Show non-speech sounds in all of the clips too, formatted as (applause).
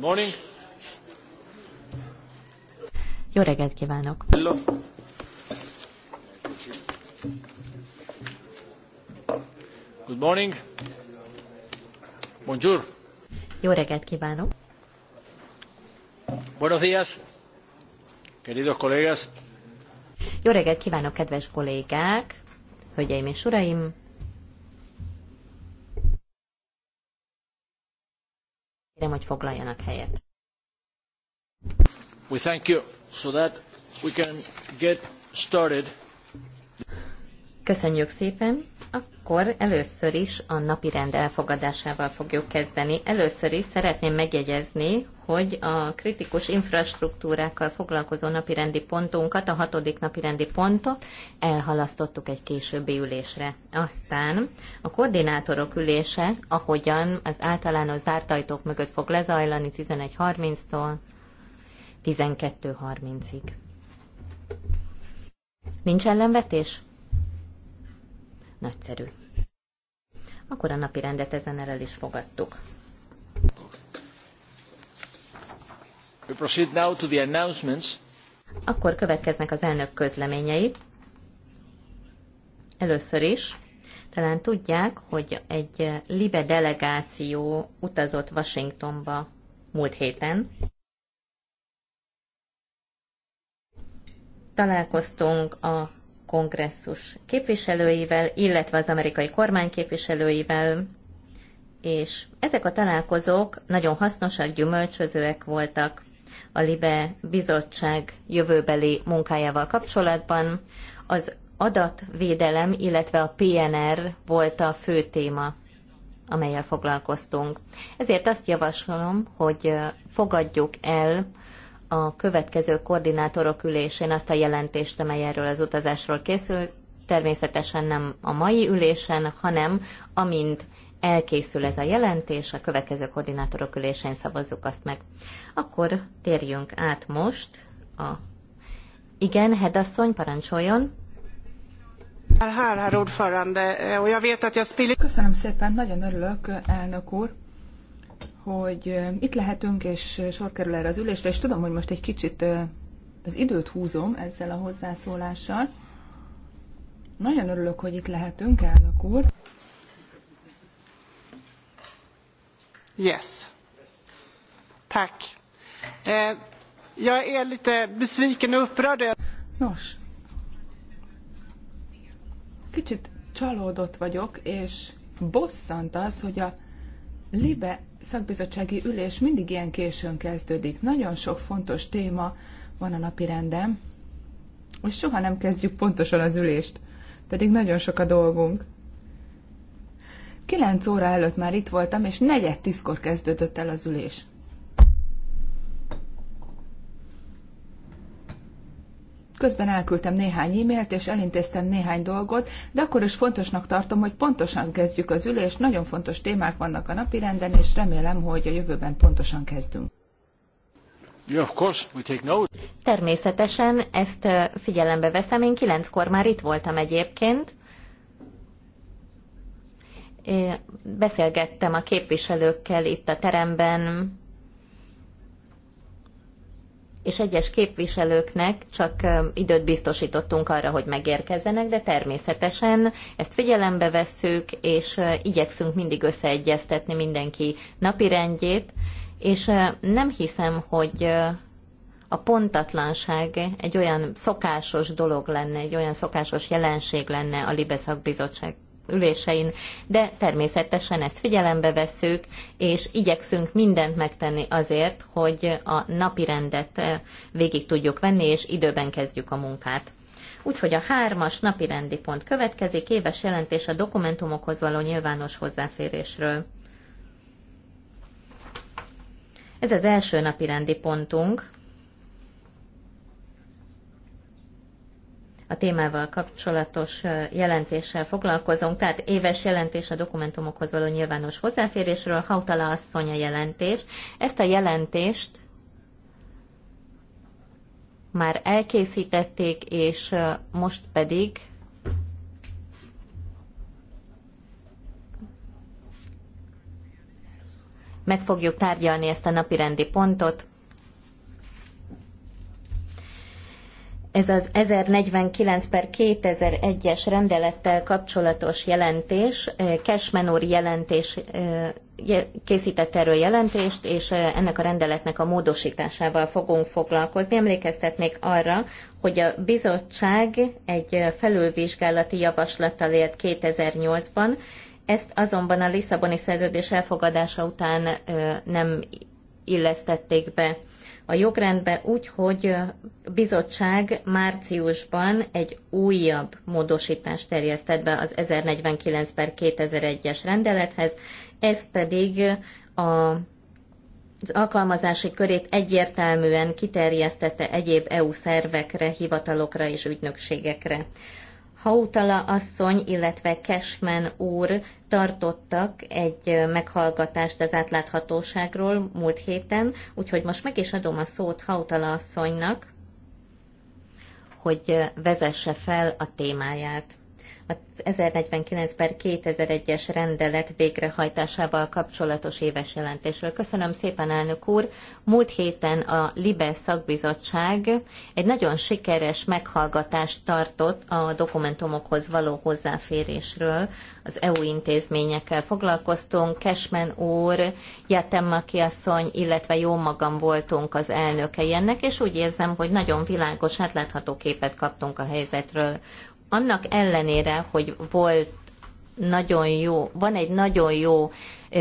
Morning. Jó reggelt kívánok! Hello. Good morning. Bonjour. Jó reggelt kívánok! Buenos días, queridos colegas. Jó reggelt kívánok, kedves kollégák, hölgyeim és uraim! hogy foglaljanak helyet. We thank you so that we can get started. Köszönjük szépen akkor először is a napi rend elfogadásával fogjuk kezdeni. Először is szeretném megjegyezni, hogy a kritikus infrastruktúrákkal foglalkozó napirendi pontunkat, a hatodik napirendi pontot elhalasztottuk egy későbbi ülésre. Aztán a koordinátorok ülése, ahogyan az általános zárt ajtók mögött fog lezajlani 11.30-tól 12.30-ig. Nincs ellenvetés? Nagyszerű. Akkor a napi rendet ezen el is fogadtuk. We proceed now to the announcements. Akkor következnek az elnök közleményei. Először is talán tudják, hogy egy Libe delegáció utazott Washingtonba múlt héten. Találkoztunk a kongresszus képviselőivel, illetve az amerikai kormány képviselőivel, és ezek a találkozók nagyon hasznosak, gyümölcsözőek voltak a LIBE bizottság jövőbeli munkájával kapcsolatban. Az adatvédelem, illetve a PNR volt a fő téma, amelyel foglalkoztunk. Ezért azt javaslom, hogy fogadjuk el a következő koordinátorok ülésén azt a jelentést, amely erről az utazásról készül, természetesen nem a mai ülésen, hanem amint elkészül ez a jelentés, a következő koordinátorok ülésén szavazzuk azt meg. Akkor térjünk át most a... Igen, Hedasszony, parancsoljon! Köszönöm szépen, nagyon örülök, elnök úr hogy itt lehetünk, és sor kerül erre az ülésre, és tudom, hogy most egy kicsit az időt húzom ezzel a hozzászólással. Nagyon örülök, hogy itt lehetünk, elnök úr. Yes. Tack. Eh, jag är lite besviken och upprörd. Nos, kicsit csalódott vagyok, és bosszant az, hogy a Libe szakbizottsági ülés mindig ilyen későn kezdődik. Nagyon sok fontos téma van a napi rendem, és soha nem kezdjük pontosan az ülést, pedig nagyon sok a dolgunk. Kilenc óra előtt már itt voltam, és negyed tízkor kezdődött el az ülés. Közben elküldtem néhány e-mailt, és elintéztem néhány dolgot, de akkor is fontosnak tartom, hogy pontosan kezdjük az ülést, nagyon fontos témák vannak a napirenden, és remélem, hogy a jövőben pontosan kezdünk. Yeah, Természetesen ezt figyelembe veszem, én kilenckor már itt voltam egyébként. Beszélgettem a képviselőkkel itt a teremben, és egyes képviselőknek csak időt biztosítottunk arra, hogy megérkezzenek, de természetesen ezt figyelembe vesszük, és igyekszünk mindig összeegyeztetni mindenki napirendjét, és nem hiszem, hogy a pontatlanság egy olyan szokásos dolog lenne, egy olyan szokásos jelenség lenne a Libeszak Bizottság ülésein, de természetesen ezt figyelembe vesszük, és igyekszünk mindent megtenni azért, hogy a napi rendet eh, végig tudjuk venni, és időben kezdjük a munkát. Úgyhogy a hármas napi rendi pont következik, éves jelentés a dokumentumokhoz való nyilvános hozzáférésről. Ez az első napi rendi pontunk, a témával kapcsolatos jelentéssel foglalkozunk, tehát éves jelentés a dokumentumokhoz való nyilvános hozzáférésről, Hautala asszony a jelentés. Ezt a jelentést már elkészítették, és most pedig meg fogjuk tárgyalni ezt a napirendi pontot. Ez az 1049 per 2001-es rendelettel kapcsolatos jelentés, Cashman úr jelentés, készített erről jelentést, és ennek a rendeletnek a módosításával fogunk foglalkozni. Emlékeztetnék arra, hogy a bizottság egy felülvizsgálati javaslattal élt 2008-ban, ezt azonban a Lisszaboni szerződés elfogadása után nem illesztették be a jogrendbe úgy, hogy bizottság márciusban egy újabb módosítást terjesztett be az 1049 per 2001-es rendelethez, ez pedig a az alkalmazási körét egyértelműen kiterjesztette egyéb EU szervekre, hivatalokra és ügynökségekre. Hautala asszony, illetve Cashman úr tartottak egy meghallgatást az átláthatóságról múlt héten, úgyhogy most meg is adom a szót Hautala asszonynak, hogy vezesse fel a témáját az 1049 per 2001-es rendelet végrehajtásával kapcsolatos éves jelentésről. Köszönöm szépen, elnök úr! Múlt héten a LIBE szakbizottság egy nagyon sikeres meghallgatást tartott a dokumentumokhoz való hozzáférésről. Az EU intézményekkel foglalkoztunk, Kesmen úr, Jatemaki asszony, illetve jó magam voltunk az elnökei ennek, és úgy érzem, hogy nagyon világos, átlátható képet kaptunk a helyzetről annak ellenére, hogy volt nagyon jó, van egy nagyon jó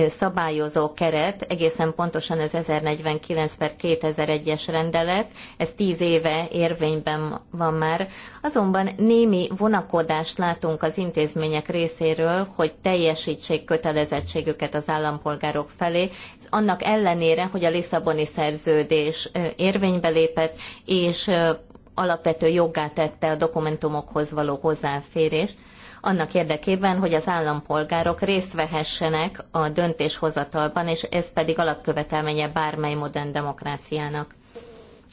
szabályozó keret, egészen pontosan ez 1049 per 2001-es rendelet, ez 10 éve érvényben van már. Azonban némi vonakodást látunk az intézmények részéről, hogy teljesítsék kötelezettségüket az állampolgárok felé, annak ellenére, hogy a Lisszaboni szerződés érvénybe lépett, és alapvető joggá tette a dokumentumokhoz való hozzáférés, annak érdekében, hogy az állampolgárok részt vehessenek a döntéshozatalban, és ez pedig alapkövetelménye bármely modern demokráciának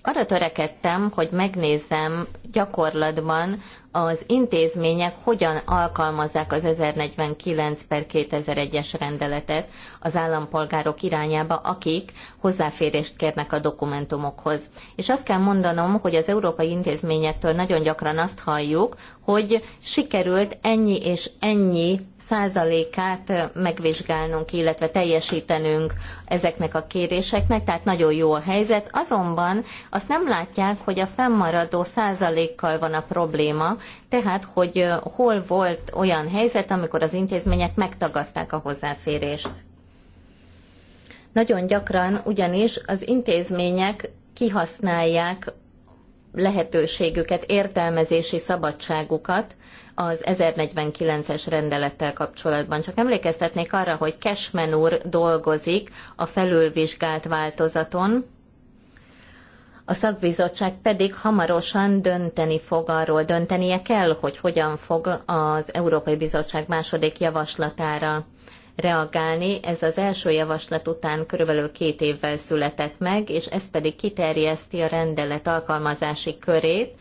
arra törekedtem, hogy megnézzem gyakorlatban az intézmények hogyan alkalmazzák az 1049 per 2001-es rendeletet az állampolgárok irányába, akik hozzáférést kérnek a dokumentumokhoz. És azt kell mondanom, hogy az európai intézményektől nagyon gyakran azt halljuk, hogy sikerült ennyi és ennyi százalékát megvizsgálnunk, illetve teljesítenünk ezeknek a kéréseknek, tehát nagyon jó a helyzet. Azonban azt nem látják, hogy a fennmaradó százalékkal van a probléma, tehát hogy hol volt olyan helyzet, amikor az intézmények megtagadták a hozzáférést. Nagyon gyakran ugyanis az intézmények kihasználják lehetőségüket, értelmezési szabadságukat az 1049-es rendelettel kapcsolatban. Csak emlékeztetnék arra, hogy Kesmen úr dolgozik a felülvizsgált változaton, a szakbizottság pedig hamarosan dönteni fog arról, döntenie kell, hogy hogyan fog az Európai Bizottság második javaslatára reagálni. Ez az első javaslat után körülbelül két évvel született meg, és ez pedig kiterjeszti a rendelet alkalmazási körét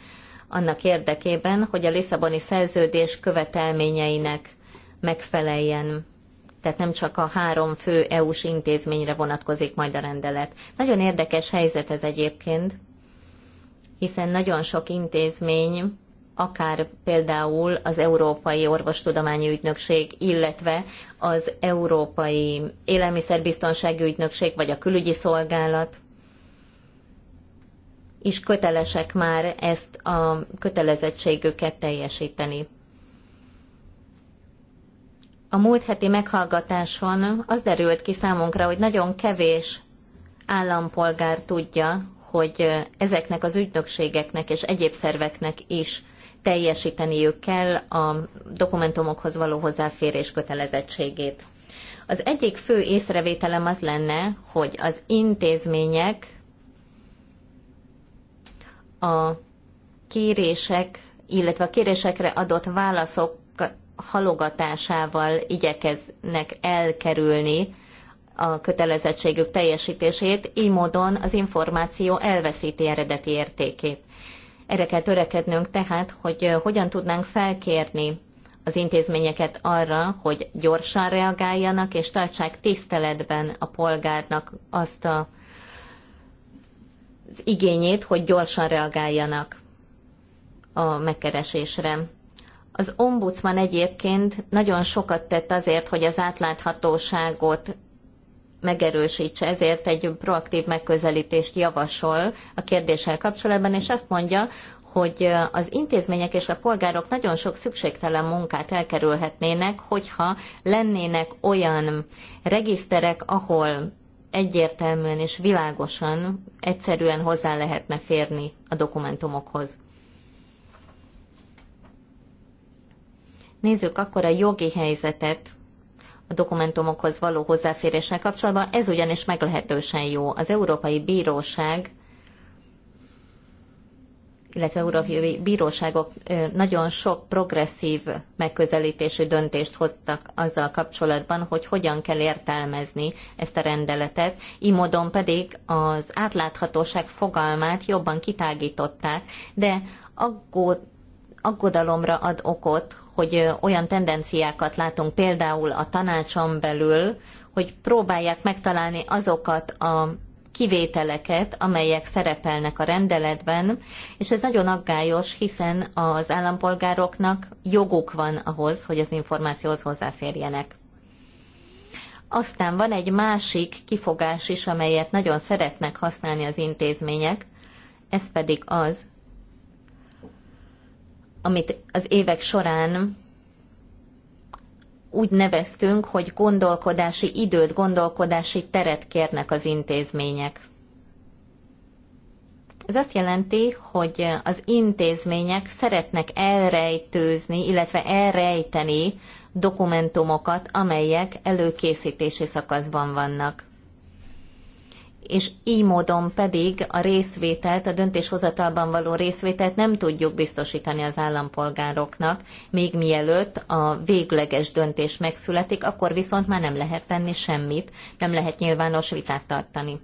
annak érdekében, hogy a Lisszaboni szerződés követelményeinek megfeleljen tehát nem csak a három fő EU-s intézményre vonatkozik majd a rendelet. Nagyon érdekes helyzet ez egyébként, hiszen nagyon sok intézmény akár például az Európai Orvostudományi Ügynökség, illetve az Európai Élelmiszerbiztonsági Ügynökség, vagy a Külügyi Szolgálat is kötelesek már ezt a kötelezettségüket teljesíteni. A múlt heti meghallgatáson az derült ki számunkra, hogy nagyon kevés állampolgár tudja, hogy ezeknek az ügynökségeknek és egyéb szerveknek is teljesíteniük kell a dokumentumokhoz való hozzáférés kötelezettségét. Az egyik fő észrevételem az lenne, hogy az intézmények a kérések, illetve a kérésekre adott válaszok halogatásával igyekeznek elkerülni a kötelezettségük teljesítését, így módon az információ elveszíti eredeti értékét. Erre kell törekednünk tehát, hogy hogyan tudnánk felkérni az intézményeket arra, hogy gyorsan reagáljanak és tartsák tiszteletben a polgárnak azt a, az igényét, hogy gyorsan reagáljanak a megkeresésre. Az ombudsman egyébként nagyon sokat tett azért, hogy az átláthatóságot megerősítse, ezért egy proaktív megközelítést javasol a kérdéssel kapcsolatban, és azt mondja, hogy az intézmények és a polgárok nagyon sok szükségtelen munkát elkerülhetnének, hogyha lennének olyan regiszterek, ahol egyértelműen és világosan, egyszerűen hozzá lehetne férni a dokumentumokhoz. Nézzük akkor a jogi helyzetet a dokumentumokhoz való hozzáféréssel kapcsolatban, ez ugyanis meglehetősen jó. Az Európai Bíróság illetve európai bíróságok nagyon sok progresszív megközelítésű döntést hoztak azzal kapcsolatban, hogy hogyan kell értelmezni ezt a rendeletet, így módon pedig az átláthatóság fogalmát jobban kitágították, de aggód, aggodalomra ad okot, hogy olyan tendenciákat látunk például a tanácson belül, hogy próbálják megtalálni azokat a kivételeket, amelyek szerepelnek a rendeletben, és ez nagyon aggályos, hiszen az állampolgároknak joguk van ahhoz, hogy az információhoz hozzáférjenek. Aztán van egy másik kifogás is, amelyet nagyon szeretnek használni az intézmények, ez pedig az, amit az évek során úgy neveztünk, hogy gondolkodási időt, gondolkodási teret kérnek az intézmények. Ez azt jelenti, hogy az intézmények szeretnek elrejtőzni, illetve elrejteni dokumentumokat, amelyek előkészítési szakaszban vannak és így módon pedig a részvételt, a döntéshozatalban való részvételt nem tudjuk biztosítani az állampolgároknak, még mielőtt a végleges döntés megszületik, akkor viszont már nem lehet tenni semmit, nem lehet nyilvános vitát tartani.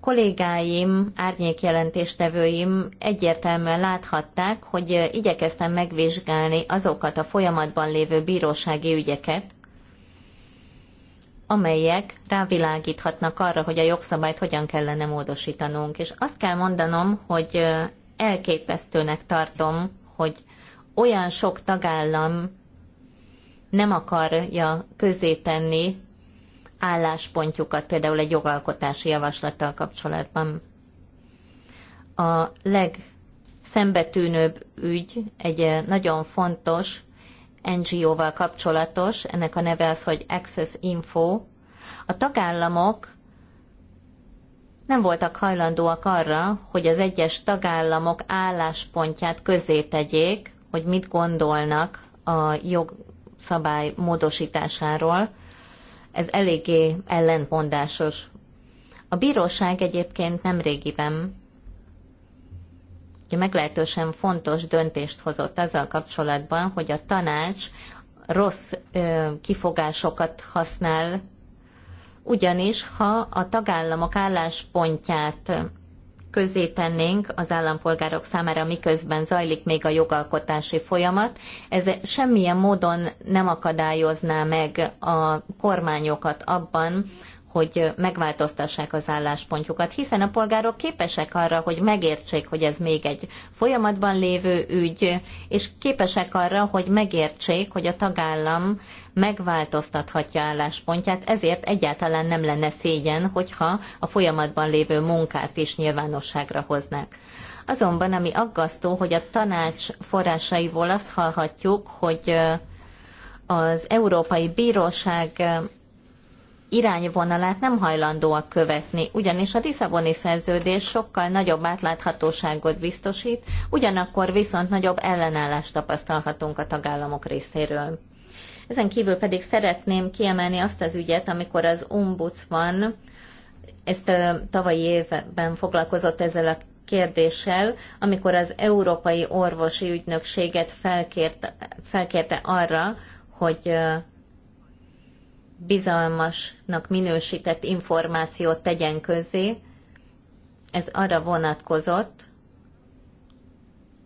Kollégáim, árnyékjelentéstevőim egyértelműen láthatták, hogy igyekeztem megvizsgálni azokat a folyamatban lévő bírósági ügyeket, amelyek rávilágíthatnak arra, hogy a jogszabályt hogyan kellene módosítanunk. És azt kell mondanom, hogy elképesztőnek tartom, hogy olyan sok tagállam nem akarja közétenni álláspontjukat, például egy jogalkotási javaslattal kapcsolatban. A legszembetűnőbb ügy egy nagyon fontos NGO-val kapcsolatos, ennek a neve az, hogy Access Info. A tagállamok nem voltak hajlandóak arra, hogy az egyes tagállamok álláspontját közé tegyék, hogy mit gondolnak a jogszabály módosításáról. Ez eléggé ellentmondásos. A bíróság egyébként nemrégiben meglehetősen fontos döntést hozott azzal kapcsolatban, hogy a tanács rossz kifogásokat használ, ugyanis ha a tagállamok álláspontját közé tennénk az állampolgárok számára, miközben zajlik még a jogalkotási folyamat, ez semmilyen módon nem akadályozná meg a kormányokat abban, hogy megváltoztassák az álláspontjukat, hiszen a polgárok képesek arra, hogy megértsék, hogy ez még egy folyamatban lévő ügy, és képesek arra, hogy megértsék, hogy a tagállam megváltoztathatja álláspontját, ezért egyáltalán nem lenne szégyen, hogyha a folyamatban lévő munkát is nyilvánosságra hoznák. Azonban, ami aggasztó, hogy a tanács forrásaiból azt hallhatjuk, hogy az Európai Bíróság irányvonalát nem hajlandóak követni, ugyanis a Lisszaboni szerződés sokkal nagyobb átláthatóságot biztosít, ugyanakkor viszont nagyobb ellenállást tapasztalhatunk a tagállamok részéről. Ezen kívül pedig szeretném kiemelni azt az ügyet, amikor az ombudsman ezt tavalyi évben foglalkozott ezzel a kérdéssel, amikor az Európai Orvosi Ügynökséget felkért, felkérte arra, hogy bizalmasnak minősített információt tegyen közzé. Ez arra vonatkozott,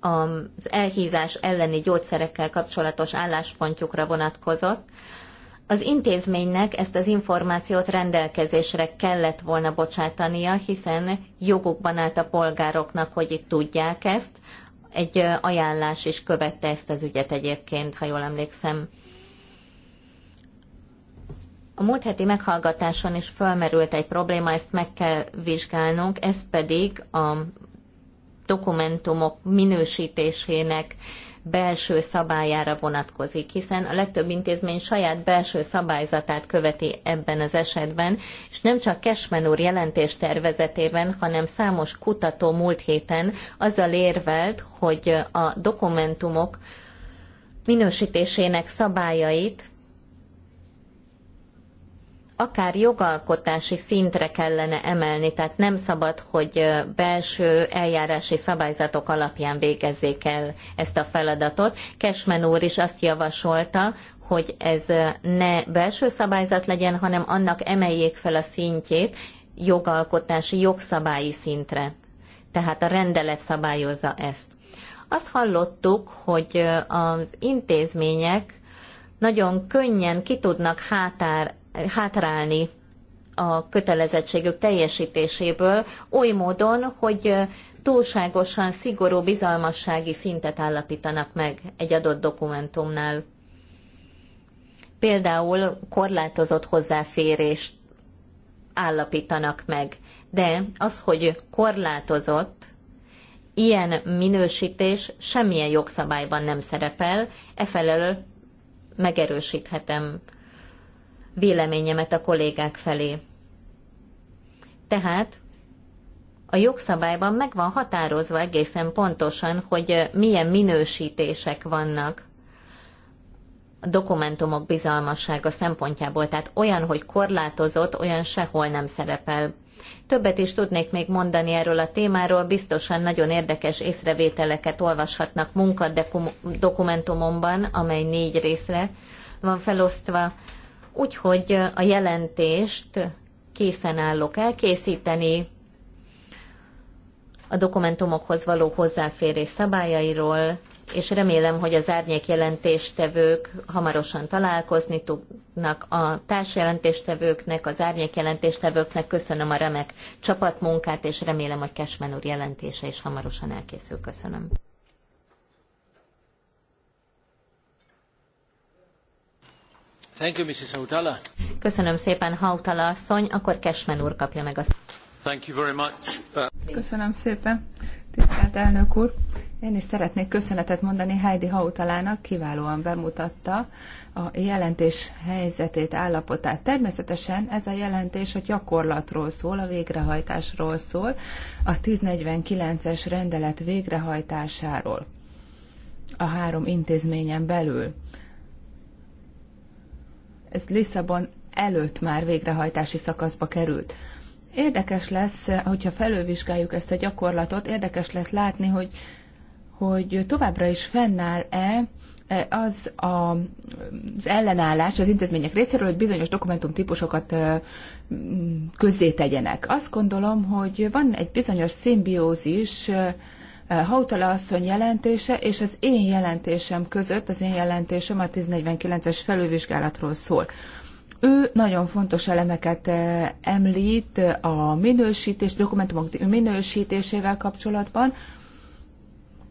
az elhízás elleni gyógyszerekkel kapcsolatos álláspontjukra vonatkozott. Az intézménynek ezt az információt rendelkezésre kellett volna bocsátania, hiszen jogukban állt a polgároknak, hogy itt tudják ezt. Egy ajánlás is követte ezt az ügyet egyébként, ha jól emlékszem. A múlt heti meghallgatáson is felmerült egy probléma, ezt meg kell vizsgálnunk, ez pedig a dokumentumok minősítésének belső szabályára vonatkozik, hiszen a legtöbb intézmény saját belső szabályzatát követi ebben az esetben, és nem csak Cashman úr jelentés tervezetében, hanem számos kutató múlt héten azzal érvelt, hogy a dokumentumok minősítésének szabályait akár jogalkotási szintre kellene emelni, tehát nem szabad, hogy belső eljárási szabályzatok alapján végezzék el ezt a feladatot. Kesmen úr is azt javasolta, hogy ez ne belső szabályzat legyen, hanem annak emeljék fel a szintjét jogalkotási, jogszabályi szintre. Tehát a rendelet szabályozza ezt. Azt hallottuk, hogy az intézmények nagyon könnyen ki tudnak hátár, hátrálni a kötelezettségük teljesítéséből, oly módon, hogy túlságosan szigorú bizalmassági szintet állapítanak meg egy adott dokumentumnál. Például korlátozott hozzáférést állapítanak meg, de az, hogy korlátozott, ilyen minősítés semmilyen jogszabályban nem szerepel, efelől megerősíthetem véleményemet a kollégák felé. Tehát a jogszabályban meg van határozva egészen pontosan, hogy milyen minősítések vannak a dokumentumok bizalmassága szempontjából, tehát olyan, hogy korlátozott, olyan sehol nem szerepel. Többet is tudnék még mondani erről a témáról, biztosan nagyon érdekes észrevételeket olvashatnak munkadokumentumomban, amely négy részre van felosztva. Úgyhogy a jelentést készen állok elkészíteni a dokumentumokhoz való hozzáférés szabályairól, és remélem, hogy az árnyék jelentéstevők hamarosan találkozni tudnak a társjelentéstevőknek, az árnyék jelentéstevőknek. Köszönöm a remek csapatmunkát, és remélem, hogy Kesmen úr jelentése is hamarosan elkészül. Köszönöm. Thank you, Mrs. Hautala. Köszönöm szépen, Hautala asszony. Akkor Kesmen úr kapja meg a Thank you very much. Köszönöm szépen, tisztelt elnök úr. Én is szeretnék köszönetet mondani Heidi Hautalának, kiválóan bemutatta a jelentés helyzetét, állapotát. Természetesen ez a jelentés a gyakorlatról szól, a végrehajtásról szól, a 1049-es rendelet végrehajtásáról a három intézményen belül ez Lisszabon előtt már végrehajtási szakaszba került. Érdekes lesz, hogyha felővizsgáljuk ezt a gyakorlatot, érdekes lesz látni, hogy, hogy továbbra is fennáll-e e, az a, az ellenállás az intézmények részéről, hogy bizonyos dokumentumtípusokat e, közzé tegyenek. Azt gondolom, hogy van egy bizonyos szimbiózis e, Eh, Hautala asszony jelentése és az én jelentésem között, az én jelentésem a 1049-es felülvizsgálatról szól. Ő nagyon fontos elemeket eh, említ a minősítés, dokumentumok minősítésével kapcsolatban,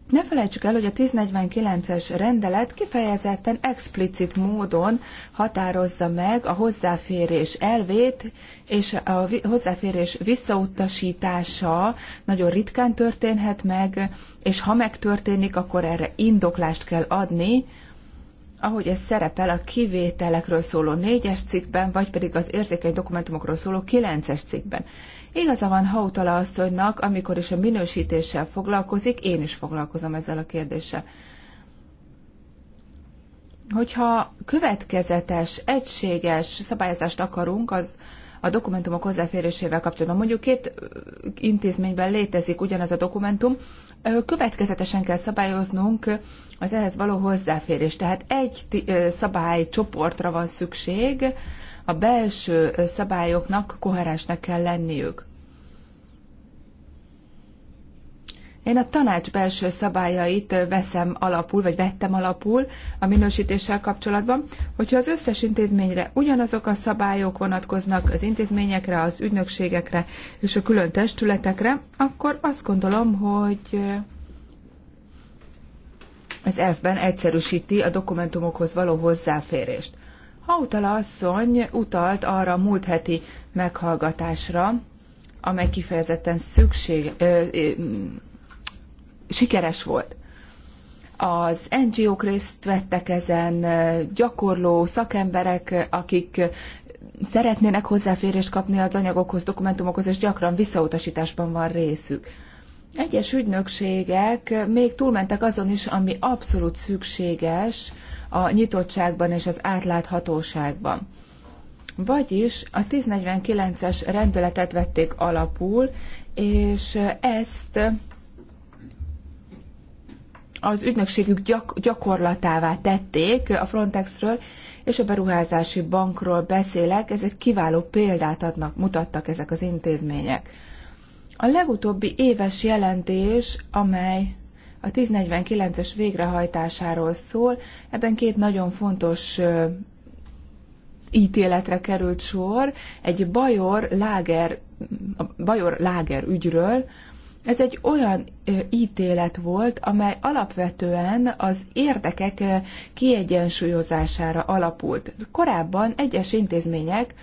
ne felejtsük el, hogy a 1049-es rendelet kifejezetten explicit módon határozza meg a hozzáférés elvét, és a hozzáférés visszautasítása nagyon ritkán történhet meg, és ha megtörténik, akkor erre indoklást kell adni, ahogy ez szerepel a kivételekről szóló négyes es cikkben, vagy pedig az érzékeny dokumentumokról szóló kilences es cikkben. Igaza van Hautala asszonynak, amikor is a minősítéssel foglalkozik, én is foglalkozom ezzel a kérdéssel. Hogyha következetes, egységes szabályozást akarunk, az a dokumentumok hozzáférésével kapcsolatban. Mondjuk két intézményben létezik ugyanaz a dokumentum, következetesen kell szabályoznunk az ehhez való hozzáférést. Tehát egy szabálycsoportra van szükség, a belső szabályoknak koherensnek kell lenniük. Én a tanács belső szabályait veszem alapul, vagy vettem alapul a minősítéssel kapcsolatban, hogyha az összes intézményre ugyanazok a szabályok vonatkoznak az intézményekre, az ügynökségekre és a külön testületekre, akkor azt gondolom, hogy az elfben egyszerűsíti a dokumentumokhoz való hozzáférést. Hautala asszony utalt arra a múlt heti meghallgatásra, amely kifejezetten szükség, ö, ö, sikeres volt. Az NGO-k részt vettek ezen, gyakorló szakemberek, akik szeretnének hozzáférést kapni az anyagokhoz, dokumentumokhoz, és gyakran visszautasításban van részük. Egyes ügynökségek még túlmentek azon is, ami abszolút szükséges, a nyitottságban és az átláthatóságban. Vagyis a 1049-es rendületet vették alapul, és ezt az ügynökségük gyak- gyakorlatává tették a Frontexről, és a beruházási bankról beszélek, ezek kiváló példát adnak, mutattak ezek az intézmények. A legutóbbi éves jelentés, amely a 1049-es végrehajtásáról szól. Ebben két nagyon fontos ítéletre került sor egy Bajor Láger, Bajor Láger ügyről. Ez egy olyan ítélet volt, amely alapvetően az érdekek kiegyensúlyozására alapult. Korábban egyes intézmények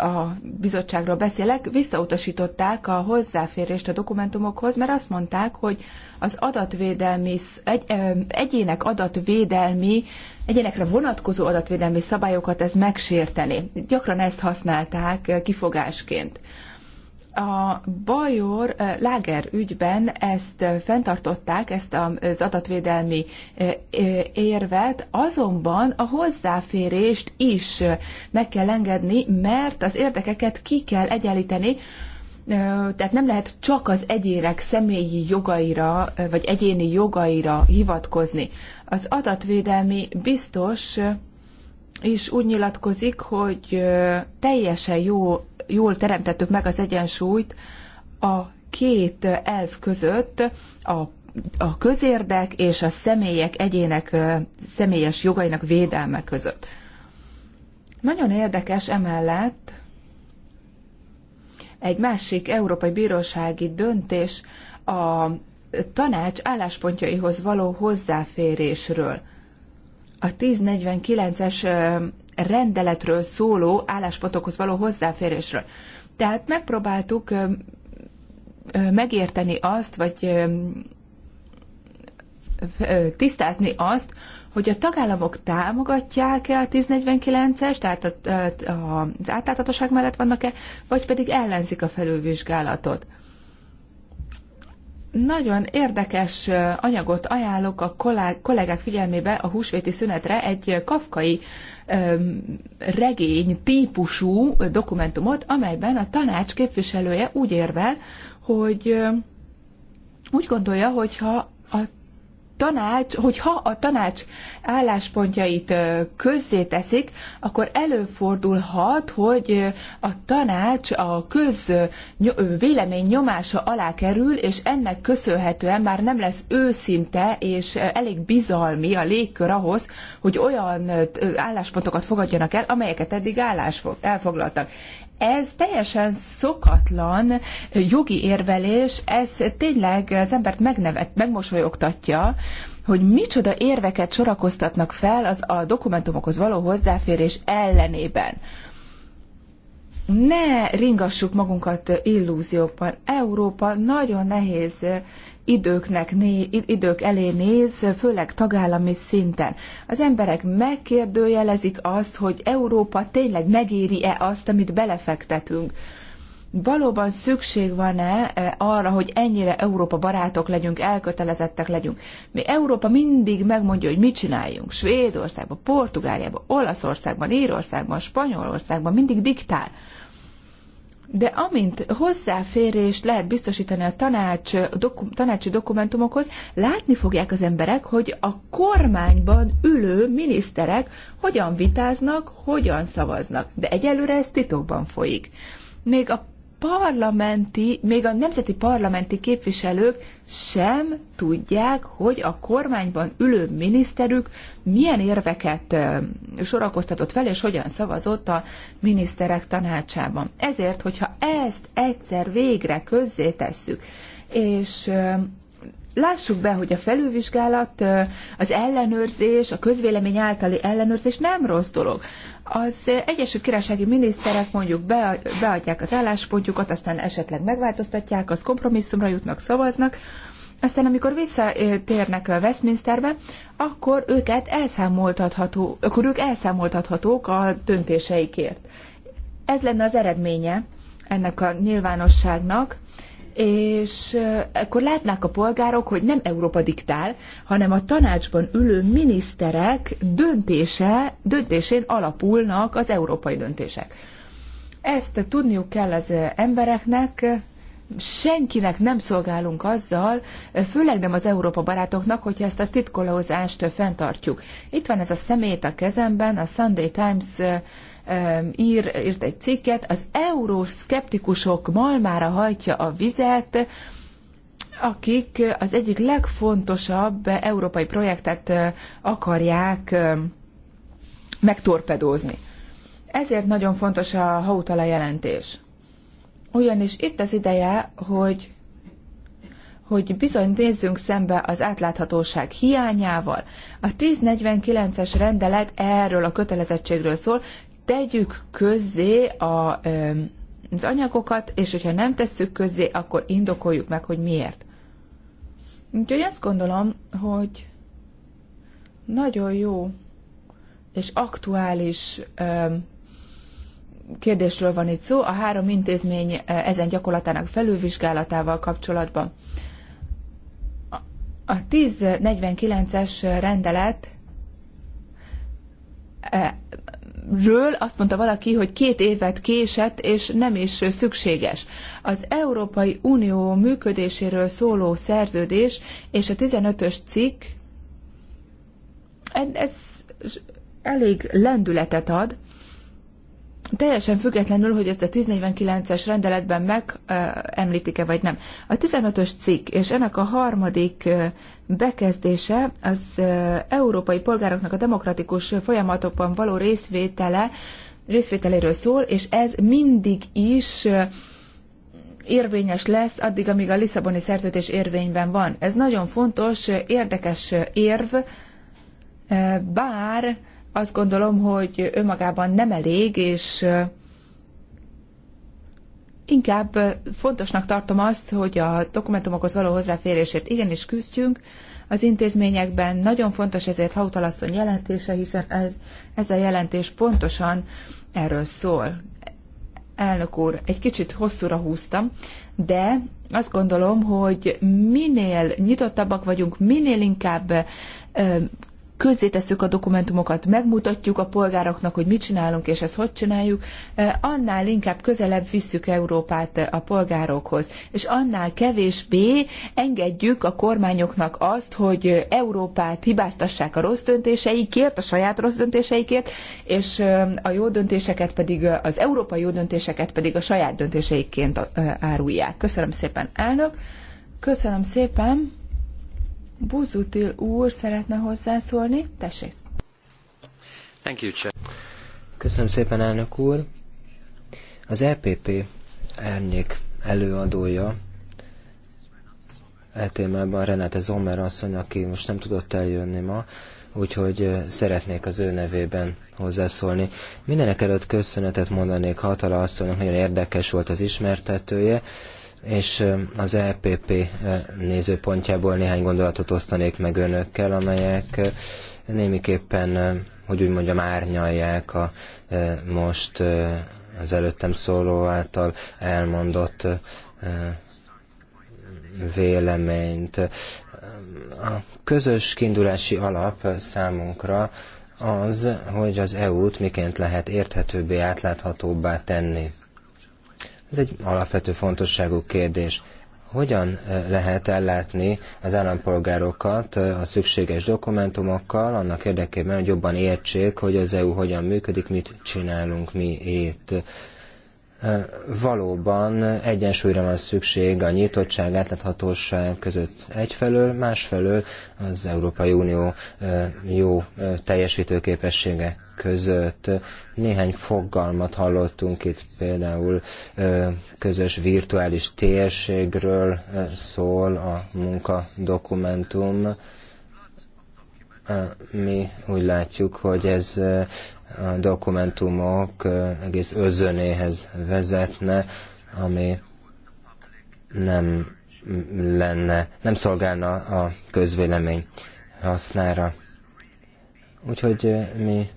a bizottságról beszélek, visszautasították a hozzáférést a dokumentumokhoz, mert azt mondták, hogy az adatvédelmi, egy, egyének adatvédelmi, egyénekre vonatkozó adatvédelmi szabályokat ez megsérteni. Gyakran ezt használták kifogásként a Bajor eh, Láger ügyben ezt eh, fenntartották, ezt az adatvédelmi eh, érvet, azonban a hozzáférést is meg kell engedni, mert az érdekeket ki kell egyenlíteni, tehát nem lehet csak az egyének személyi jogaira, vagy egyéni jogaira hivatkozni. Az adatvédelmi biztos is úgy nyilatkozik, hogy teljesen jó jól teremtettük meg az egyensúlyt a két elv között, a a közérdek és a személyek, egyének személyes jogainak védelme között. Nagyon érdekes emellett egy másik európai bírósági döntés a tanács álláspontjaihoz való hozzáférésről. A 1049-es rendeletről szóló álláspontokhoz való hozzáférésről. Tehát megpróbáltuk megérteni azt, vagy tisztázni azt, hogy a tagállamok támogatják-e a 1049-es, tehát az átláthatóság mellett vannak-e, vagy pedig ellenzik a felülvizsgálatot. Nagyon érdekes anyagot ajánlok a kollégák figyelmébe a húsvéti szünetre, egy kafkai regény típusú dokumentumot, amelyben a tanács képviselője úgy érvel, hogy úgy gondolja, hogyha tanács, hogyha a tanács álláspontjait közzéteszik, akkor előfordulhat, hogy a tanács a köz vélemény nyomása alá kerül, és ennek köszönhetően már nem lesz őszinte és elég bizalmi a légkör ahhoz, hogy olyan álláspontokat fogadjanak el, amelyeket eddig állás elfoglaltak ez teljesen szokatlan jogi érvelés, ez tényleg az embert megnevet, megmosolyogtatja, hogy micsoda érveket sorakoztatnak fel az a dokumentumokhoz való hozzáférés ellenében. Ne ringassuk magunkat illúziókban. Európa nagyon nehéz időknek né, idők elé néz, főleg tagállami szinten. Az emberek megkérdőjelezik azt, hogy Európa tényleg megéri-e azt, amit belefektetünk. Valóban szükség van-e e, arra, hogy ennyire Európa barátok legyünk, elkötelezettek legyünk? Mi Európa mindig megmondja, hogy mit csináljunk. Svédországban, Portugáliában, Olaszországban, Írországban, Spanyolországban mindig diktál. De amint hozzáférést lehet biztosítani a tanács, doku, tanácsi dokumentumokhoz, látni fogják az emberek, hogy a kormányban ülő miniszterek hogyan vitáznak, hogyan szavaznak. De egyelőre ez titokban folyik. Még a parlamenti, még a nemzeti parlamenti képviselők sem tudják, hogy a kormányban ülő miniszterük milyen érveket sorakoztatott fel, és hogyan szavazott a miniszterek tanácsában. Ezért, hogyha ezt egyszer végre közzétesszük, és lássuk be, hogy a felülvizsgálat, az ellenőrzés, a közvélemény általi ellenőrzés nem rossz dolog. Az Egyesült Királysági miniszterek mondjuk beadják az álláspontjukat, aztán esetleg megváltoztatják, az kompromisszumra jutnak, szavaznak, aztán amikor visszatérnek a Westminsterbe, akkor őket elszámoltatható, akkor ők elszámoltathatók a döntéseikért. Ez lenne az eredménye ennek a nyilvánosságnak, és akkor látnák a polgárok, hogy nem Európa diktál, hanem a tanácsban ülő miniszterek döntése, döntésén alapulnak az európai döntések. Ezt tudniuk kell az embereknek, senkinek nem szolgálunk azzal, főleg nem az Európa barátoknak, hogyha ezt a titkolózást fenntartjuk. Itt van ez a szemét a kezemben, a Sunday Times ír, írt egy cikket, az euroszkeptikusok malmára hajtja a vizet, akik az egyik legfontosabb európai projektet akarják megtorpedózni. Ezért nagyon fontos a hautala jelentés. Ugyanis itt az ideje, hogy hogy bizony nézzünk szembe az átláthatóság hiányával. A 1049-es rendelet erről a kötelezettségről szól, tegyük közzé a, az anyagokat, és hogyha nem tesszük közzé, akkor indokoljuk meg, hogy miért. Úgyhogy azt gondolom, hogy nagyon jó és aktuális kérdésről van itt szó, a három intézmény e, ezen gyakorlatának felülvizsgálatával kapcsolatban. A 1049-es rendelet e, ről azt mondta valaki, hogy két évet késett, és nem is szükséges. Az Európai Unió működéséről szóló szerződés és a 15-ös cikk, ez elég lendületet ad teljesen függetlenül, hogy ezt a 1049-es rendeletben meg említik-e vagy nem. A 15-ös cikk és ennek a harmadik bekezdése az európai polgároknak a demokratikus folyamatokban való részvétele, részvételéről szól, és ez mindig is érvényes lesz addig, amíg a Lisszaboni szerződés érvényben van. Ez nagyon fontos, érdekes érv, bár azt gondolom, hogy önmagában nem elég, és inkább fontosnak tartom azt, hogy a dokumentumokhoz való hozzáférésért igenis küzdjünk. Az intézményekben nagyon fontos ezért asszony jelentése, hiszen e, ez a jelentés pontosan erről szól. Elnök úr, egy kicsit hosszúra húztam, de azt gondolom, hogy minél nyitottabbak vagyunk, minél inkább közzétesszük a dokumentumokat, megmutatjuk a polgároknak, hogy mit csinálunk és ezt hogy csináljuk, annál inkább közelebb visszük Európát a polgárokhoz, és annál kevésbé engedjük a kormányoknak azt, hogy Európát hibáztassák a rossz döntéseikért, a saját rossz döntéseikért, és a jó döntéseket pedig, az európai jó döntéseket pedig a saját döntéseikként árulják. Köszönöm szépen, elnök! Köszönöm szépen! Buzutil úr szeretne hozzászólni. Tessék. Thank you, Chair. Köszönöm szépen, elnök úr. Az EPP árnyék előadója e témában Renate Zomer asszony, aki most nem tudott eljönni ma, úgyhogy szeretnék az ő nevében hozzászólni. Mindenek előtt köszönetet mondanék Hatala asszonynak, nagyon érdekes volt az ismertetője és az EPP nézőpontjából néhány gondolatot osztanék meg önökkel, amelyek némiképpen, hogy úgy mondjam, árnyalják a most az előttem szóló által elmondott véleményt. A közös kiindulási alap számunkra az, hogy az EU-t miként lehet érthetőbbé, átláthatóbbá tenni ez egy alapvető fontosságú kérdés. Hogyan lehet ellátni az állampolgárokat a szükséges dokumentumokkal, annak érdekében, hogy jobban értsék, hogy az EU hogyan működik, mit csinálunk mi itt valóban egyensúlyra van szükség a nyitottság, átláthatóság között egyfelől, másfelől az Európai Unió jó teljesítőképessége között. Néhány fogalmat hallottunk itt például közös virtuális térségről szól a munkadokumentum. Mi úgy látjuk, hogy ez a dokumentumok egész özönéhez vezetne, ami nem lenne, nem szolgálna a közvélemény hasznára. Úgyhogy mi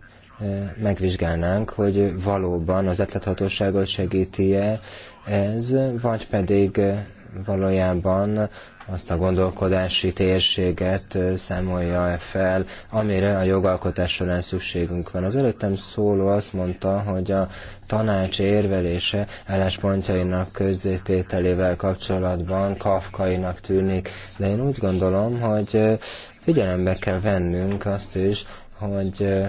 E, megvizsgálnánk, hogy valóban az etlethatóságot segíti-e ez, vagy pedig e, valójában azt a gondolkodási térséget számolja -e fel, amire a jogalkotás során szükségünk van. Az előttem szóló azt mondta, hogy a tanács érvelése álláspontjainak közzétételével kapcsolatban kafkainak tűnik, de én úgy gondolom, hogy e, figyelembe kell vennünk azt is, hogy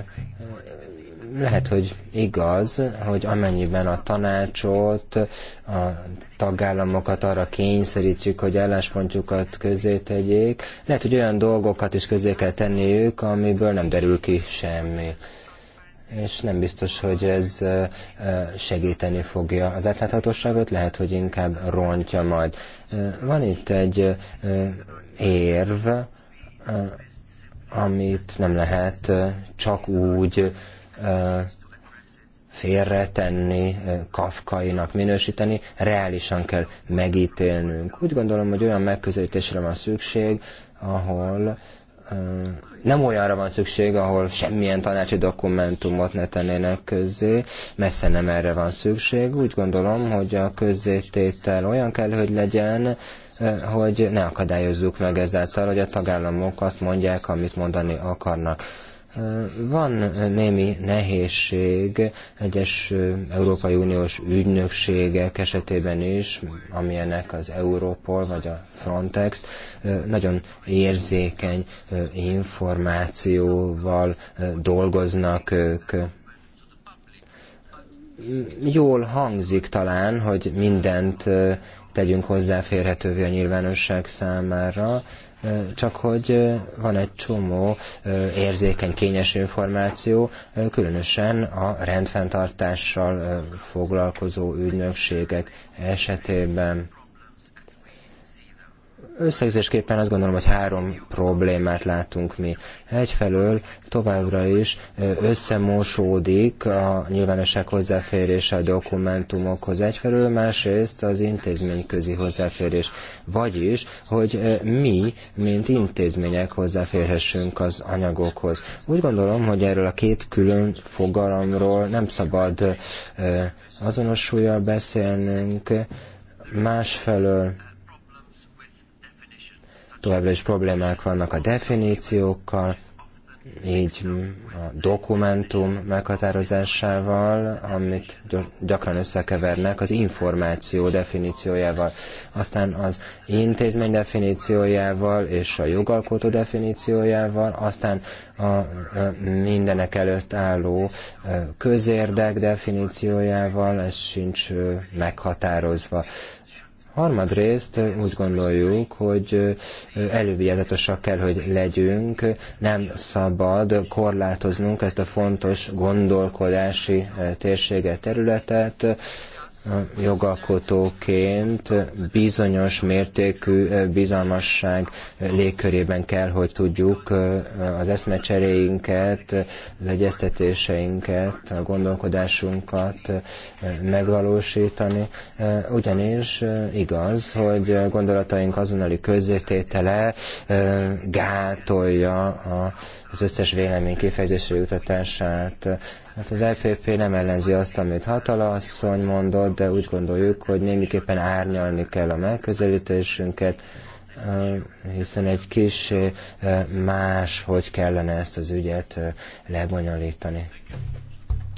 lehet, hogy igaz, hogy amennyiben a tanácsot, a tagállamokat arra kényszerítjük, hogy álláspontjukat közé tegyék, lehet, hogy olyan dolgokat is közé kell tenniük, amiből nem derül ki semmi. És nem biztos, hogy ez segíteni fogja az átláthatóságot, lehet, hogy inkább rontja majd. Van itt egy érv, amit nem lehet csak úgy félretenni, kafkainak minősíteni, reálisan kell megítélnünk. Úgy gondolom, hogy olyan megközelítésre van szükség, ahol nem olyanra van szükség, ahol semmilyen tanácsi dokumentumot ne tennének közzé, messze nem erre van szükség. Úgy gondolom, hogy a közzététel olyan kell, hogy legyen, hogy ne akadályozzuk meg ezáltal, hogy a tagállamok azt mondják, amit mondani akarnak van némi nehézség egyes Európai Uniós ügynökségek esetében is, amilyenek az Europol vagy a Frontex, nagyon érzékeny információval dolgoznak ők jól hangzik talán, hogy mindent tegyünk hozzáférhetővé a nyilvánosság számára, Eh, csak hogy eh, van egy csomó eh, érzékeny, kényes információ, különösen a rendfenntartással foglalkozó ügynökségek esetében. Összegzésképpen azt gondolom, hogy három problémát látunk mi. Egyfelől továbbra is összemosódik a nyilvánosság hozzáférése a dokumentumokhoz egyfelől, másrészt az intézményközi hozzáférés. Vagyis, hogy mi, mint intézmények hozzáférhessünk az anyagokhoz. Úgy gondolom, hogy erről a két külön fogalomról nem szabad azonos súlyjal beszélnünk, másfelől Továbbra is problémák vannak a definíciókkal, így a dokumentum meghatározásával, amit gyakran összekevernek az információ definíciójával, aztán az intézmény definíciójával és a jogalkotó definíciójával, aztán a mindenek előtt álló közérdek definíciójával, ez sincs meghatározva. Harmadrészt úgy gondoljuk, hogy elővigyázatosak kell, hogy legyünk, nem szabad korlátoznunk ezt a fontos gondolkodási térséget, területet, jogalkotóként bizonyos mértékű bizalmasság légkörében kell, hogy tudjuk az eszmecseréinket, az egyeztetéseinket, a gondolkodásunkat megvalósítani. Ugyanis igaz, hogy gondolataink azonnali közzététele gátolja a az összes vélemény kifejezésre jutatását. Hát az LPP nem ellenzi azt, amit Hatalasszony mondott, de úgy gondoljuk, hogy némiképpen árnyalni kell a megközelítésünket, hiszen egy kis más, hogy kellene ezt az ügyet lebonyolítani.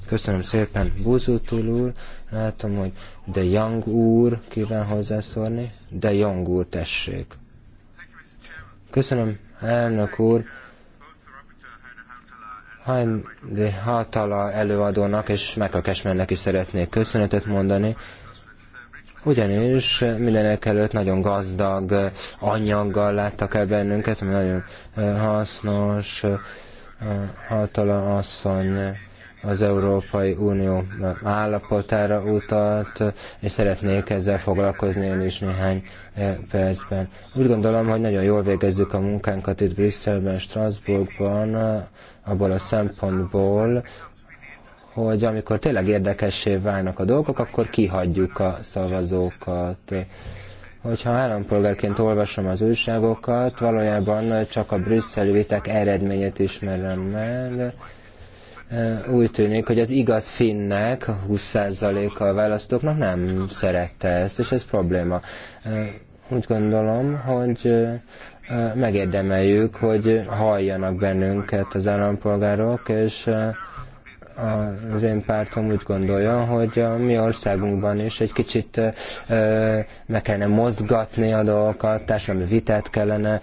Köszönöm szépen Buzutul úr, látom, hogy De Young úr kíván hozzászólni. De Young úr, tessék. Köszönöm, elnök úr. Hein de Hatala előadónak és Michael Cashmannek is szeretnék köszönetet mondani, ugyanis mindenek előtt nagyon gazdag anyaggal láttak el bennünket, ami nagyon hasznos. Hatala asszony az Európai Unió állapotára utalt, és szeretnék ezzel foglalkozni én is néhány percben. Úgy gondolom, hogy nagyon jól végezzük a munkánkat itt Brüsszelben, Strasbourgban, abból a szempontból, hogy amikor tényleg érdekessé válnak a dolgok, akkor kihagyjuk a szavazókat. Hogyha állampolgárként olvasom az újságokat, valójában csak a brüsszeli viták eredményét ismerem meg. Úgy tűnik, hogy az igaz finnek, 20%-a a választóknak nem szerette ezt, és ez probléma. Úgy gondolom, hogy megérdemeljük, hogy halljanak bennünket az állampolgárok, és az én pártom úgy gondolja, hogy a mi országunkban is egy kicsit meg kellene mozgatni a dolgokat, társadalmi vitát kellene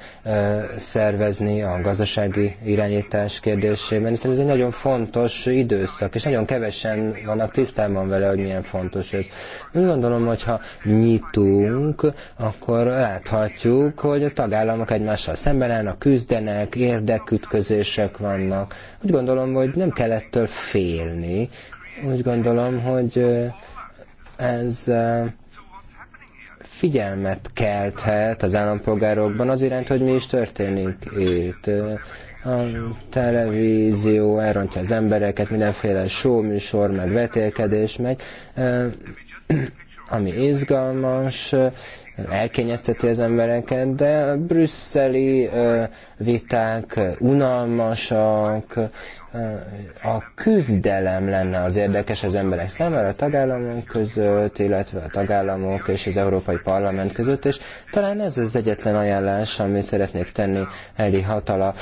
szervezni a gazdasági irányítás kérdésében, hiszen ez egy nagyon fontos időszak, és nagyon kevesen vannak tisztában vele, hogy milyen fontos ez. Úgy gondolom, hogy ha nyitunk, akkor láthatjuk, hogy a tagállamok egymással szemben állnak, küzdenek, érdekütközések vannak. Úgy gondolom, hogy nem kell ettől fél félni. Úgy gondolom, hogy ez figyelmet kelthet az állampolgárokban az iránt, hogy mi is történik itt. A televízió elrontja az embereket, mindenféle showműsor, meg vetélkedés megy ami izgalmas, elkényezteti az embereket, de a brüsszeli viták unalmasak, a küzdelem lenne az érdekes az emberek számára a tagállamok között, illetve a tagállamok és az Európai Parlament között, és talán ez az egyetlen ajánlás, amit szeretnék tenni Eli Hatala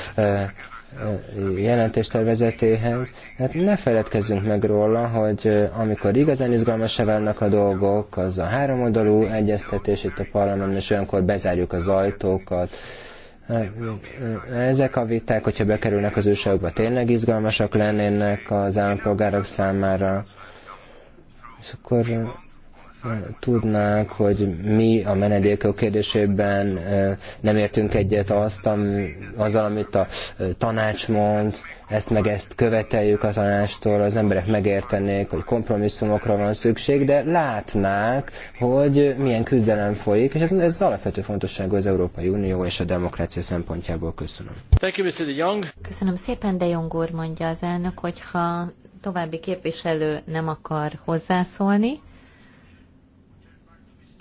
jelentéstervezetéhez. Hát ne feledkezzünk meg róla, hogy amikor igazán izgalmasá válnak a dolgok, az a háromoldalú egyeztetés itt a parlament, és olyankor bezárjuk az ajtókat, ezek a viták, hogyha bekerülnek az újságokba, tényleg izgalmasak lennének az állampolgárok számára, és akkor tudnák, hogy mi a menedékok kérdésében nem értünk egyet azt, ami, azzal, amit a tanács mond, ezt meg ezt követeljük a tanástól, az emberek megértenék, hogy kompromisszumokra van szükség, de látnák, hogy milyen küzdelem folyik, és ez, ez alapvető fontosságú az Európai Unió és a demokrácia szempontjából. Köszönöm. Thank you, Mr. De Jong. Köszönöm szépen, De Jong úr, mondja az elnök, hogyha további képviselő nem akar hozzászólni,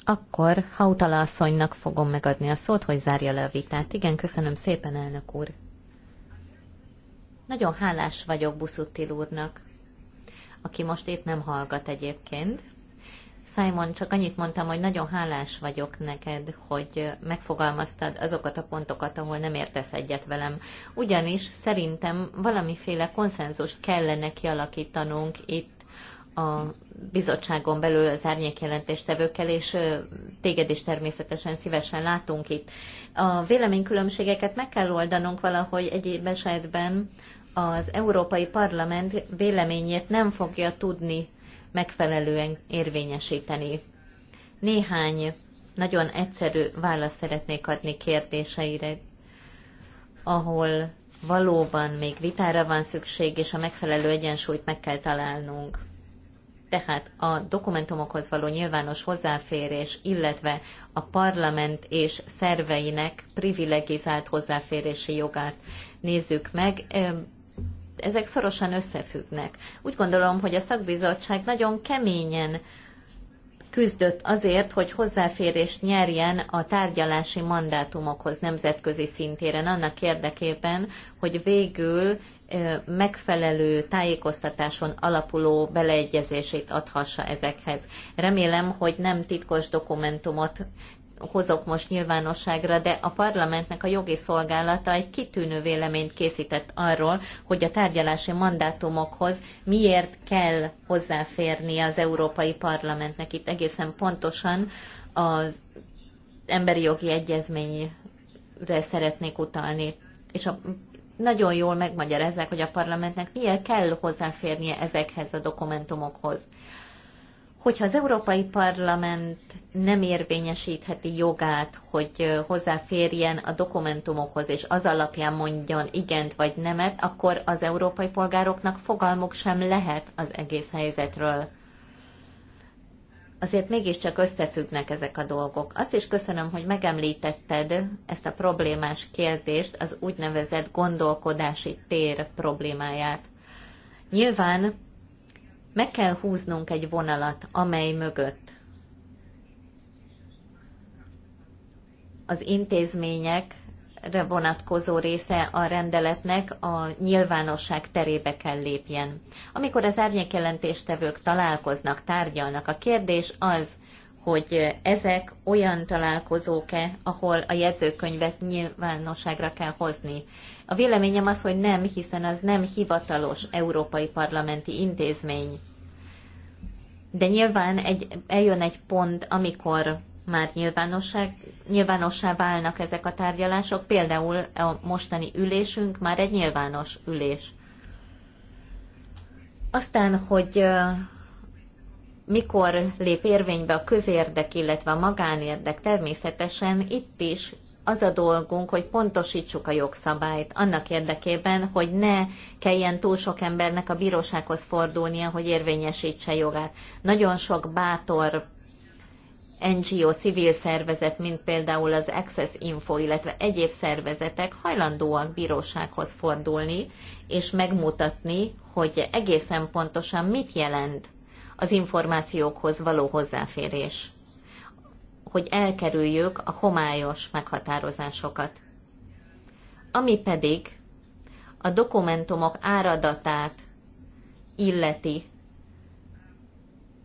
akkor Hautala asszonynak fogom megadni a szót, hogy zárja le a vitát. Igen, köszönöm szépen, elnök úr. Nagyon hálás vagyok Buszuttil úrnak, aki most épp nem hallgat egyébként. Simon, csak annyit mondtam, hogy nagyon hálás vagyok neked, hogy megfogalmaztad azokat a pontokat, ahol nem értesz egyet velem. Ugyanis szerintem valamiféle konszenzust kellene kialakítanunk itt a bizottságon belül az árnyékjelentéstevőkkel, és téged is természetesen szívesen látunk itt. A véleménykülönbségeket meg kell oldanunk valahogy egyéb esetben az Európai Parlament véleményét nem fogja tudni megfelelően érvényesíteni. Néhány nagyon egyszerű választ szeretnék adni kérdéseire, ahol valóban még vitára van szükség, és a megfelelő egyensúlyt meg kell találnunk. Tehát a dokumentumokhoz való nyilvános hozzáférés, illetve a parlament és szerveinek privilegizált hozzáférési jogát nézzük meg ezek szorosan összefüggnek. Úgy gondolom, hogy a szakbizottság nagyon keményen küzdött azért, hogy hozzáférést nyerjen a tárgyalási mandátumokhoz nemzetközi szintéren, annak érdekében, hogy végül megfelelő tájékoztatáson alapuló beleegyezését adhassa ezekhez. Remélem, hogy nem titkos dokumentumot hozok most nyilvánosságra, de a parlamentnek a jogi szolgálata egy kitűnő véleményt készített arról, hogy a tárgyalási mandátumokhoz miért kell hozzáférni az Európai Parlamentnek. Itt egészen pontosan az emberi jogi egyezményre szeretnék utalni. És a nagyon jól megmagyarázzák, hogy a parlamentnek miért kell hozzáférnie ezekhez a dokumentumokhoz. Hogyha az Európai Parlament nem érvényesítheti jogát, hogy hozzáférjen a dokumentumokhoz, és az alapján mondjon igent vagy nemet, akkor az európai polgároknak fogalmuk sem lehet az egész helyzetről azért mégiscsak összefüggnek ezek a dolgok. Azt is köszönöm, hogy megemlítetted ezt a problémás kérdést, az úgynevezett gondolkodási tér problémáját. Nyilván meg kell húznunk egy vonalat, amely mögött az intézmények vonatkozó része a rendeletnek a nyilvánosság terébe kell lépjen. Amikor az árnyékjelentéstevők találkoznak, tárgyalnak, a kérdés az, hogy ezek olyan találkozók-e, ahol a jegyzőkönyvet nyilvánosságra kell hozni. A véleményem az, hogy nem, hiszen az nem hivatalos európai parlamenti intézmény. De nyilván egy, eljön egy pont, amikor már nyilvánosság, nyilvánossá válnak ezek a tárgyalások, például a mostani ülésünk már egy nyilvános ülés. Aztán, hogy mikor lép érvénybe a közérdek, illetve a magánérdek, természetesen itt is az a dolgunk, hogy pontosítsuk a jogszabályt annak érdekében, hogy ne kelljen túl sok embernek a bírósághoz fordulnia, hogy érvényesítse jogát. Nagyon sok bátor NGO civil szervezet, mint például az Access Info, illetve egyéb szervezetek hajlandóak bírósághoz fordulni, és megmutatni, hogy egészen pontosan mit jelent az információkhoz való hozzáférés, hogy elkerüljük a homályos meghatározásokat. Ami pedig a dokumentumok áradatát illeti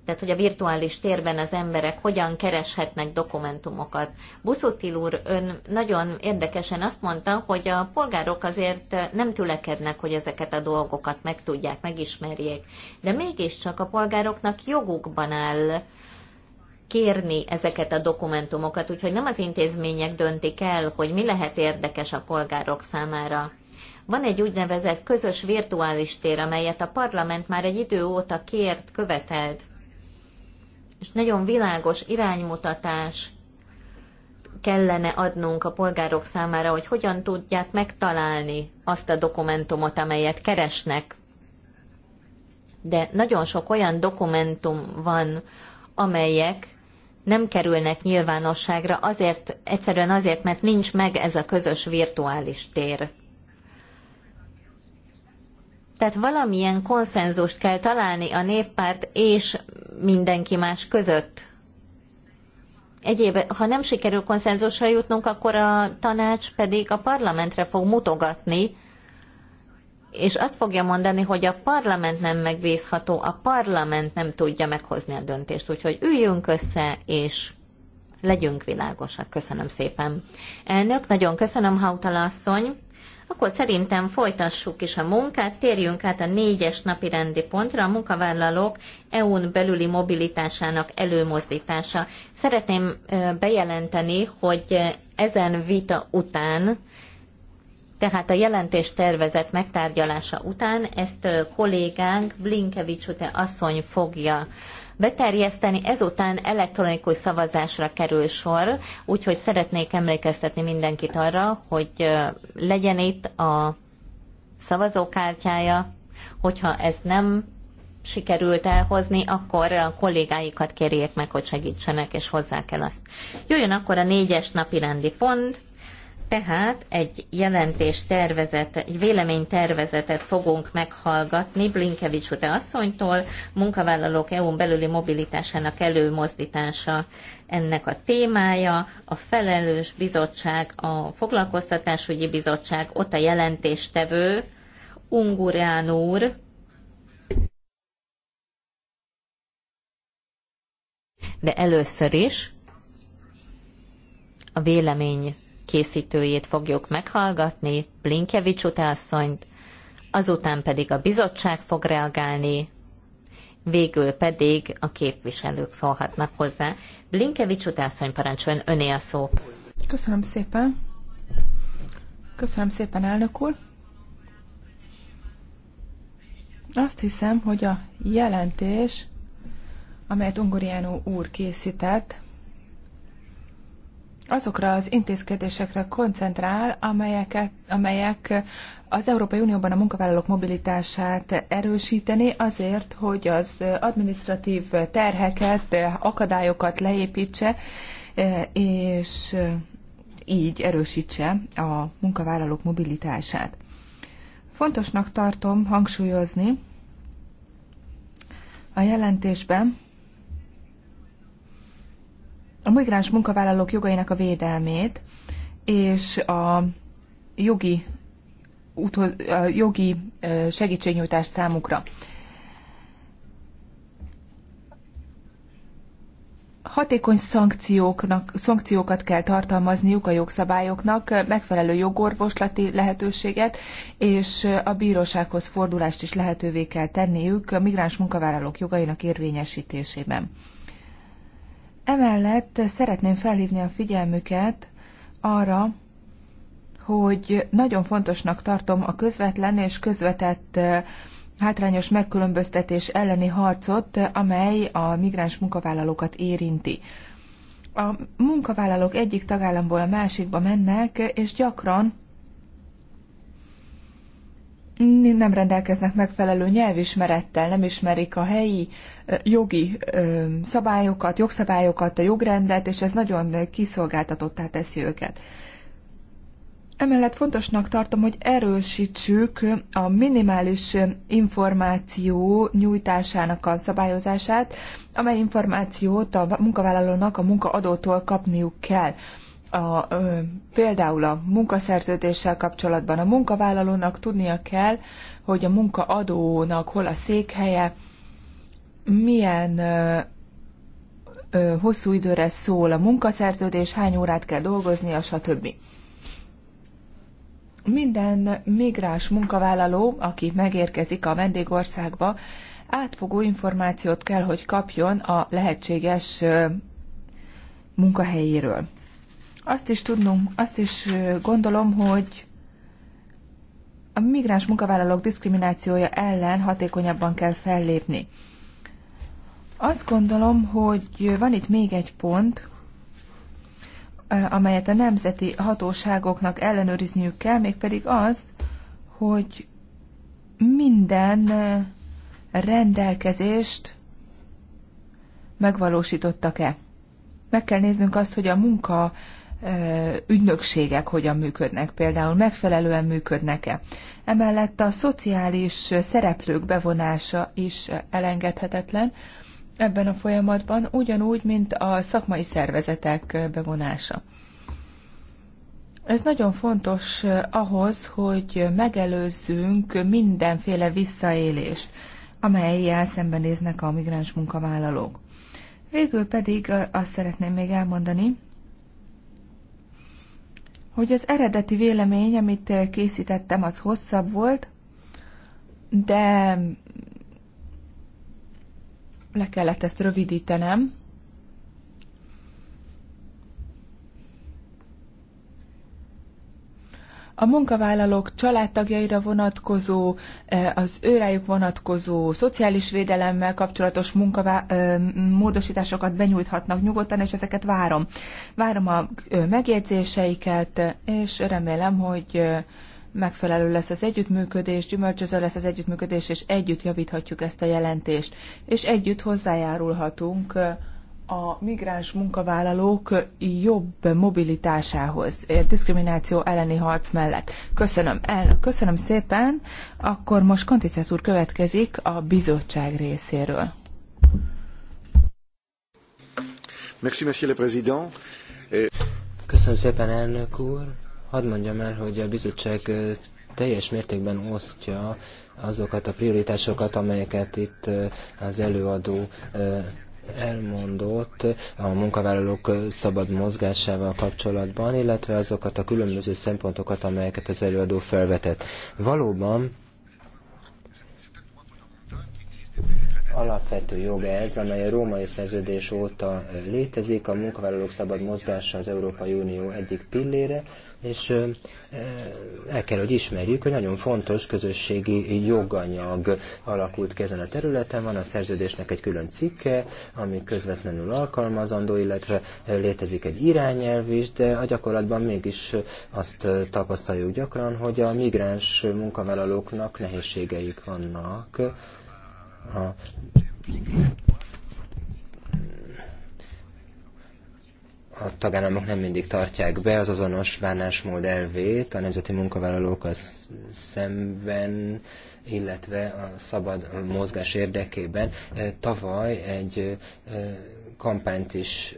tehát hogy a virtuális térben az emberek hogyan kereshetnek dokumentumokat. Buszutil úr, ön nagyon érdekesen azt mondta, hogy a polgárok azért nem tülekednek, hogy ezeket a dolgokat megtudják, megismerjék, de mégiscsak a polgároknak jogukban áll kérni ezeket a dokumentumokat, úgyhogy nem az intézmények döntik el, hogy mi lehet érdekes a polgárok számára. Van egy úgynevezett közös virtuális tér, amelyet a parlament már egy idő óta kért, követelt és nagyon világos iránymutatás kellene adnunk a polgárok számára, hogy hogyan tudják megtalálni azt a dokumentumot, amelyet keresnek. De nagyon sok olyan dokumentum van, amelyek nem kerülnek nyilvánosságra, azért, egyszerűen azért, mert nincs meg ez a közös virtuális tér. Tehát valamilyen konszenzust kell találni a néppárt és mindenki más között. Egyéb, ha nem sikerül konszenzusra jutnunk, akkor a tanács pedig a parlamentre fog mutogatni, és azt fogja mondani, hogy a parlament nem megbízható, a parlament nem tudja meghozni a döntést. Úgyhogy üljünk össze, és legyünk világosak. Köszönöm szépen. Elnök, nagyon köszönöm, Hautala asszony akkor szerintem folytassuk is a munkát, térjünk át a négyes napi rendi pontra, a munkavállalók EU-n belüli mobilitásának előmozdítása. Szeretném bejelenteni, hogy ezen vita után, tehát a jelentés tervezet megtárgyalása után ezt kollégánk Blinkevics asszony fogja beterjeszteni, ezután elektronikus szavazásra kerül sor, úgyhogy szeretnék emlékeztetni mindenkit arra, hogy legyen itt a szavazókártyája, hogyha ez nem sikerült elhozni, akkor a kollégáikat kérjék meg, hogy segítsenek, és hozzák el azt. Jöjjön akkor a négyes napi rendi pont, tehát egy jelentés tervezet, egy véleménytervezetet fogunk meghallgatni Blinkevics Ute asszonytól, munkavállalók EU-n belüli mobilitásának előmozdítása ennek a témája, a felelős bizottság, a foglalkoztatásügyi bizottság, ott a jelentéstevő, Ungurán úr, de először is a vélemény készítőjét fogjuk meghallgatni, Blinkevics utásszonyt, azután pedig a bizottság fog reagálni, végül pedig a képviselők szólhatnak hozzá. Blinkevics utásszony parancsoljon öné a szó. Köszönöm szépen. Köszönöm szépen, elnök úr. Azt hiszem, hogy a jelentés, amelyet Ungoriánó úr készített, azokra az intézkedésekre koncentrál, amelyeket, amelyek az Európai Unióban a munkavállalók mobilitását erősíteni azért, hogy az administratív terheket, akadályokat leépítse, és így erősítse a munkavállalók mobilitását. Fontosnak tartom hangsúlyozni a jelentésben, a migráns munkavállalók jogainak a védelmét és a jogi, utol, a jogi segítségnyújtást számukra. Hatékony szankcióknak, szankciókat kell tartalmazniuk a jogszabályoknak, megfelelő jogorvoslati lehetőséget, és a bírósághoz fordulást is lehetővé kell tenniük a migráns munkavállalók jogainak érvényesítésében. Emellett szeretném felhívni a figyelmüket arra, hogy nagyon fontosnak tartom a közvetlen és közvetett eh, hátrányos megkülönböztetés elleni harcot, eh, amely a migráns munkavállalókat érinti. A munkavállalók egyik tagállamból a másikba mennek, eh, és gyakran nem rendelkeznek megfelelő nyelvismerettel, nem ismerik a helyi jogi szabályokat, jogszabályokat, a jogrendet, és ez nagyon kiszolgáltatottá teszi őket. Emellett fontosnak tartom, hogy erősítsük a minimális információ nyújtásának a szabályozását, amely információt a munkavállalónak a munkaadótól kapniuk kell a, ö, például a munkaszerződéssel kapcsolatban a munkavállalónak tudnia kell, hogy a munkaadónak hol a székhelye, milyen ö, ö, hosszú időre szól a munkaszerződés, hány órát kell dolgoznia, stb. Minden migráns munkavállaló, aki megérkezik a vendégországba, átfogó információt kell, hogy kapjon a lehetséges munkahelyéről azt is tudnunk, azt is gondolom, hogy a migráns munkavállalók diszkriminációja ellen hatékonyabban kell fellépni. Azt gondolom, hogy van itt még egy pont, amelyet a nemzeti hatóságoknak ellenőrizniük kell, mégpedig az, hogy minden rendelkezést megvalósítottak-e. Meg kell néznünk azt, hogy a munka ügynökségek hogyan működnek, például megfelelően működnek-e. Emellett a szociális szereplők bevonása is elengedhetetlen ebben a folyamatban, ugyanúgy, mint a szakmai szervezetek bevonása. Ez nagyon fontos ahhoz, hogy megelőzzünk mindenféle visszaélést, amelyel szembenéznek a migráns munkavállalók. Végül pedig azt szeretném még elmondani, hogy az eredeti vélemény, amit eh, készítettem, az hosszabb volt, de le kellett ezt rövidítenem, a munkavállalók családtagjaira vonatkozó, e, az őrájuk vonatkozó szociális védelemmel kapcsolatos munkavá- e, módosításokat benyújthatnak nyugodtan, és ezeket várom. Várom a e, megjegyzéseiket, és remélem, hogy megfelelő lesz az együttműködés, gyümölcsöző lesz az együttműködés, és együtt javíthatjuk ezt a jelentést, és együtt hozzájárulhatunk a migráns munkavállalók jobb mobilitásához, eh, diszkrimináció elleni harc mellett. Köszönöm, elnök, köszönöm szépen. Akkor most Konticász úr következik a bizottság részéről. Merci, monsieur le président. Köszönöm szépen, elnök úr. Hadd mondjam el, hogy a bizottság teljes mértékben osztja azokat a prioritásokat, amelyeket itt az előadó elmondott a munkavállalók szabad mozgásával kapcsolatban, illetve azokat a különböző szempontokat, amelyeket az előadó felvetett. Valóban alapvető joga ez, amely a római szerződés óta létezik, a munkavállalók szabad mozgása az Európai Unió egyik pillére, és el kell, hogy ismerjük, hogy nagyon fontos közösségi joganyag alakult ki ezen a területen. Van a szerződésnek egy külön cikke, ami közvetlenül alkalmazandó, illetve létezik egy irányelv is, de a gyakorlatban mégis azt tapasztaljuk gyakran, hogy a migráns munkavállalóknak nehézségeik vannak a a tagállamok nem mindig tartják be az azonos bánásmód elvét a nemzeti munkavállalókkal szemben, illetve a szabad mozgás érdekében. Tavaly egy kampányt is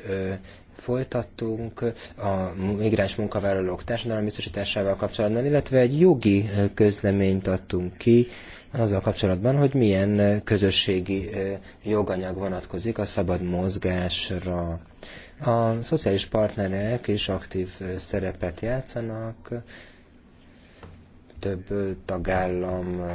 folytattunk a migráns munkavállalók társadalmi biztosításával kapcsolatban, illetve egy jogi közleményt adtunk ki, azzal kapcsolatban, hogy milyen közösségi joganyag vonatkozik a szabad mozgásra. A szociális partnerek is aktív szerepet játszanak, több tagállam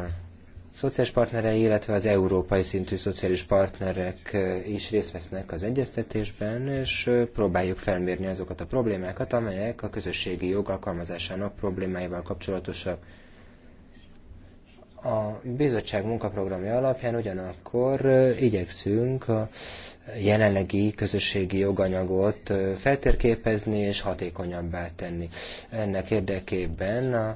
szociális partnerei, illetve az európai szintű szociális partnerek is részt vesznek az egyeztetésben, és próbáljuk felmérni azokat a problémákat, amelyek a közösségi jog alkalmazásának problémáival kapcsolatosak. A bizottság munkaprogramja alapján ugyanakkor igyekszünk a jelenlegi közösségi joganyagot feltérképezni és hatékonyabbá tenni. Ennek érdekében a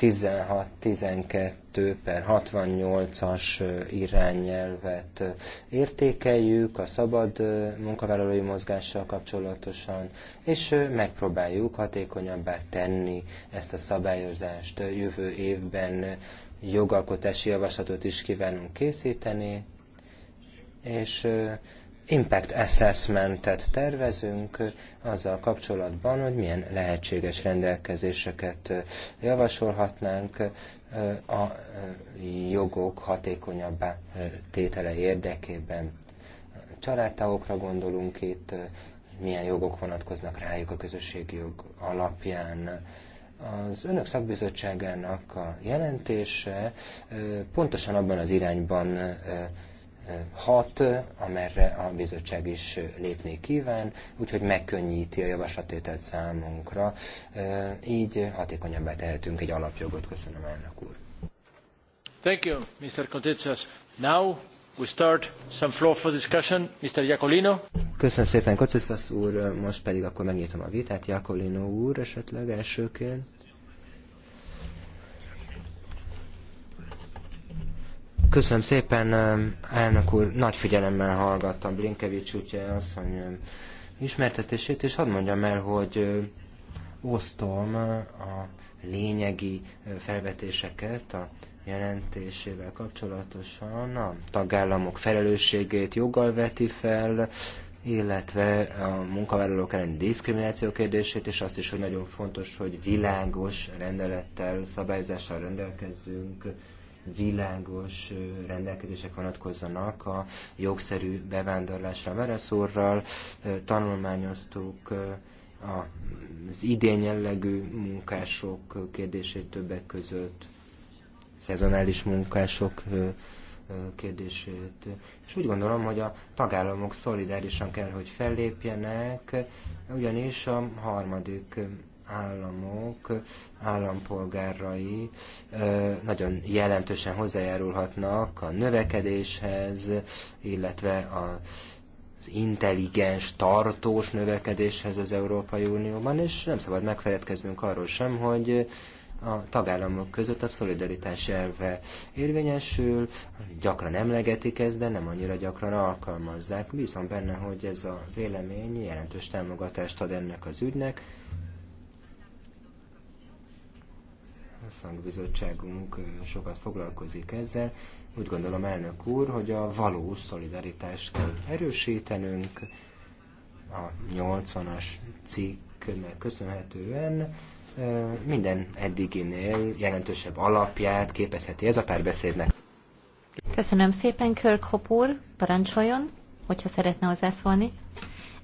16-12 per 68-as irányelvet értékeljük a szabad munkavállalói mozgással kapcsolatosan, és megpróbáljuk hatékonyabbá tenni ezt a szabályozást. Jövő évben jogalkotási javaslatot is kívánunk készíteni, és impact assessmentet tervezünk azzal kapcsolatban, hogy milyen lehetséges rendelkezéseket javasolhatnánk a jogok hatékonyabbá tétele érdekében. Családtagokra gondolunk itt, milyen jogok vonatkoznak rájuk a közösségi jog alapján. Az önök szakbizottságának a jelentése pontosan abban az irányban hat, amerre a bizottság is lépni kíván, úgyhogy megkönnyíti a javaslatételt számunkra. Így hatékonyabbá tehetünk egy alapjogot. Köszönöm, elnök úr. Thank you, Mr. Contentious. Now we start some floor for discussion. Mr. Iacolino. Köszönöm szépen, Kocsis úr. Most pedig akkor megnyitom a vitát. Iacolino úr esetleg elsőként. Köszönöm szépen, um, elnök úr, nagy figyelemmel hallgattam Blinkevics útja asszony um, ismertetését, és hadd mondjam el, hogy uh, osztom uh, a lényegi uh, felvetéseket a jelentésével kapcsolatosan a tagállamok felelősségét joggal veti fel, illetve a munkavállalók elleni diszkrimináció kérdését, és azt is, hogy nagyon fontos, hogy világos rendelettel, szabályzással rendelkezzünk világos rendelkezések vonatkozzanak a jogszerű bevándorlásra. Vereszorral tanulmányoztuk az idén jellegű munkások kérdését többek között, szezonális munkások kérdését. És úgy gondolom, hogy a tagállamok szolidárisan kell, hogy fellépjenek, ugyanis a harmadik államok állampolgárai nagyon jelentősen hozzájárulhatnak a növekedéshez, illetve az intelligens, tartós növekedéshez az Európai Unióban, és nem szabad megfeledkeznünk arról sem, hogy a tagállamok között a szolidaritás elve érvényesül, gyakran emlegetik ezt, de nem annyira gyakran alkalmazzák. Bízom benne, hogy ez a vélemény jelentős támogatást ad ennek az ügynek, szangbizottságunk sokat foglalkozik ezzel. Úgy gondolom, elnök úr, hogy a valós szolidaritást kell erősítenünk a 80-as cikknek köszönhetően minden eddiginél jelentősebb alapját képezheti ez a párbeszédnek. Köszönöm szépen, Kirk Hopur, parancsoljon, hogyha szeretne hozzászólni.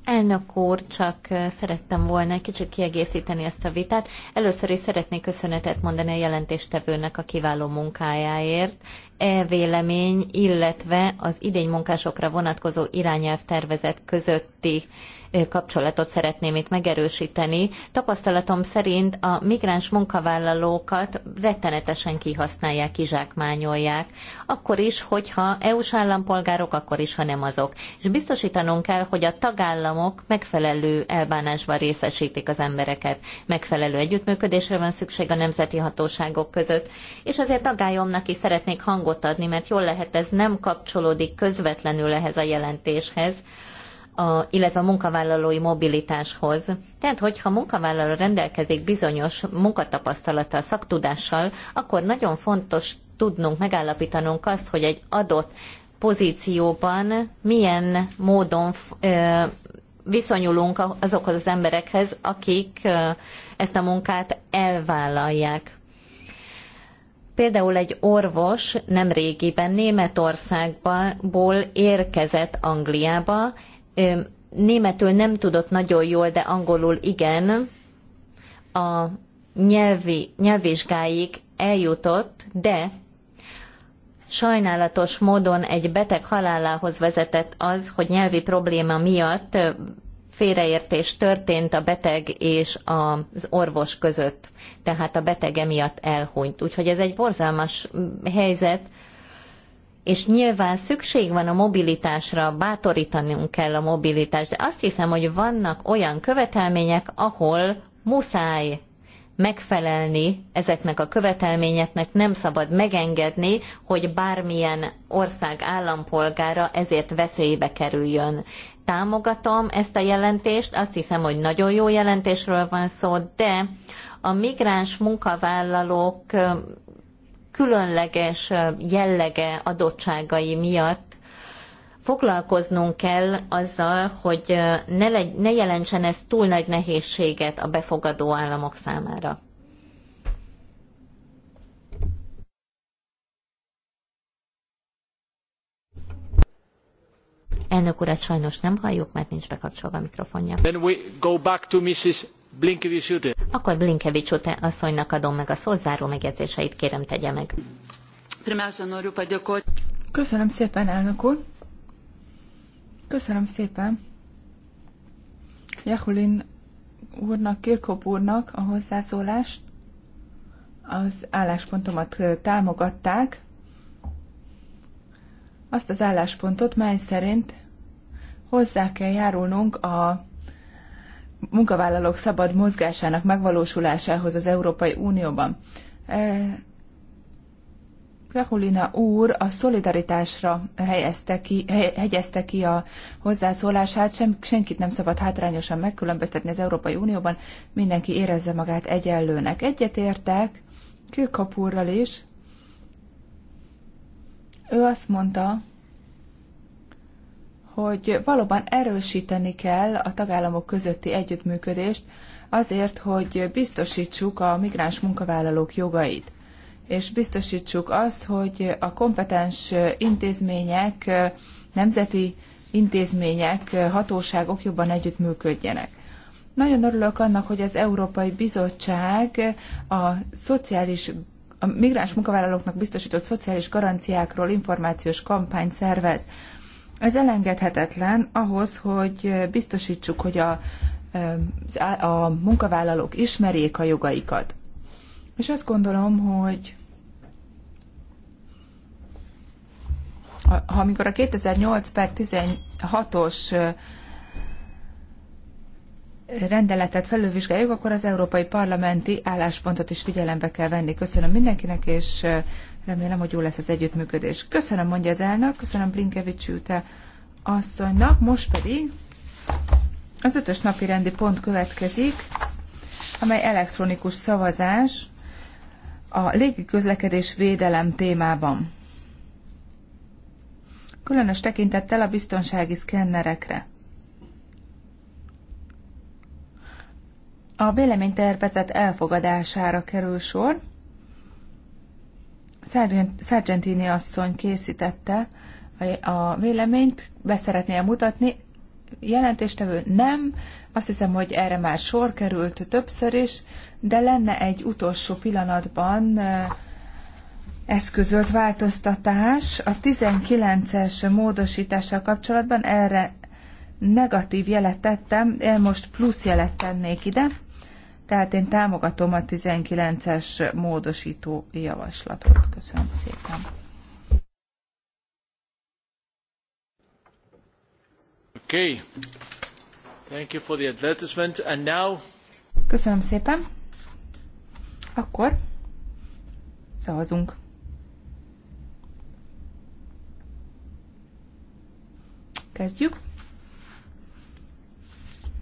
Elnök úr, csak szerettem volna egy kicsit kiegészíteni ezt a vitát. Először is szeretnék köszönetet mondani a jelentéstevőnek a kiváló munkájáért. E vélemény, illetve az idény munkásokra vonatkozó irányelv tervezet közötti kapcsolatot szeretném itt megerősíteni. Tapasztalatom szerint a migráns munkavállalókat rettenetesen kihasználják, kizsákmányolják. Akkor is, hogyha EU-s állampolgárok, akkor is, ha nem azok. És biztosítanunk kell, hogy a tagállamok megfelelő elbánásban részesítik az embereket. Megfelelő együttműködésre van szükség a nemzeti hatóságok között. És azért tagályomnak is szeretnék hangot adni, mert jól lehet ez nem kapcsolódik közvetlenül ehhez a jelentéshez, a, illetve a munkavállalói mobilitáshoz. Tehát, hogyha a munkavállaló rendelkezik bizonyos munkatapasztalattal, szaktudással, akkor nagyon fontos tudnunk, megállapítanunk azt, hogy egy adott pozícióban milyen módon ö, viszonyulunk azokhoz az emberekhez, akik ö, ezt a munkát elvállalják. Például egy orvos nem régiben Németországból érkezett Angliába, németül nem tudott nagyon jól, de angolul igen, a nyelvi, nyelvvizsgáig eljutott, de sajnálatos módon egy beteg halálához vezetett az, hogy nyelvi probléma miatt félreértés történt a beteg és az orvos között, tehát a betege miatt elhunyt. Úgyhogy ez egy borzalmas helyzet, és nyilván szükség van a mobilitásra, bátorítanunk kell a mobilitást, de azt hiszem, hogy vannak olyan követelmények, ahol muszáj megfelelni ezeknek a követelményeknek, nem szabad megengedni, hogy bármilyen ország állampolgára ezért veszélybe kerüljön. Támogatom ezt a jelentést, azt hiszem, hogy nagyon jó jelentésről van szó, de a migráns munkavállalók különleges jellege, adottságai miatt foglalkoznunk kell azzal, hogy ne, legy, ne jelentsen ez túl nagy nehézséget a befogadó államok számára. Elnök urat sajnos nem halljuk, mert nincs bekapcsolva a mikrofonja. Then we go back to Mrs. Blinkevichute. Akkor Blinkevics után asszonynak adom meg a szózáró megjegyzéseit, kérem tegye meg. Köszönöm szépen, elnök úr. Köszönöm szépen. Jehulin úrnak, Kirkop úrnak a hozzászólást. Az álláspontomat támogatták. Azt az álláspontot, mely szerint hozzá kell járulnunk a munkavállalók szabad mozgásának megvalósulásához az Európai Unióban. E, Krahulina úr a szolidaritásra helyezte ki, hegyezte ki a hozzászólását, sem, senkit nem szabad hátrányosan megkülönböztetni az Európai Unióban, mindenki érezze magát egyenlőnek. Egyetértek Kőkapúrral is. Ő azt mondta, hogy valóban erősíteni kell a tagállamok közötti együttműködést azért, hogy biztosítsuk a migráns munkavállalók jogait, és biztosítsuk azt, hogy a kompetens intézmények, nemzeti intézmények, hatóságok jobban együttműködjenek. Nagyon örülök annak, hogy az Európai Bizottság a szociális a migráns munkavállalóknak biztosított szociális garanciákról információs kampányt szervez. Ez elengedhetetlen ahhoz, hogy biztosítsuk, hogy a, a munkavállalók ismerjék a jogaikat. És azt gondolom, hogy ha, amikor a 2008 per 16-os rendeletet felülvizsgáljuk, akkor az európai parlamenti álláspontot is figyelembe kell venni. Köszönöm mindenkinek, és Remélem, hogy jó lesz az együttműködés. Köszönöm, mondja az elnök, köszönöm Blinkevics Jute asszonynak, most pedig az ötös napi rendi pont következik, amely elektronikus szavazás a közlekedés védelem témában. Különös tekintettel a biztonsági szkennerekre. A véleménytervezet elfogadására kerül sor. Sargentini asszony készítette a véleményt, beszeretné mutatni, jelentéstevő nem, azt hiszem, hogy erre már sor került többször is, de lenne egy utolsó pillanatban eszközölt változtatás a 19-es módosítással kapcsolatban, erre negatív jelet tettem, én most plusz jelet tennék ide. Tehát én támogatom a 19-es módosító javaslatot. Köszönöm szépen. Okay. Thank you for the advertisement. And now... Köszönöm szépen. Akkor szavazunk. Kezdjük.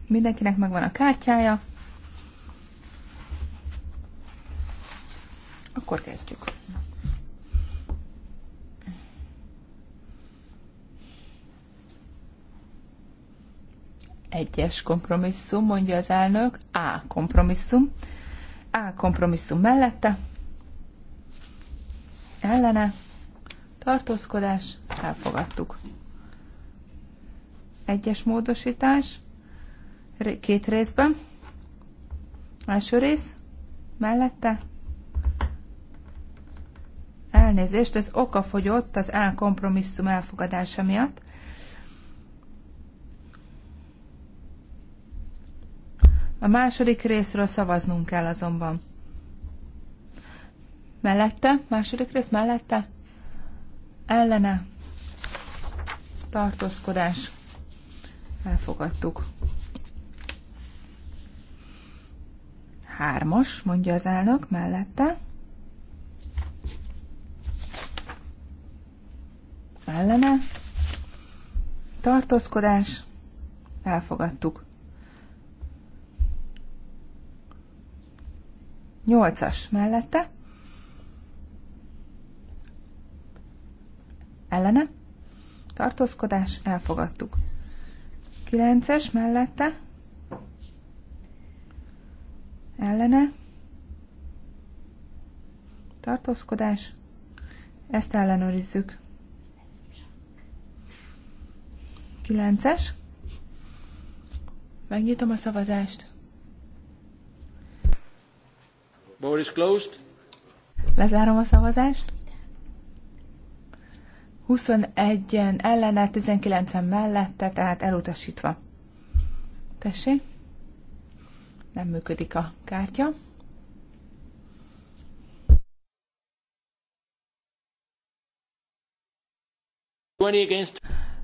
Mindenkinek megvan a kártyája. Akkor kezdjük. Egyes kompromisszum, mondja az elnök. A kompromisszum. A kompromisszum mellette. Ellene. Tartózkodás. Elfogadtuk. Egyes módosítás. Két részben. Első rész. Mellette elnézést, ez oka fogyott az elkompromisszum elfogadása miatt. A második részről szavaznunk kell azonban. Mellette? Második rész mellette? Ellene? Tartózkodás. Elfogadtuk. Hármas, mondja az elnök mellette. ellene, tartózkodás, elfogadtuk. nyolcas mellette, ellene, tartózkodás, elfogadtuk. kilences mellette, ellene, tartózkodás, ezt ellenőrizzük. 9-es. Megnyitom a szavazást. Board is closed. Lezárom a szavazást. 21-en ellene, 19-en mellette, tehát elutasítva. Tessé. nem működik a kártya. against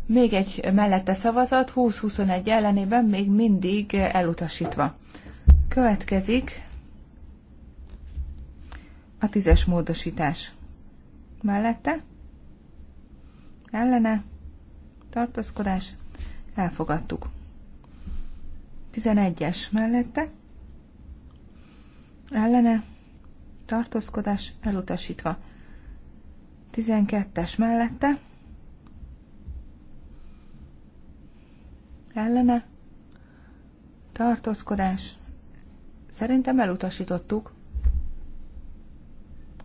még egy mellette szavazat, 20-21 ellenében még mindig elutasítva. Következik a tízes módosítás. Mellette, ellene, tartózkodás, elfogadtuk. 11-es mellette, ellene, tartózkodás, elutasítva. 12-es mellette, ellene tartózkodás. Szerintem elutasítottuk.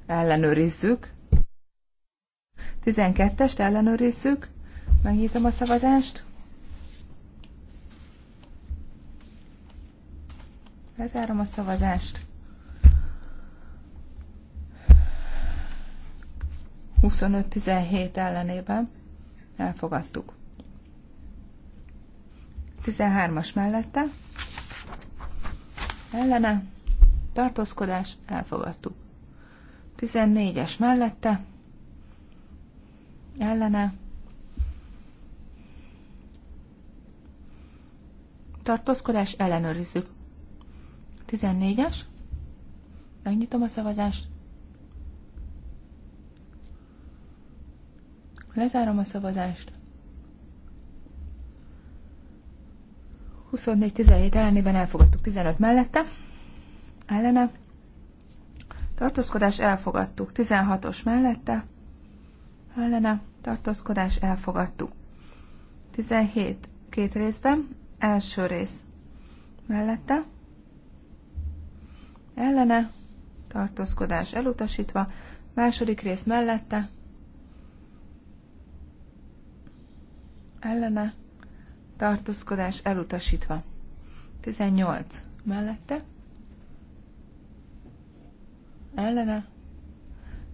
Ellenőrizzük. 12-est ellenőrizzük. Megnyitom a szavazást. Lezárom a szavazást. 25-17 ellenében elfogadtuk. 13-as mellette, ellene, tartózkodás, elfogadtuk. 14-es mellette, ellene, tartózkodás, ellenőrizzük. 14-es, megnyitom a szavazást, lezárom a szavazást, 24-17 ellenében elfogadtuk 15 mellette, ellene. Tartózkodás elfogadtuk 16-os mellette, ellene. Tartózkodás elfogadtuk. 17 két részben, első rész mellette, ellene, tartózkodás elutasítva, második rész mellette, ellene, tartózkodás elutasítva. 18 mellette, ellene,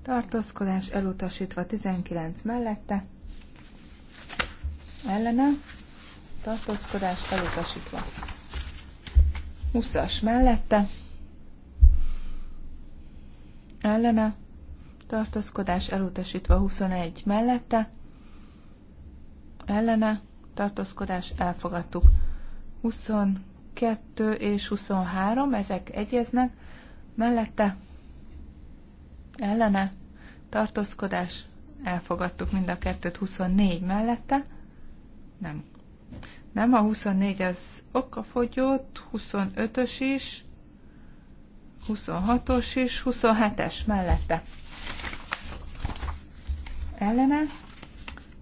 tartózkodás elutasítva. 19 mellette, ellene, tartózkodás elutasítva. 20-as mellette, ellene, tartózkodás elutasítva 21 mellette, ellene, tartózkodás elfogadtuk. 22 és 23, ezek egyeznek, mellette ellene tartózkodás elfogadtuk mind a kettőt 24 mellette. Nem. Nem, a 24 az okafogyott, 25-ös is, 26-os is, 27-es mellette. Ellene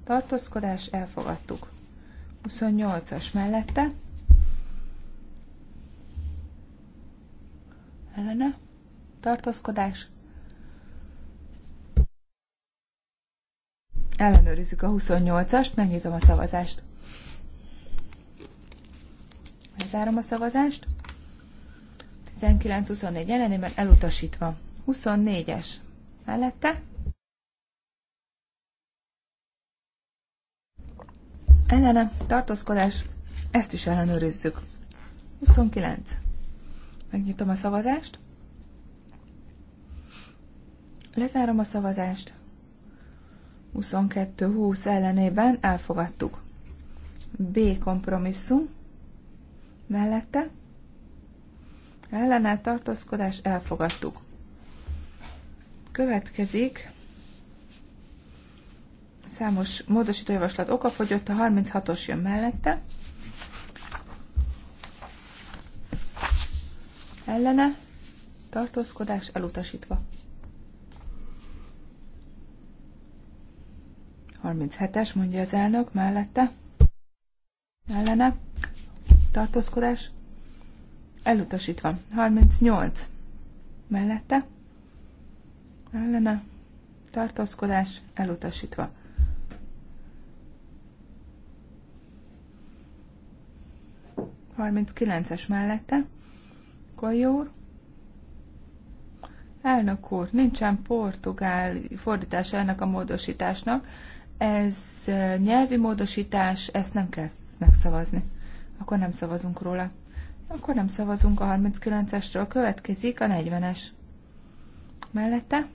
tartózkodás elfogadtuk. 28-as mellette. Ellene. Tartózkodás. Ellenőrizzük a 28-ast, megnyitom a szavazást. Lezárom a szavazást. 19-24 ellenében elutasítva. 24-es mellette. ellene, tartózkodás, ezt is ellenőrizzük. 29. Megnyitom a szavazást. Lezárom a szavazást. 22-20 ellenében elfogadtuk. B kompromisszum. Mellette. Ellene tartózkodás elfogadtuk. Következik Számos módosítójavaslat fogyott a 36-os jön mellette. Ellene tartózkodás elutasítva. 37-es, mondja az elnök, mellette. Ellene tartózkodás elutasítva. 38 mellette. Ellene tartózkodás elutasítva. 39-es mellette. Koljó úr. Elnök úr, nincsen portugál fordítás ennek a módosításnak. Ez nyelvi módosítás, ezt nem kell megszavazni. Akkor nem szavazunk róla. Akkor nem szavazunk a 39-esről, következik a 40-es. Mellette?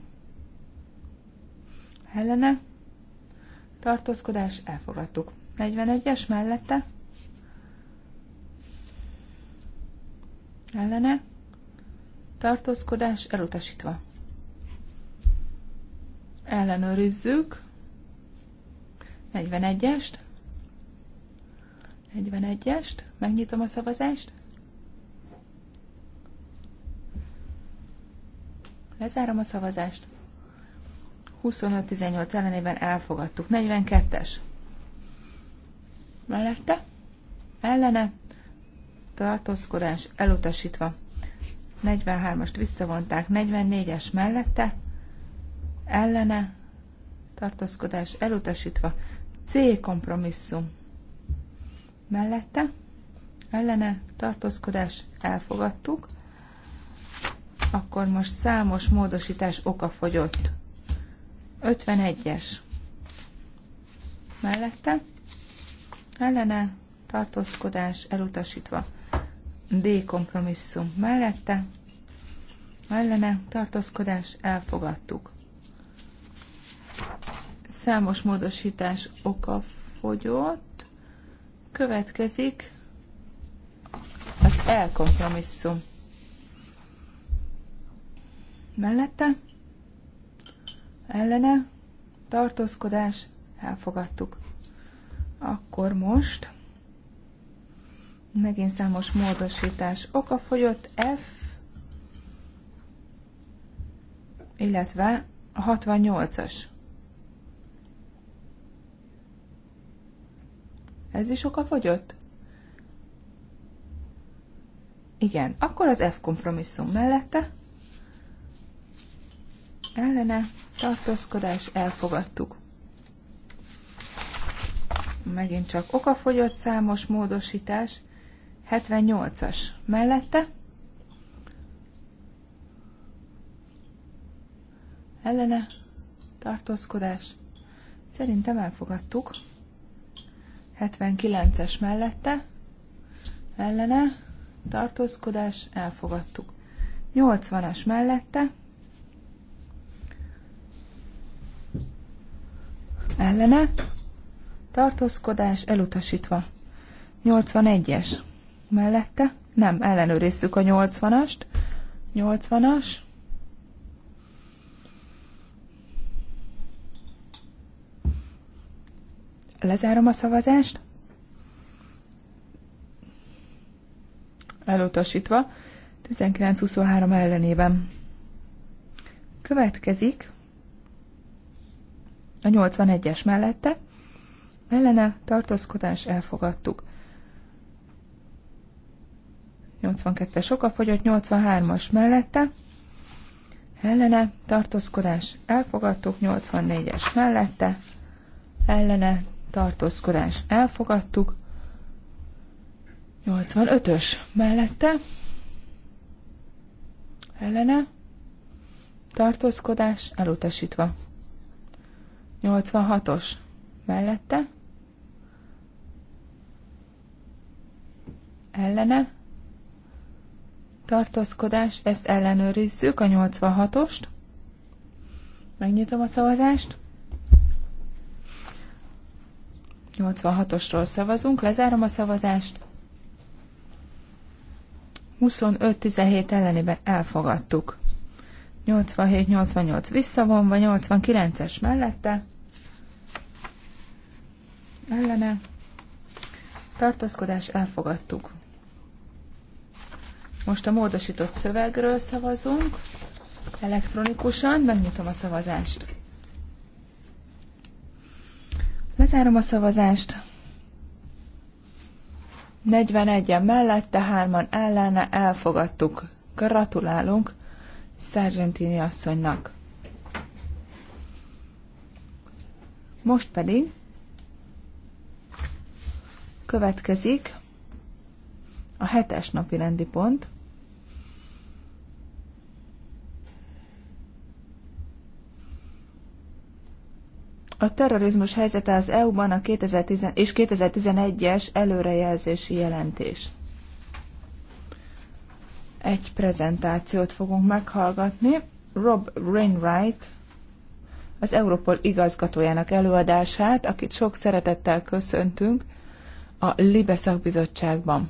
Ellene? Tartózkodás, elfogadtuk. 41-es mellette? ellene, tartózkodás elutasítva. Ellenőrizzük 41-est, 41-est, megnyitom a szavazást, lezárom a szavazást, 25-18 ellenében elfogadtuk, 42-es, mellette, ellene, tartózkodás elutasítva. 43-ast visszavonták, 44-es mellette, ellene, tartózkodás elutasítva, C kompromisszum mellette, ellene, tartózkodás elfogadtuk, akkor most számos módosítás oka fogyott. 51-es mellette, ellene, tartózkodás elutasítva. D kompromisszum mellette, ellene tartózkodás elfogadtuk. Számos módosítás oka fogyott. Következik az l e kompromisszum. Mellette, ellene, tartózkodás, elfogadtuk. Akkor most Megint számos módosítás oka fogyott. F, illetve a 68-as. Ez is oka fogyott? Igen, akkor az F kompromisszum mellette ellene tartózkodás elfogadtuk. Megint csak okafogyott számos módosítás, 78-as mellette. Ellene tartózkodás. Szerintem elfogadtuk. 79-es mellette. Ellene tartózkodás. Elfogadtuk. 80-as mellette. Ellene tartózkodás elutasítva. 81-es mellette. Nem, ellenőrizzük a 80-ast. 80-as. Lezárom a szavazást. Elutasítva. 19-23 ellenében. Következik a 81-es mellette. Ellene tartózkodás elfogadtuk. 82-es fogyott, 83-as mellette, ellene, tartózkodás, elfogadtuk, 84-es mellette, ellene, tartózkodás, elfogadtuk, 85-ös mellette, ellene, tartózkodás, elutasítva. 86-os mellette, ellene, tartózkodás, ezt ellenőrizzük, a 86-ost. Megnyitom a szavazást. 86-osról szavazunk, lezárom a szavazást. 25-17 ellenében elfogadtuk. 87-88 visszavonva, 89-es mellette. Ellene. Tartózkodás elfogadtuk. Most a módosított szövegről szavazunk elektronikusan. Megnyitom a szavazást. Lezárom a szavazást. 41-en mellette, 3-an ellene elfogadtuk. Gratulálunk Sargentini asszonynak. Most pedig következik a hetes napi rendi pont. A terrorizmus helyzete az EU-ban a 2010 és 2011-es előrejelzési jelentés. Egy prezentációt fogunk meghallgatni. Rob Rainwright az Europol igazgatójának előadását, akit sok szeretettel köszöntünk a Libe szakbizottságban.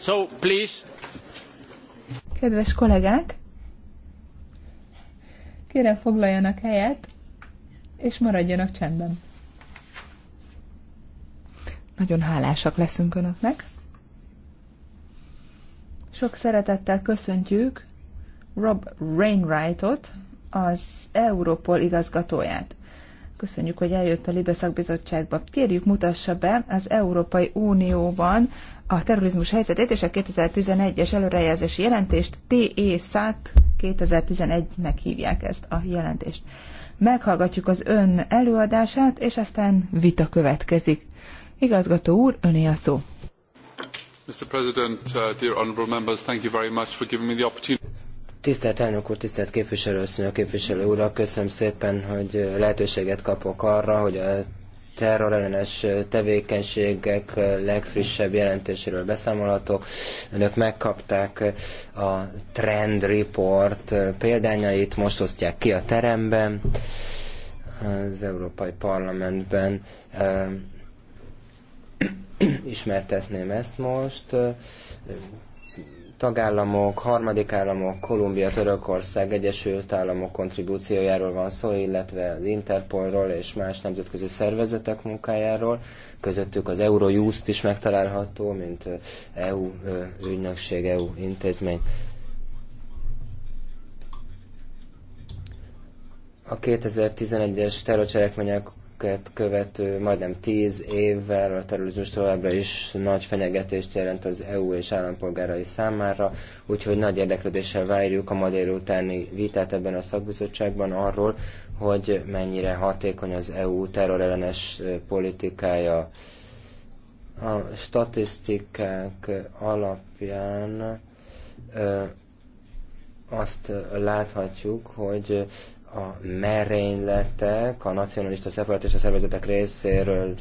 So, please. Kedves kollégák, kérem foglaljanak helyet, és maradjanak csendben. Nagyon hálásak leszünk Önöknek. Sok szeretettel köszöntjük Rob Rainwrightot, az Europol igazgatóját. Köszönjük, hogy eljött a Libe szakbizottságba. Kérjük, mutassa be az Európai Unióban a terrorizmus helyzetét és a 2011-es előrejelzési jelentést. TE SAT 2011-nek hívják ezt a jelentést. Meghallgatjuk az ön előadását, és aztán vita következik. Igazgató úr, öné a szó. Mr. President, uh, dear honourable members, thank you very much for giving me the opportunity. Tisztelt elnök úr, tisztelt képviselő, a képviselő úr, köszönöm szépen, hogy lehetőséget kapok arra, hogy a terrorellenes tevékenységek legfrissebb jelentéséről beszámolhatok. Önök megkapták a Trend Report példányait, most osztják ki a teremben, az Európai Parlamentben. Ehm, (coughs) ismertetném ezt most tagállamok, harmadik államok, Kolumbia, Törökország, Egyesült Államok kontribúciójáról van szó, illetve az Interpolról és más nemzetközi szervezetek munkájáról. Közöttük az Eurojust is megtalálható, mint EU ügynökség, EU intézmény. A 2011-es terrorcselekmények őket követő majdnem tíz évvel a terrorizmus továbbra is nagy fenyegetést jelent az EU és állampolgárai számára, úgyhogy nagy érdeklődéssel várjuk a ma délutáni vitát ebben a szakbizottságban arról, hogy mennyire hatékony az EU terrorellenes politikája. A statisztikák alapján azt láthatjuk, hogy a merényletek a nacionalista szeparatista szervezetek részéről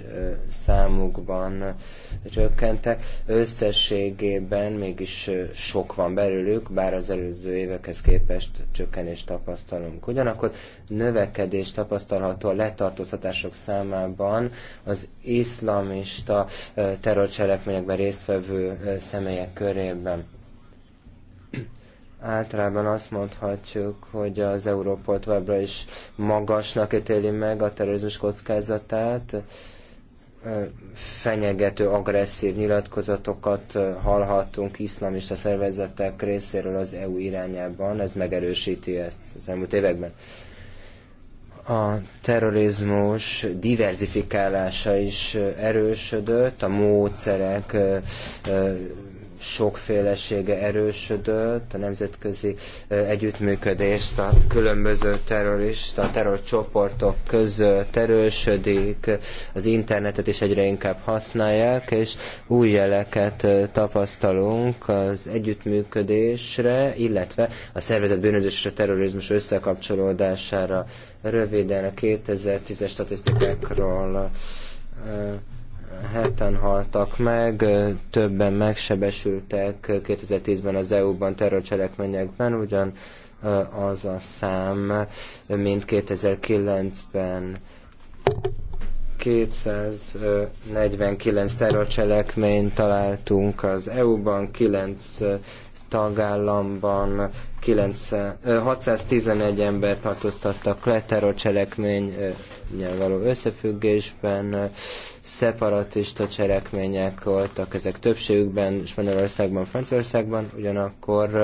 számukban csökkentek. Összességében mégis sok van belőlük, bár az előző évekhez képest csökkenést tapasztalunk. Ugyanakkor növekedés tapasztalható a letartóztatások számában az iszlamista terrorcselekményekben résztvevő személyek körében Általában azt mondhatjuk, hogy az Európol továbbra is magasnak ítéli meg a terrorizmus kockázatát, fenyegető, agresszív nyilatkozatokat hallhattunk iszlamista szervezetek részéről az EU irányában, ez megerősíti ezt az elmúlt években. A terrorizmus diverzifikálása is erősödött, a módszerek sokfélesége erősödött, a nemzetközi együttműködést a különböző terrorista, terrorcsoportok között erősödik, az internetet is egyre inkább használják, és új jeleket tapasztalunk az együttműködésre, illetve a szervezet bűnözés és a terrorizmus összekapcsolódására. Röviden a 2010-es statisztikákról heten haltak meg, többen megsebesültek 2010-ben az EU-ban terrorcselekményekben, ugyan az a szám, mint 2009-ben. 249 terrorcselekményt találtunk az EU-ban, 9 tagállamban, 9, 611 ember tartóztattak le terrorcselekmény való összefüggésben, szeparatista cselekmények voltak, ezek többségükben Spanyolországban, Franciaországban, ugyanakkor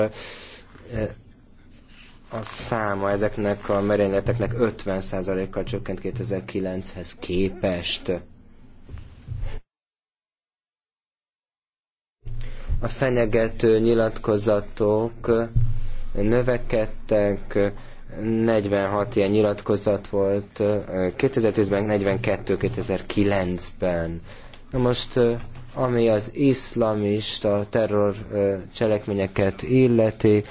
a száma ezeknek a merényleteknek 50%-kal csökkent 2009-hez képest. A fenyegető nyilatkozatok növekedtek, 46 ilyen nyilatkozat volt 2010-ben, 42-2009-ben. Na most, ami az iszlamista terror cselekményeket illeti,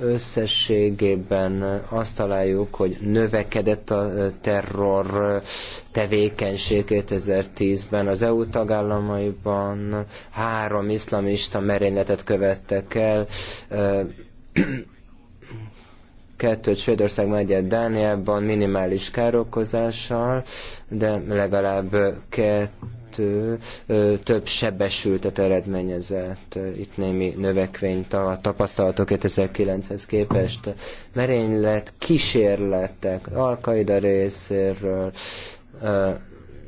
összességében azt találjuk, hogy növekedett a terror tevékenység 2010-ben az EU tagállamaiban, három iszlamista merényletet követtek el, kettőt Svédország megyet Dániában minimális károkozással, de legalább kettő több sebesültet eredményezett. Itt némi növekvényt tapasztalatok 2009-hez képest. Merénylet, kísérletek, Alkaida részéről,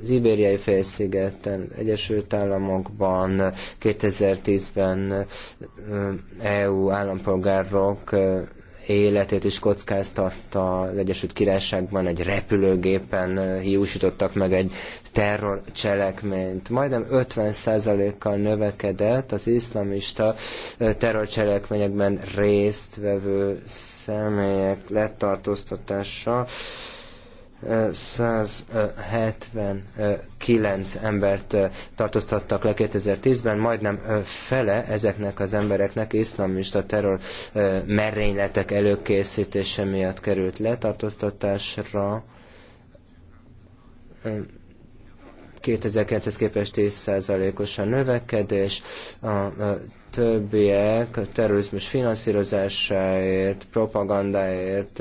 az Ibériai félszigeten, Egyesült Államokban 2010-ben EU állampolgárok életét is kockáztatta az Egyesült Királyságban, egy repülőgépen hiúsítottak meg egy terrorcselekményt. Majdnem 50%-kal növekedett az iszlamista terrorcselekményekben résztvevő személyek letartóztatása 179 embert tartóztattak le 2010-ben, majdnem fele ezeknek az embereknek iszlamista terror merényletek előkészítése miatt került letartóztatásra. 2009-hez képest 10%-os a növekedés, a többiek terrorizmus finanszírozásáért, propagandáért,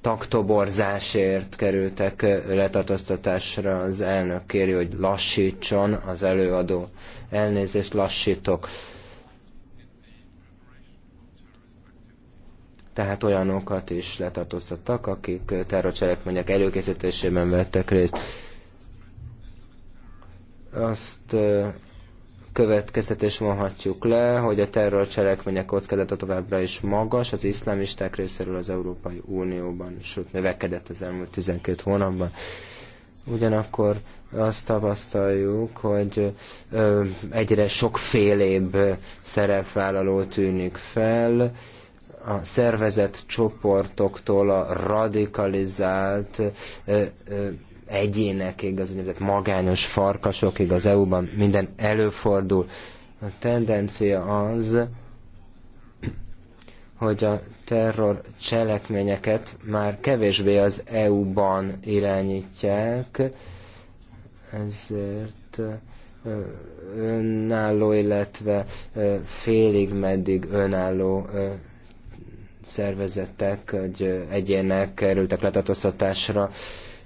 taktoborzásért kerültek letartóztatásra. Az elnök kéri, hogy lassítson az előadó. Elnézést, lassítok. tehát olyanokat is letartóztattak, akik terrorcselekmények előkészítésében vettek részt. Azt következtetés vonhatjuk le, hogy a terrorcselekmények kockázata továbbra is magas, az iszlamisták részéről az Európai Unióban, sőt növekedett az elmúlt 12 hónapban. Ugyanakkor azt tapasztaljuk, hogy ö, egyre sokfélébb szerepvállaló tűnik fel, a szervezett csoportoktól a radikalizált ö, ö, egyénekig, az úgynevezett magányos farkasokig az EU-ban minden előfordul. A tendencia az, hogy a terror cselekményeket már kevésbé az EU-ban irányítják, ezért önálló, illetve félig meddig önálló szervezetek, hogy egyének kerültek letartóztatásra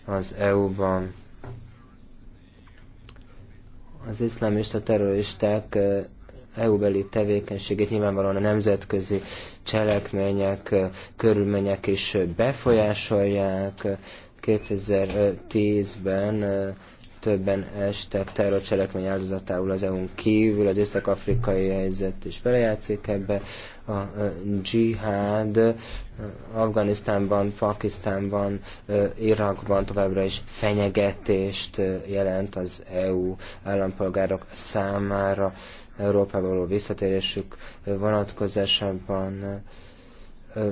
az EU-ban. Az iszlámista terroristák EU-beli tevékenységét nyilvánvalóan a nemzetközi cselekmények, körülmények is befolyásolják. 2010-ben többen estek terrorcselekmény áldozatául az EU-n kívül, az észak-afrikai helyzet is belejátszik ebbe. A dzsihád Afganisztánban, Pakisztánban, Irakban továbbra is fenyegetést jelent az EU állampolgárok számára. Európába való visszatérésük vonatkozásában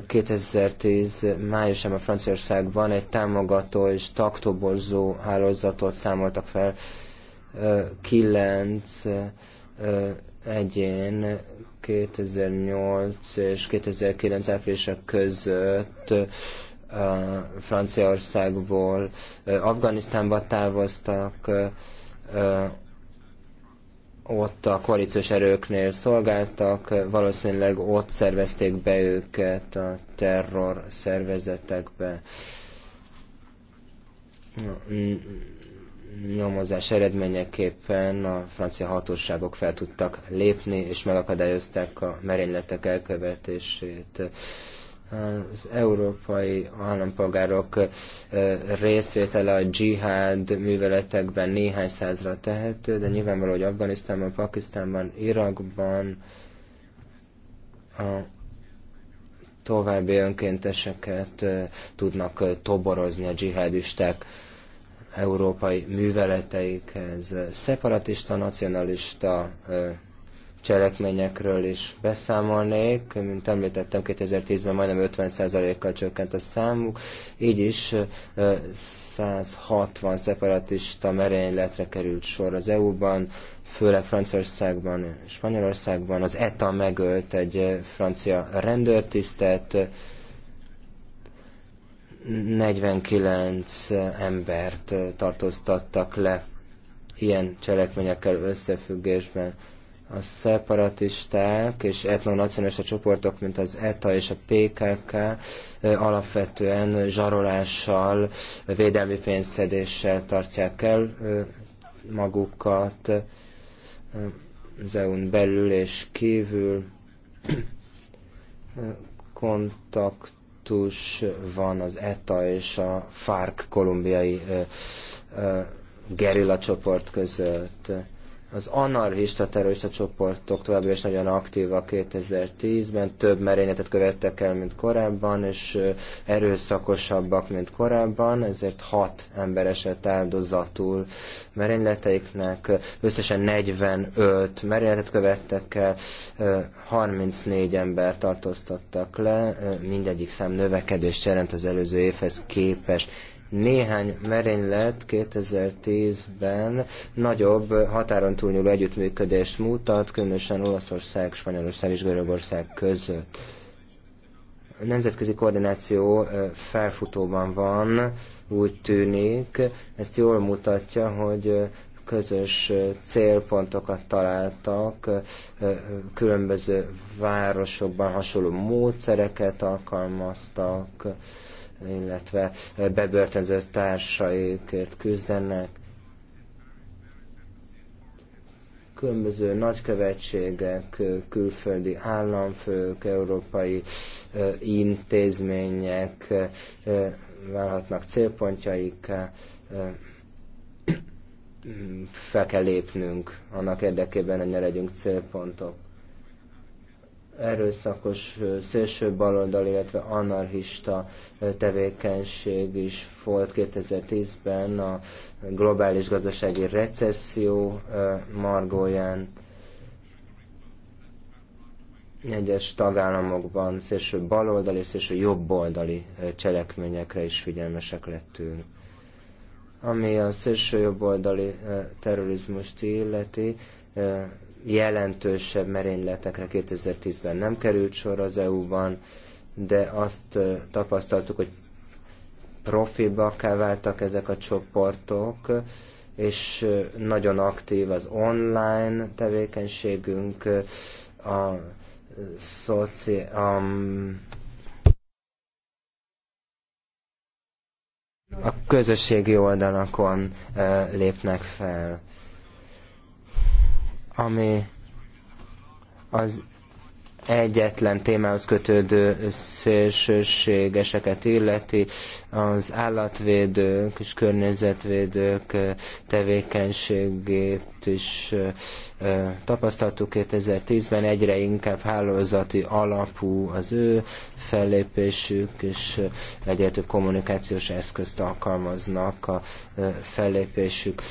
2010 májusában Franciaországban egy támogató és taktoborzó hálózatot számoltak fel. Kilenc egyén 2008 és 2009 áprilisa között Franciaországból Afganisztánba távoztak, ott a koalíciós erőknél szolgáltak, valószínűleg ott szervezték be őket a terror szervezetekbe. Nyomozás eredményeképpen a francia hatóságok fel tudtak lépni, és megakadályozták a merényletek elkövetését az európai állampolgárok részvétele a dzsihád műveletekben néhány százra tehető, de nyilvánvaló, hogy Afganisztánban, Pakisztánban, Irakban a további önkénteseket tudnak toborozni a dzsihádisták európai műveleteikhez. Szeparatista, nacionalista cselekményekről is beszámolnék. Mint említettem, 2010-ben majdnem 50%-kal csökkent a számuk, így is 160 szeparatista merényletre került sor az EU-ban, főleg Franciaországban, Spanyolországban. Az ETA megölt egy francia rendőrtisztet, 49 embert tartóztattak le ilyen cselekményekkel összefüggésben a szeparatisták és etnonacionalista csoportok, mint az ETA és a PKK alapvetően zsarolással, védelmi pénzszedéssel tartják el magukat az eu belül és kívül. Kontaktus van az ETA és a FARC kolumbiai gerilla csoport között az anarchista terrorista csoportok továbbra is nagyon aktívak 2010-ben, több merényletet követtek el, mint korábban, és erőszakosabbak, mint korábban, ezért hat ember esett áldozatul merényleteiknek, összesen 45 merényletet követtek el, 34 ember tartóztattak le, mindegyik szám növekedést jelent az előző évhez képest. Néhány merénylet 2010-ben nagyobb határon túlnyúló együttműködést mutat, különösen Olaszország, Spanyolország és Görögország között. A nemzetközi koordináció felfutóban van, úgy tűnik. Ezt jól mutatja, hogy közös célpontokat találtak, különböző városokban hasonló módszereket alkalmaztak, illetve bebörtönzött társaikért küzdenek. Különböző nagykövetségek, külföldi államfők, európai intézmények válhatnak célpontjaik, fel kell lépnünk annak érdekében, hogy ne legyünk célpontok erőszakos szélső baloldal, illetve anarchista tevékenység is volt 2010-ben a globális gazdasági recesszió margóján. Egyes tagállamokban szélső baloldali és szélső jobboldali cselekményekre is figyelmesek lettünk ami a szélső jobboldali terrorizmust illeti, jelentősebb merényletekre 2010-ben nem került sor az EU-ban, de azt tapasztaltuk, hogy profibakká váltak ezek a csoportok, és nagyon aktív az online tevékenységünk, a, szoci, a, a közösségi oldalakon lépnek fel ami az egyetlen témához kötődő szélsőségeseket illeti, az állatvédők és környezetvédők tevékenységét itt is tapasztaltuk 2010-ben egyre inkább hálózati alapú az ő fellépésük, és egyre több kommunikációs eszközt alkalmaznak a fellépésük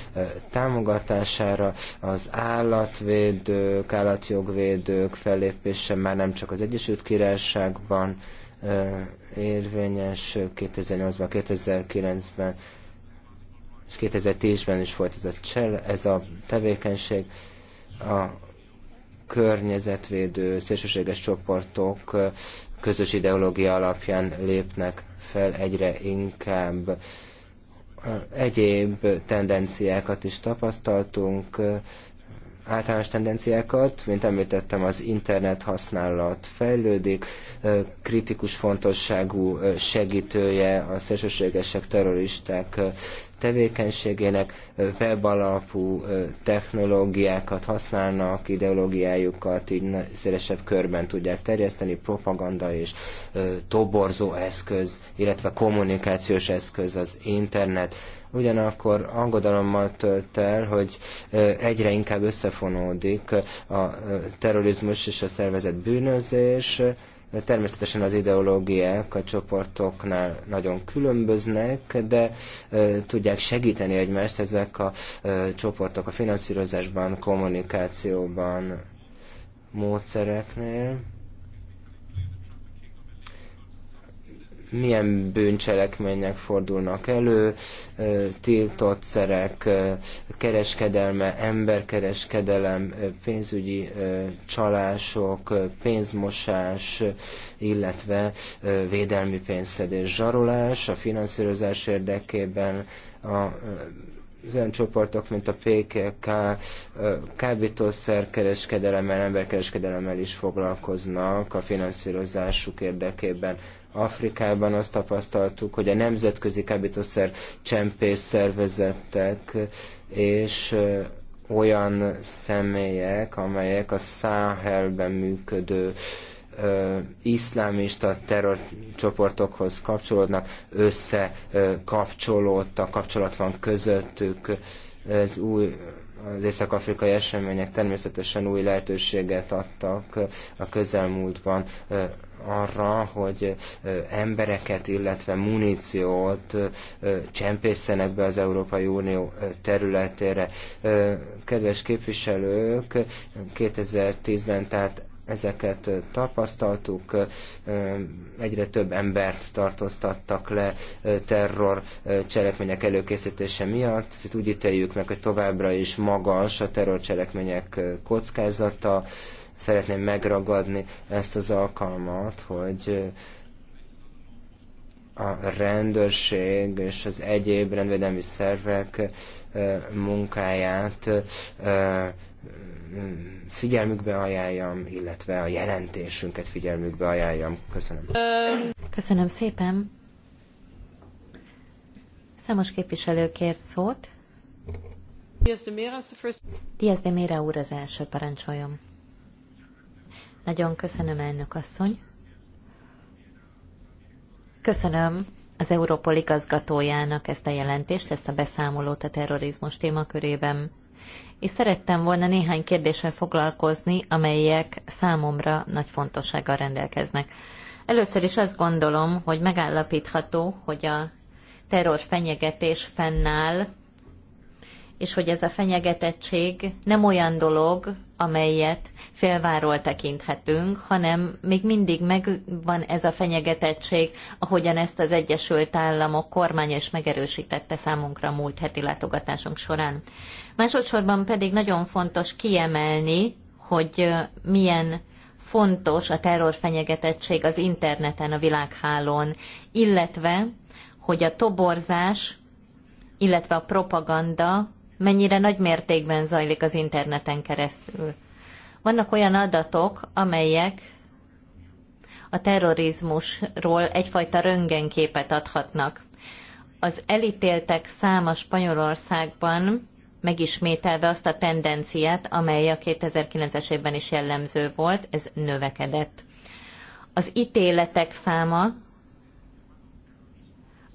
támogatására. Az állatvédők, állatjogvédők fellépése már nem csak az Egyesült Királyságban érvényes 2008-ban, 2009-ben és 2010-ben is volt ez a, csel, ez a tevékenység. A környezetvédő szélsőséges csoportok közös ideológia alapján lépnek fel egyre inkább. Egyéb tendenciákat is tapasztaltunk, általános tendenciákat, mint említettem, az internet használat fejlődik, kritikus fontosságú segítője a szélsőségesek, terroristák tevékenységének, webalapú technológiákat használnak, ideológiájukat így szélesebb körben tudják terjeszteni, propaganda és toborzó eszköz, illetve kommunikációs eszköz az internet. Ugyanakkor aggodalommal tölt el, hogy egyre inkább összefonódik a terrorizmus és a szervezet bűnözés, természetesen az ideológiák a csoportoknál nagyon különböznek, de tudják segíteni egymást ezek a csoportok a finanszírozásban, kommunikációban, módszereknél. milyen bűncselekmények fordulnak elő, tiltott szerek, kereskedelme, emberkereskedelem, pénzügyi csalások, pénzmosás, illetve védelmi pénzszedés zsarolás a finanszírozás érdekében, a az olyan csoportok, mint a PKK, kábítószerkereskedelemmel, emberkereskedelemmel is foglalkoznak a finanszírozásuk érdekében. Afrikában azt tapasztaltuk, hogy a nemzetközi kábítószer csempész szervezetek és olyan személyek, amelyek a Száhelben működő ö, iszlámista terrorcsoportokhoz kapcsolódnak, összekapcsolódtak, kapcsolat van közöttük, ez új az észak-afrikai események természetesen új lehetőséget adtak a közelmúltban arra, hogy embereket, illetve muníciót csempészenek be az Európai Unió területére. Kedves képviselők, 2010-ben tehát ezeket tapasztaltuk, egyre több embert tartóztattak le terror cselekmények előkészítése miatt. Itt úgy ítéljük meg, hogy továbbra is magas a cselekmények kockázata. Szeretném megragadni ezt az alkalmat, hogy a rendőrség és az egyéb rendvédelmi szervek munkáját figyelmükbe ajánljam, illetve a jelentésünket figyelmükbe ajánljam. Köszönöm. Köszönöm szépen. Számos képviselő kért szót. Diaz de Mera úr az első parancsoljon. Nagyon köszönöm, elnök asszony. Köszönöm az Európol igazgatójának ezt a jelentést, ezt a beszámolót a terrorizmus témakörében és szerettem volna néhány kérdéssel foglalkozni, amelyek számomra nagy fontossággal rendelkeznek. Először is azt gondolom, hogy megállapítható, hogy a terror fenyegetés fennáll, és hogy ez a fenyegetettség nem olyan dolog, amelyet félváról tekinthetünk, hanem még mindig megvan ez a fenyegetettség, ahogyan ezt az Egyesült Államok kormánya is megerősítette számunkra a múlt heti látogatásunk során. Másodszorban pedig nagyon fontos kiemelni, hogy milyen fontos a terrorfenyegetettség az interneten, a világhálón, illetve, hogy a toborzás, illetve a propaganda mennyire nagy mértékben zajlik az interneten keresztül. Vannak olyan adatok, amelyek a terrorizmusról egyfajta röntgenképet adhatnak. Az elítéltek száma Spanyolországban megismételve azt a tendenciát, amely a 2009-es évben is jellemző volt, ez növekedett. Az ítéletek száma,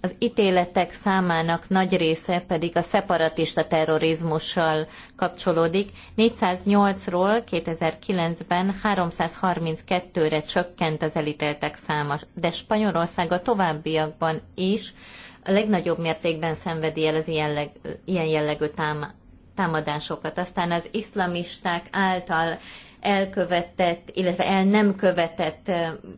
az ítéletek számának nagy része pedig a szeparatista terrorizmussal kapcsolódik. 408-ról 2009-ben 332-re csökkent az elítéltek száma, de Spanyolország a továbbiakban is a legnagyobb mértékben szenvedi el az ilyen, leg, ilyen jellegű támadásokat. Aztán az iszlamisták által elkövetett, illetve el nem követett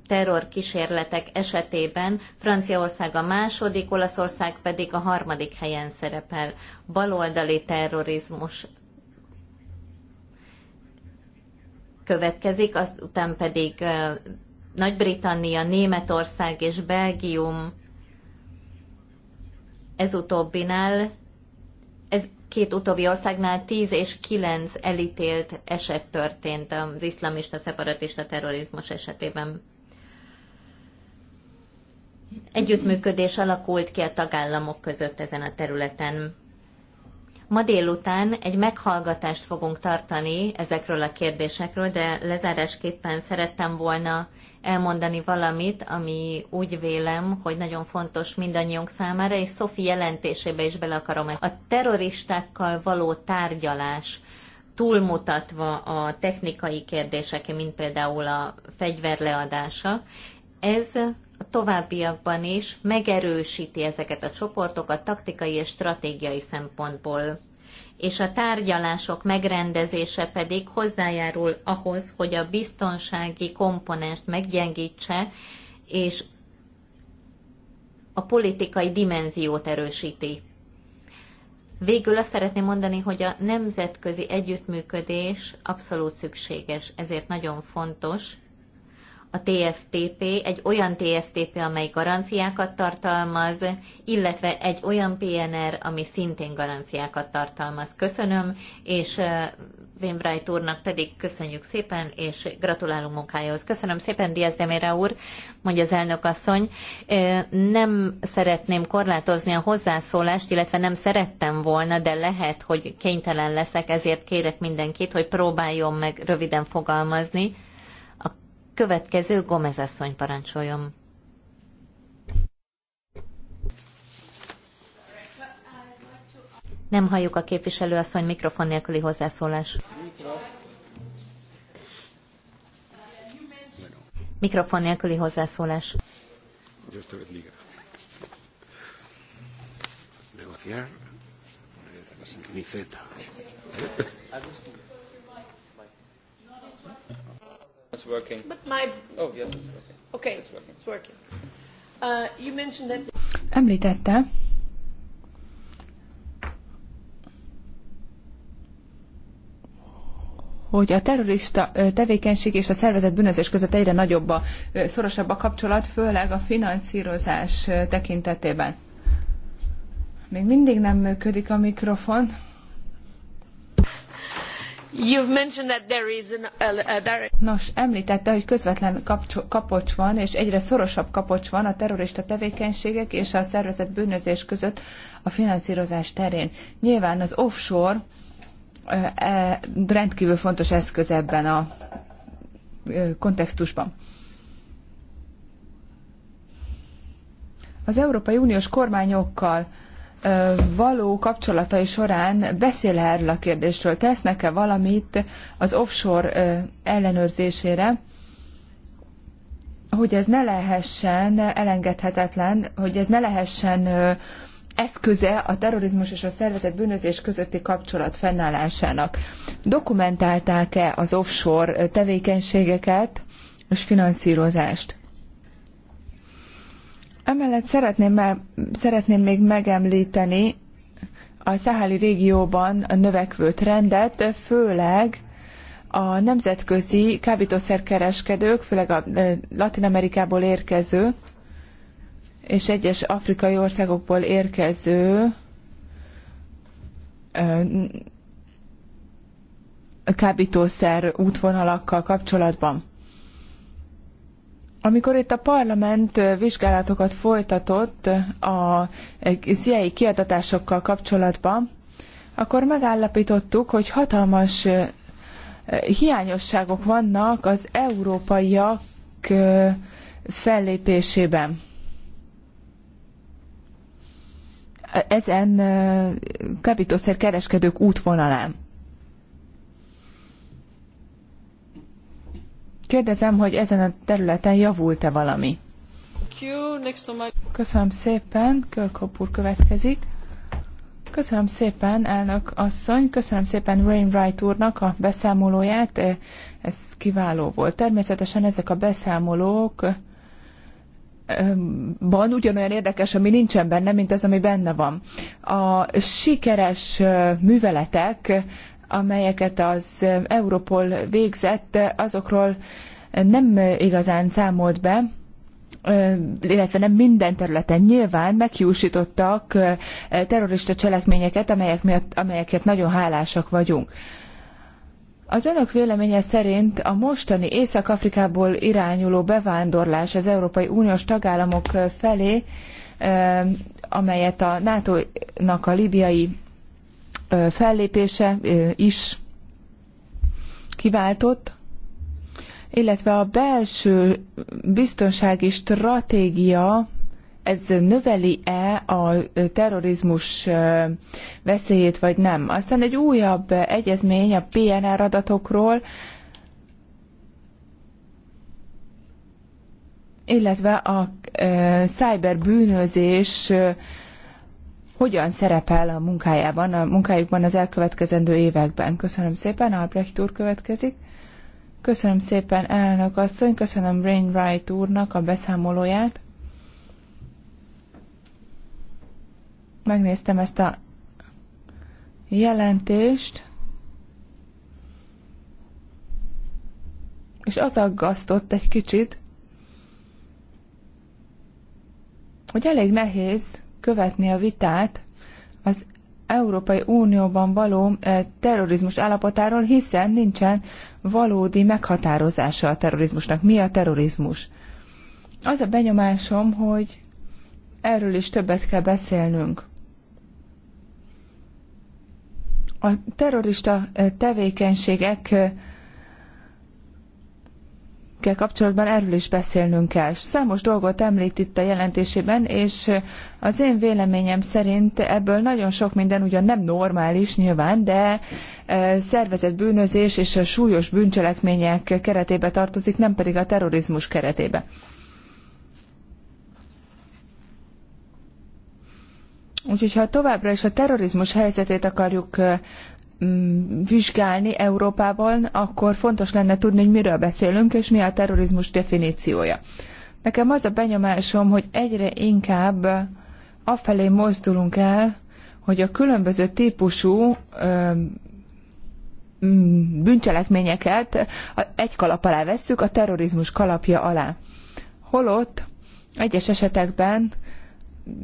terrorkísérletek esetében Franciaország a második, Olaszország pedig a harmadik helyen szerepel. Baloldali terrorizmus következik, azután pedig Nagy-Britannia, Németország és Belgium ez utóbbinál, ez két utóbbi országnál 10 és 9 elítélt eset történt az iszlamista, szeparatista terrorizmus esetében. Együttműködés alakult ki a tagállamok között ezen a területen. Ma délután egy meghallgatást fogunk tartani ezekről a kérdésekről, de lezárásképpen szerettem volna elmondani valamit, ami úgy vélem, hogy nagyon fontos mindannyiunk számára, és Szofi jelentésébe is bele akarom. A terroristákkal való tárgyalás túlmutatva a technikai kérdéseken, mint például a fegyver leadása, ez a továbbiakban is megerősíti ezeket a csoportokat taktikai és stratégiai szempontból és a tárgyalások megrendezése pedig hozzájárul ahhoz, hogy a biztonsági komponest meggyengítse, és a politikai dimenziót erősíti. Végül azt szeretném mondani, hogy a nemzetközi együttműködés abszolút szükséges, ezért nagyon fontos, a TFTP egy olyan TFTP, amely garanciákat tartalmaz, illetve egy olyan PNR, ami szintén garanciákat tartalmaz. Köszönöm, és Wainwright úrnak pedig köszönjük szépen, és gratulálunk munkájához. Köszönöm szépen, Diaz Demira úr, mondja az elnök asszony. Nem szeretném korlátozni a hozzászólást, illetve nem szerettem volna, de lehet, hogy kénytelen leszek, ezért kérek mindenkit, hogy próbáljon meg röviden fogalmazni Következő Gomez asszony parancsoljon. Nem halljuk a képviselő asszony mikrofon nélküli hozzászólás. Mikrofon nélküli hozzászólás. Negociar. working. But my... Oh, yes, it's working. Okay, it's working. It's working. Uh, you mentioned that... Említette, hogy a terrorista tevékenység és a szervezet bűnözés között egyre nagyobb a szorosabb a kapcsolat, főleg a finanszírozás tekintetében. Még mindig nem működik a mikrofon. Nos, emltette hogy közvetlen kapocs van, és egyre szorosabb kapocs van a terrorista tevékenységek és a szervezett bűnözés között a finanszírozás terén. Nyilván az offshore e, rendkívül fontos eszköz ebben a kontextusban. Az Európai Uniós kormányokkal való kapcsolatai során beszél -e erről a kérdésről? Tesznek-e valamit az offshore ellenőrzésére, hogy ez ne lehessen elengedhetetlen, hogy ez ne lehessen eszköze a terrorizmus és a szervezett bűnözés közötti kapcsolat fennállásának. Dokumentálták-e az offshore tevékenységeket és finanszírozást? Emellett szeretném, szeretném még megemlíteni a szaháli régióban a növekvő trendet, főleg a nemzetközi kábítószerkereskedők, főleg a e, Latin Amerikából érkező és egyes afrikai országokból érkező e, kábítószer útvonalakkal kapcsolatban. Amikor itt a parlament vizsgálatokat folytatott a CIA kiadatásokkal kapcsolatban, akkor megállapítottuk, hogy hatalmas hiányosságok vannak az európaiak fellépésében. Ezen kábítószer kereskedők útvonalán. Kérdezem, hogy ezen a területen javult-e valami? Köszönöm szépen, Kölkop úr következik. Köszönöm szépen, elnök asszony, köszönöm szépen Wainwright úrnak a beszámolóját, eh, ez kiváló volt. Természetesen ezek a beszámolók eh, van ugyanolyan érdekes, ami nincsen benne, mint az, ami benne van. A sikeres eh, műveletek amelyeket az Europol végzett, azokról nem igazán számolt be, illetve nem minden területen nyilván meghiúsítottak terrorista cselekményeket, amelyek miatt, amelyekért nagyon hálásak vagyunk. Az önök véleménye szerint a mostani Észak-Afrikából irányuló bevándorlás az Európai Uniós tagállamok felé, amelyet a NATO-nak a libiai fellépése is kiváltott, illetve a belső biztonsági stratégia ez növeli-e a terrorizmus veszélyét, vagy nem. Aztán egy újabb egyezmény a PNR adatokról, illetve a cyberbűnözés bűnözés hogyan szerepel a munkájában, a munkájukban az elkövetkezendő években. Köszönöm szépen, Albrecht úr következik. Köszönöm szépen, elnök asszony, köszönöm Rainwright úrnak a beszámolóját. Megnéztem ezt a jelentést, és az aggasztott egy kicsit, hogy elég nehéz követni a vitát az Európai Unióban való eh, terrorizmus állapotáról, hiszen nincsen valódi meghatározása a terrorizmusnak. Mi a terrorizmus? Az a benyomásom, hogy erről is többet kell beszélnünk. A terrorista eh, tevékenységek eh, kell kapcsolatban erről is beszélnünk kell. Számos dolgot említ itt a jelentésében, és az én véleményem szerint ebből nagyon sok minden ugyan nem normális nyilván, de e, szervezett bűnözés és a súlyos bűncselekmények keretébe tartozik, nem pedig a terrorizmus keretébe. Úgyhogy ha továbbra is a terrorizmus helyzetét akarjuk e, Mm, vizsgálni Európában, akkor fontos lenne tudni, hogy miről beszélünk, és mi a terrorizmus definíciója. Nekem az a benyomásom, hogy egyre inkább afelé mozdulunk el, hogy a különböző típusú ö, mm, bűncselekményeket egy kalap alá vesszük, a terrorizmus kalapja alá. Holott egyes esetekben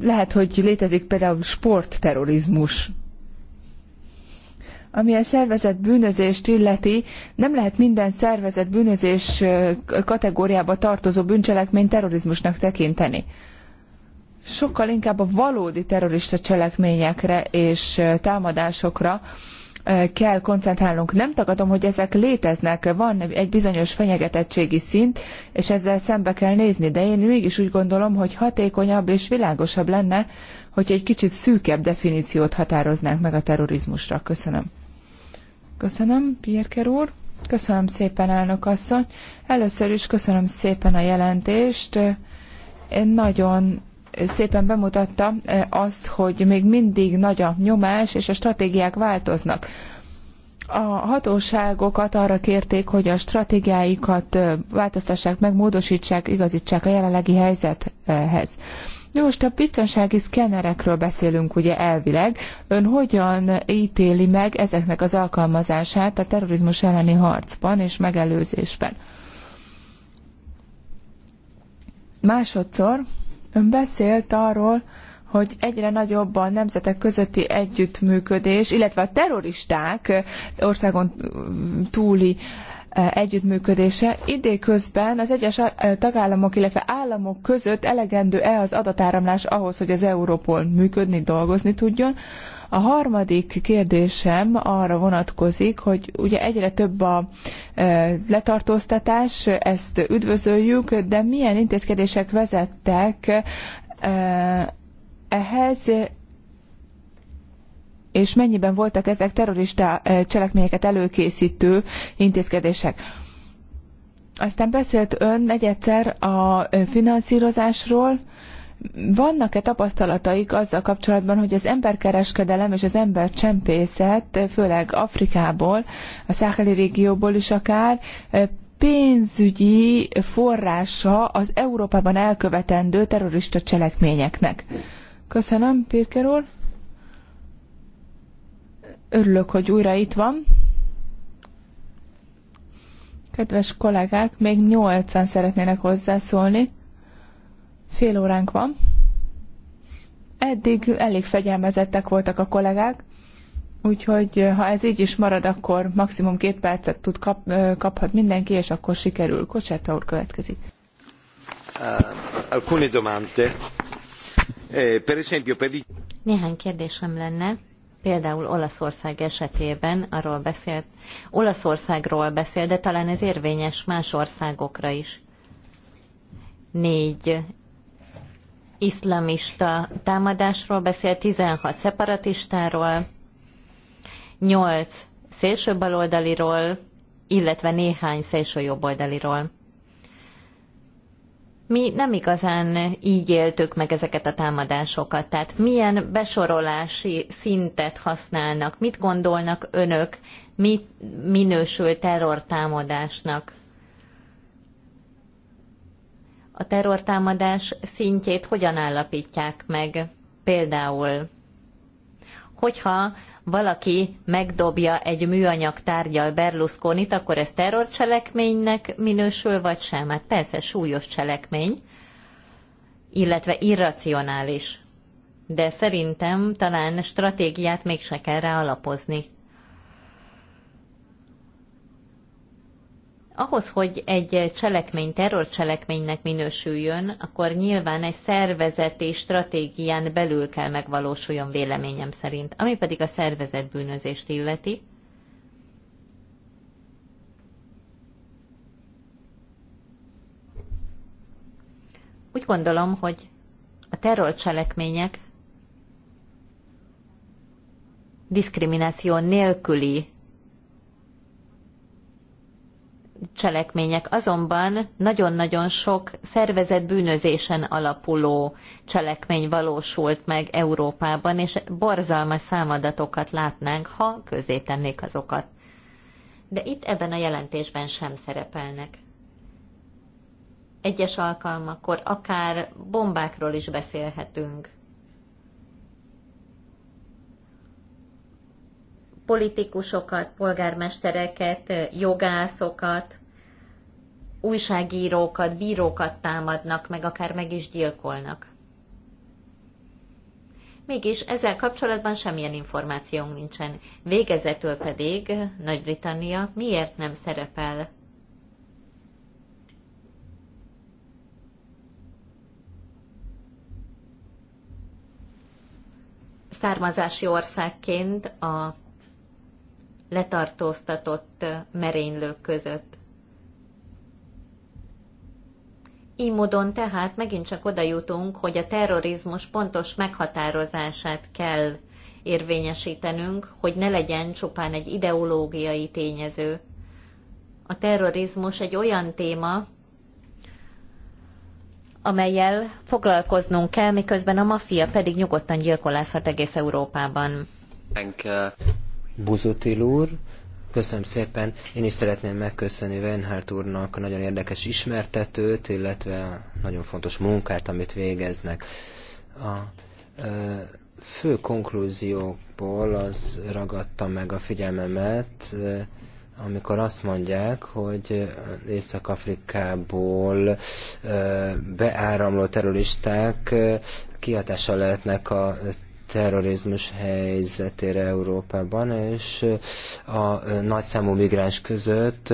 lehet, hogy létezik például sportterrorizmus, ami a szervezett bűnözést illeti, nem lehet minden szervezett bűnözés kategóriába tartozó bűncselekményt terrorizmusnak tekinteni. Sokkal inkább a valódi terrorista cselekményekre és támadásokra kell koncentrálnunk. Nem tagadom, hogy ezek léteznek, van egy bizonyos fenyegetettségi szint, és ezzel szembe kell nézni, de én mégis úgy gondolom, hogy hatékonyabb és világosabb lenne, hogy egy kicsit szűkebb definíciót határoznánk meg a terrorizmusra. Köszönöm. Köszönöm, Pirker úr. Köszönöm szépen, elnök asszony. Először is köszönöm szépen a jelentést. Én nagyon szépen bemutatta eh, azt, hogy még mindig nagy a nyomás, és a stratégiák változnak. A hatóságokat arra kérték, hogy a stratégiáikat eh, változtassák meg, módosítsák, igazítsák a jelenlegi helyzethez. Most a biztonsági szkennerekről beszélünk ugye elvileg. Ön hogyan ítéli meg ezeknek az alkalmazását a terrorizmus elleni harcban és megelőzésben? Másodszor ön beszélt arról, hogy egyre nagyobb a nemzetek közötti együttműködés, illetve a terroristák országon túli együttműködése. közben az egyes tagállamok, illetve államok között elegendő-e az adatáramlás ahhoz, hogy az Európol működni, dolgozni tudjon. A harmadik kérdésem arra vonatkozik, hogy ugye egyre több a letartóztatás, ezt üdvözöljük, de milyen intézkedések vezettek ehhez, és mennyiben voltak ezek terrorista cselekményeket előkészítő intézkedések. Aztán beszélt ön egyszer a finanszírozásról, vannak-e tapasztalataik azzal kapcsolatban, hogy az emberkereskedelem és az embercsempészet, főleg Afrikából, a száheli régióból is akár, pénzügyi forrása az Európában elkövetendő terrorista cselekményeknek? Köszönöm, Pirker úr. Örülök, hogy újra itt van. Kedves kollégák, még nyolcan szeretnének hozzászólni. Fél óránk van. Eddig elég fegyelmezettek voltak a kollégák, úgyhogy ha ez így is marad, akkor maximum két percet tud kap, kaphat mindenki, és akkor sikerül. Kocsetta úr következik. Eh, eh, Néhány kérdésem lenne Például Olaszország esetében arról beszélt, Olaszországról beszélt, de talán ez érvényes más országokra is. Négy iszlamista támadásról beszélt, 16 szeparatistáról, 8 szélső baloldaliról, illetve néhány szélső jobboldaliról mi nem igazán így éltük meg ezeket a támadásokat. Tehát milyen besorolási szintet használnak, mit gondolnak önök, mi minősül terrortámadásnak? A terrortámadás szintjét hogyan állapítják meg? Például, hogyha valaki megdobja egy műanyag tárgyal Berlusconit, akkor ez terrorcselekménynek minősül, vagy sem? Hát persze súlyos cselekmény, illetve irracionális. De szerintem talán stratégiát mégse kell rá alapozni. ahhoz, hogy egy cselekmény terrorcselekménynek minősüljön, akkor nyilván egy szervezeti stratégián belül kell megvalósuljon véleményem szerint. Ami pedig a szervezet bűnözést illeti, úgy gondolom, hogy a terrorcselekmények diszkrimináció nélküli bűncselekmények, azonban nagyon-nagyon sok szervezett bűnözésen alapuló cselekmény valósult meg Európában, és borzalmas számadatokat látnánk, ha közé tennék azokat. De itt ebben a jelentésben sem szerepelnek. Egyes alkalmakkor akár bombákról is beszélhetünk, politikusokat, polgármestereket, jogászokat, újságírókat, bírókat támadnak, meg akár meg is gyilkolnak. Mégis ezzel kapcsolatban semmilyen információnk nincsen. Végezetül pedig Nagy-Britannia miért nem szerepel származási országként a letartóztatott merénylők között. Így módon tehát megint csak oda jutunk, hogy a terrorizmus pontos meghatározását kell érvényesítenünk, hogy ne legyen csupán egy ideológiai tényező. A terrorizmus egy olyan téma, amelyel foglalkoznunk kell, miközben a maffia pedig nyugodtan gyilkolászhat egész Európában. Buzutil úr. Köszönöm szépen. Én is szeretném megköszönni Weinhardt úrnak a nagyon érdekes ismertetőt, illetve a nagyon fontos munkát, amit végeznek. A ö, fő konklúziókból az ragadta meg a figyelmemet, amikor azt mondják, hogy Észak-Afrikából beáramló terroristák kihatással lehetnek a terrorizmus helyzetére Európában, és a nagyszámú migráns között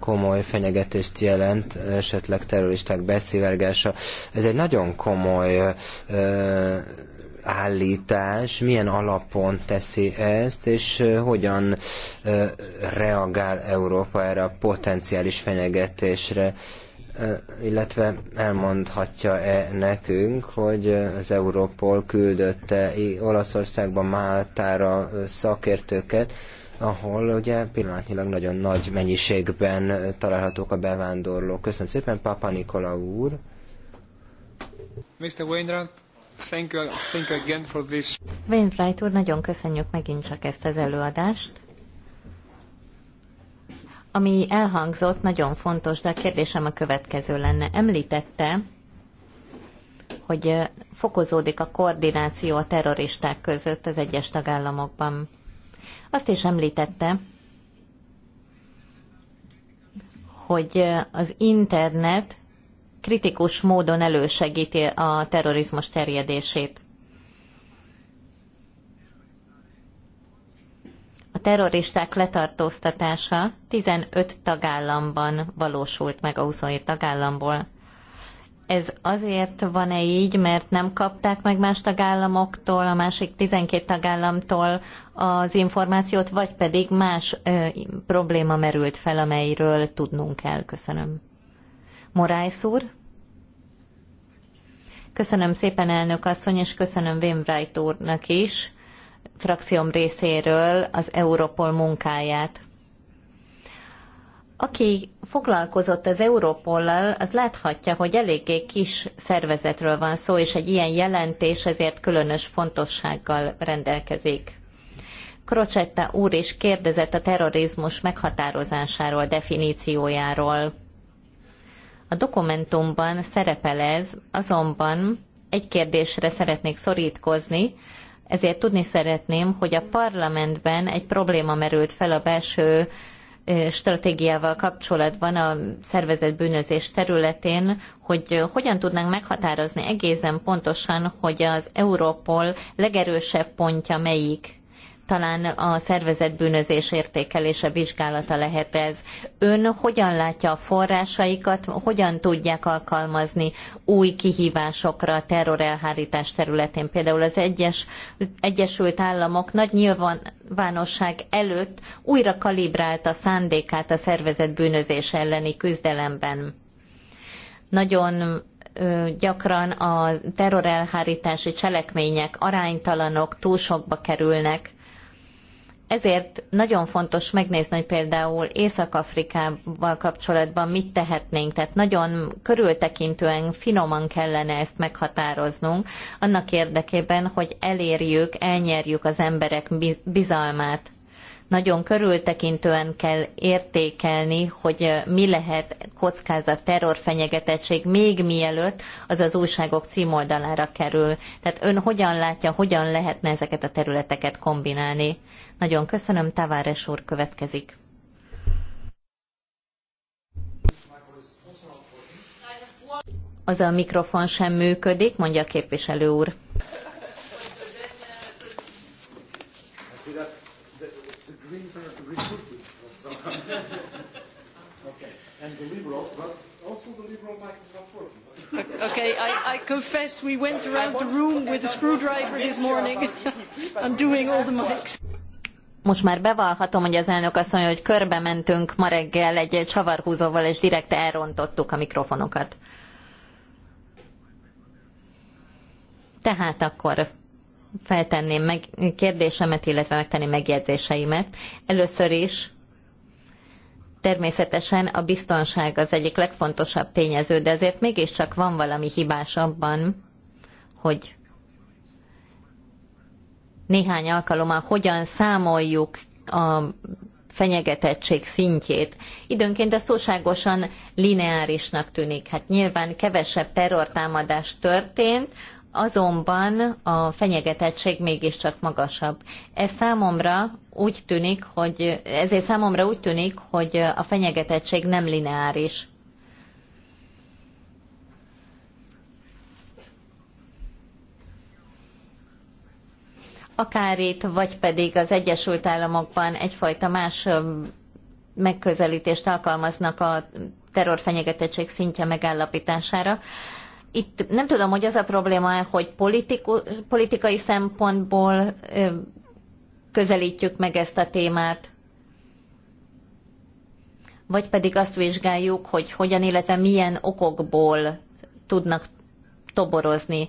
komoly fenyegetést jelent esetleg terroristák beszivárgása. Ez egy nagyon komoly állítás, milyen alapon teszi ezt, és hogyan reagál Európa erre a potenciális fenyegetésre illetve elmondhatja-e nekünk, hogy az Europol küldötte Olaszországban Máltára szakértőket, ahol ugye pillanatnyilag nagyon nagy mennyiségben találhatók a bevándorlók. Köszönöm szépen, Papa Nikola úr. Mr. Wainwright, thank you, thank you again for this. Wainwright úr, nagyon köszönjük megint csak ezt az előadást. Ami elhangzott, nagyon fontos, de a kérdésem a következő lenne. Említette, hogy fokozódik a koordináció a terroristák között az egyes tagállamokban. Azt is említette, hogy az internet kritikus módon elősegíti a terrorizmus terjedését. A terroristák letartóztatása 15 tagállamban valósult meg a 27 tagállamból. Ez azért van-e így, mert nem kapták meg más tagállamoktól, a másik 12 tagállamtól az információt, vagy pedig más ö, probléma merült fel, amelyről tudnunk kell. Köszönöm. Morájsz úr? Köszönöm szépen, elnök asszony, és köszönöm Wim Wright úrnak is frakcióm részéről az Europol munkáját. Aki foglalkozott az Europollal, az láthatja, hogy eléggé kis szervezetről van szó, és egy ilyen jelentés ezért különös fontossággal rendelkezik. Krocsetta úr is kérdezett a terrorizmus meghatározásáról, definíciójáról. A dokumentumban szerepel ez, azonban egy kérdésre szeretnék szorítkozni, ezért tudni szeretném, hogy a parlamentben egy probléma merült fel a belső stratégiával kapcsolatban a szervezett bűnözés területén, hogy hogyan tudnánk meghatározni egészen pontosan, hogy az Europol legerősebb pontja melyik talán a bűnözés értékelése, vizsgálata lehet ez. Ön hogyan látja a forrásaikat, hogyan tudják alkalmazni új kihívásokra a terrorelhárítás területén? Például az egyes, Egyesült Államok nagy nyilvánosság előtt újra kalibrálta szándékát a bűnözés elleni küzdelemben. Nagyon gyakran a terrorelhárítási cselekmények aránytalanok, túl sokba kerülnek. Ezért nagyon fontos megnézni, hogy például Észak-Afrikával kapcsolatban mit tehetnénk, tehát nagyon körültekintően, finoman kellene ezt meghatároznunk, annak érdekében, hogy elérjük, elnyerjük az emberek bizalmát. Nagyon körültekintően kell értékelni, hogy eh, mi lehet kockázat, terror, fenyegetettség még mielőtt az az újságok címoldalára kerül. Tehát ön hogyan látja, hogyan lehetne ezeket a területeket kombinálni? Nagyon köszönöm, Tavares úr következik. Az a mikrofon sem működik, mondja a képviselő úr. and the liberals, but also the liberal mic is not working. okay, I, I confess we went around the room with a screwdriver this morning, undoing (laughs) all the mics. Most már bevallhatom, hogy az elnök azt mondja, hogy körbe mentünk ma reggel egy csavarhúzóval, és direkt elrontottuk a mikrofonokat. Tehát akkor feltenném meg kérdésemet, illetve megtenném megjegyzéseimet. Először is Természetesen a biztonság az egyik legfontosabb tényező, de azért mégiscsak van valami hibás abban, hogy néhány alkalommal hogyan számoljuk a fenyegetettség szintjét. Időnként ez túlságosan lineárisnak tűnik. Hát nyilván kevesebb terrortámadás történt, azonban a fenyegetettség mégiscsak magasabb. Ez számomra úgy tűnik, hogy ezért számomra úgy tűnik, hogy a fenyegetettség nem lineáris. Akár itt, vagy pedig az Egyesült Államokban egyfajta más megközelítést alkalmaznak a terrorfenyegetettség szintje megállapítására. Itt nem tudom, hogy az a probléma, hogy politiku, politikai szempontból közelítjük meg ezt a témát, vagy pedig azt vizsgáljuk, hogy hogyan, illetve milyen okokból tudnak toborozni.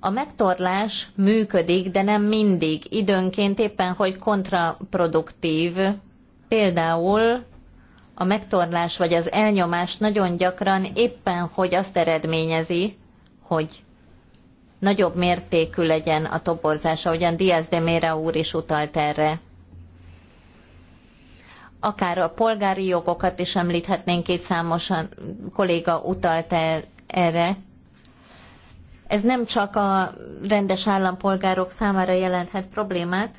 A megtorlás működik, de nem mindig. Időnként éppen, hogy kontraproduktív. Például a megtorlás vagy az elnyomás nagyon gyakran éppen hogy azt eredményezi, hogy nagyobb mértékű legyen a toborzás, ahogyan Diaz de Mera úr is utalt erre. Akár a polgári jogokat is említhetnénk, két számos kolléga utalt erre. Ez nem csak a rendes állampolgárok számára jelenthet problémát,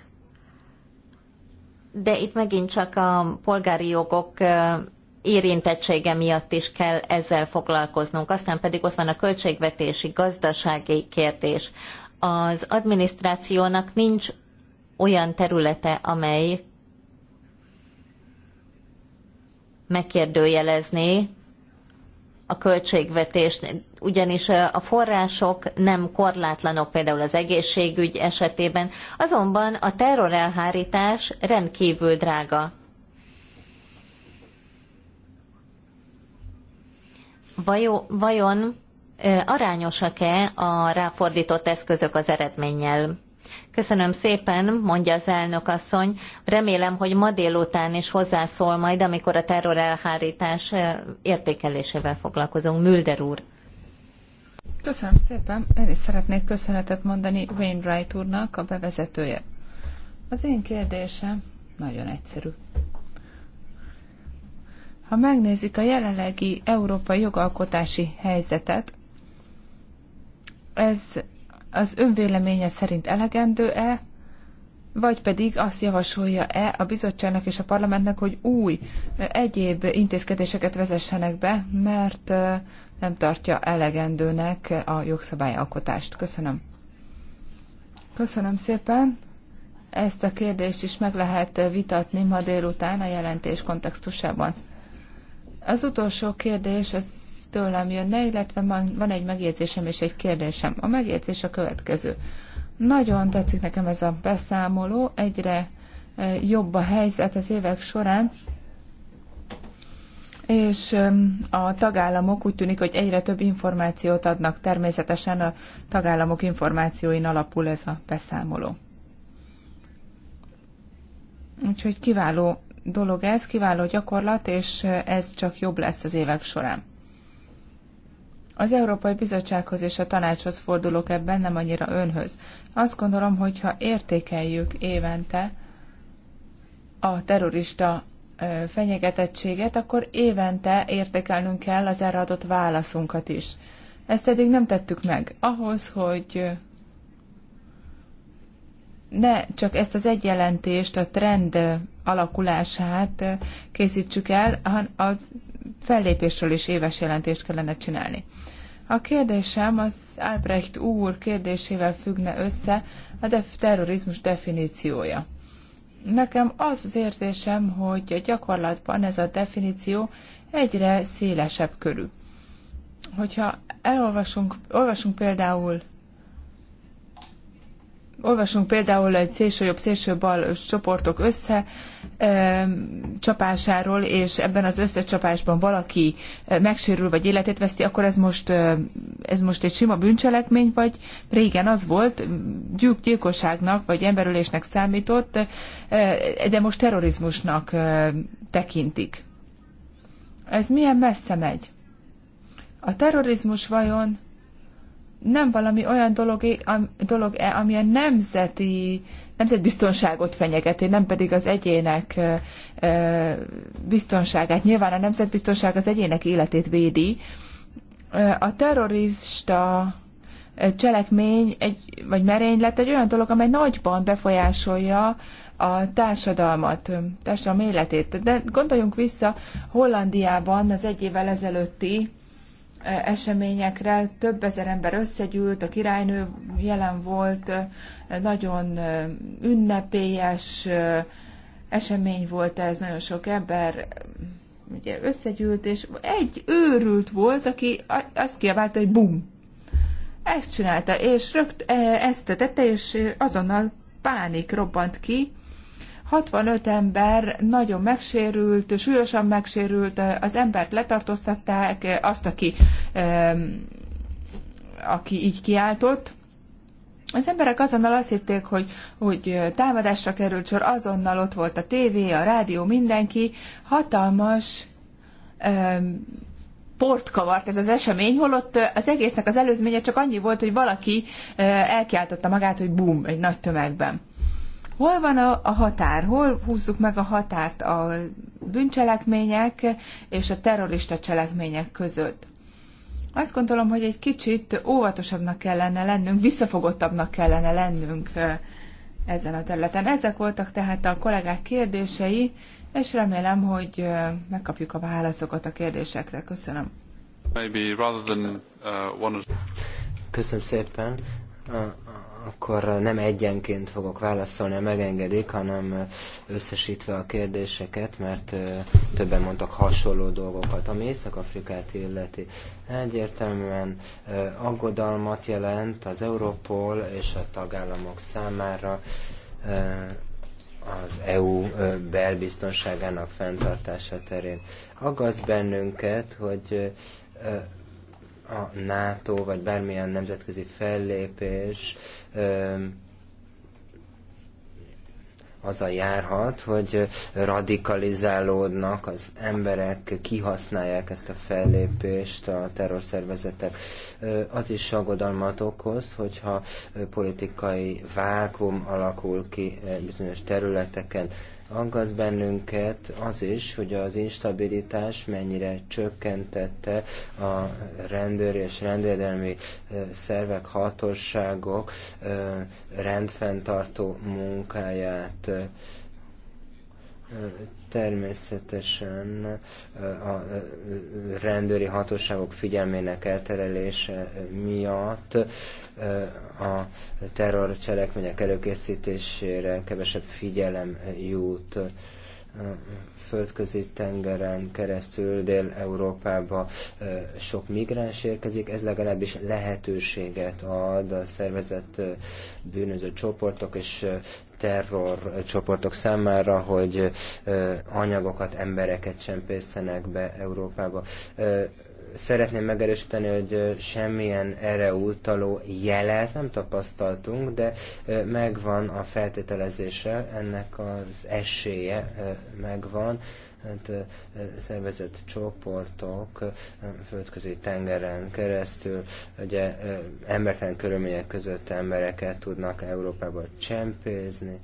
de itt megint csak a polgári jogok érintettsége miatt is kell ezzel foglalkoznunk. Aztán pedig ott van a költségvetési, gazdasági kérdés. Az adminisztrációnak nincs olyan területe, amely megkérdőjelezné a költségvetés, ugyanis a források nem korlátlanok például az egészségügy esetében, azonban a terrorelhárítás rendkívül drága. Vajon arányosak-e a ráfordított eszközök az eredménnyel? Köszönöm szépen, mondja az elnök asszony. Remélem, hogy ma délután is hozzászól majd, amikor a terror elhárítás értékelésével foglalkozunk. Mülder úr. Köszönöm szépen. Én is szeretnék köszönetet mondani Wainwright úrnak a bevezetője. Az én kérdésem nagyon egyszerű. Ha megnézik a jelenlegi európai jogalkotási helyzetet, ez az önvéleménye szerint elegendő-e, vagy pedig azt javasolja-e a bizottságnak és a parlamentnek, hogy új, egyéb intézkedéseket vezessenek be, mert nem tartja elegendőnek a jogszabályalkotást. Köszönöm. Köszönöm szépen. Ezt a kérdést is meg lehet vitatni ma délután a jelentés kontextusában. Az utolsó kérdés, az tőlem jönne, illetve van, egy megjegyzésem és egy kérdésem. A megjegyzés a következő. Nagyon tetszik nekem ez a beszámoló, egyre e, jobb a helyzet az évek során, és e, a tagállamok úgy tűnik, hogy egyre több információt adnak. Természetesen a tagállamok információin alapul ez a beszámoló. Úgyhogy kiváló dolog ez, kiváló gyakorlat, és e, ez csak jobb lesz az évek során. Az Európai Bizottsághoz és a tanácshoz fordulok ebben, nem annyira önhöz. Azt gondolom, hogyha értékeljük évente a terrorista fenyegetettséget, akkor évente értékelnünk kell az erre adott válaszunkat is. Ezt eddig nem tettük meg. Ahhoz, hogy ne csak ezt az egy jelentést, a trend alakulását készítsük el, hanem az fellépésről is éves jelentést kellene csinálni. A kérdésem az Albrecht úr kérdésével függne össze a def- terrorizmus definíciója. Nekem az az érzésem, hogy a gyakorlatban ez a definíció egyre szélesebb körű. Hogyha elolvasunk, olvasunk például olvasunk például egy szélső jobb, szélső bal csoportok össze, csapásáról, és ebben az összecsapásban valaki eh, megsérül, vagy életét veszti, akkor ez most, eh, ez most egy sima bűncselekmény, vagy régen az volt, gyilkosságnak, vagy emberülésnek számított, eh, de most terrorizmusnak tekintik. Ez milyen messze megy? A terrorizmus vajon nem valami olyan dolog, dolog ami a nemzeti nemzetbiztonságot fenyegeti, nem pedig az egyének biztonságát. Nyilván a nemzetbiztonság az egyének életét védi. A terrorista cselekmény egy, vagy merénylet egy olyan dolog, amely nagyban befolyásolja a társadalmat, társadalom életét. De gondoljunk vissza Hollandiában az egy évvel ezelőtti eseményekre. Több ezer ember összegyűlt, a királynő jelen volt, nagyon ünnepélyes esemény volt ez, nagyon sok ember ugye összegyűlt, és egy őrült volt, aki azt kiabálta, hogy bum! Ezt csinálta, és rögt ezt tette, és azonnal pánik robbant ki, 65 ember nagyon megsérült, súlyosan megsérült, az embert letartóztatták, azt, aki, aki így kiáltott. Az emberek azonnal azt hitték, hogy, hogy támadásra került sor, azonnal ott volt a tévé, a rádió, mindenki. Hatalmas port kavart ez az esemény, holott az egésznek az előzménye csak annyi volt, hogy valaki eh, elkiáltotta magát, hogy bum, egy nagy tömegben. Hol van a, a határ? Hol húzzuk meg a határt a bűncselekmények és a terrorista cselekmények között? Azt gondolom, hogy egy kicsit óvatosabbnak kellene lennünk, visszafogottabbnak kellene lennünk ezen a területen. Ezek voltak tehát a kollégák kérdései, és remélem, hogy megkapjuk a válaszokat a kérdésekre. Köszönöm. Uh, Köszönöm szépen akkor nem egyenként fogok válaszolni, ha megengedik, hanem összesítve a kérdéseket, mert többen mondtak hasonló dolgokat, ami Észak-Afrikát illeti. Egyértelműen aggodalmat jelent az Európol és a tagállamok számára az EU belbiztonságának fenntartása terén. Aggaszt bennünket, hogy a NATO vagy bármilyen nemzetközi fellépés az a járhat, hogy radikalizálódnak az emberek, kihasználják ezt a fellépést a terrorszervezetek. Az is aggodalmat okoz, hogyha politikai vákum alakul ki eh, bizonyos területeken. Aggaszt bennünket az is, hogy az instabilitás mennyire csökkentette a rendőr és rendvédelmi szervek, hatóságok rendfenntartó munkáját Természetesen a rendőri hatóságok figyelmének elterelése miatt a terrorcselekmények előkészítésére kevesebb figyelem jut földközi tengeren keresztül Dél-Európába sok migráns érkezik, ez legalábbis lehetőséget ad a szervezett bűnöző csoportok és terror csoportok számára, hogy anyagokat, embereket sem be Európába szeretném megerősíteni, hogy semmilyen erre utaló jelet nem tapasztaltunk, de megvan a feltételezése, ennek az esélye megvan. Hát, szervezett csoportok földközi tengeren keresztül ugye embertelen körülmények között embereket tudnak Európába csempézni,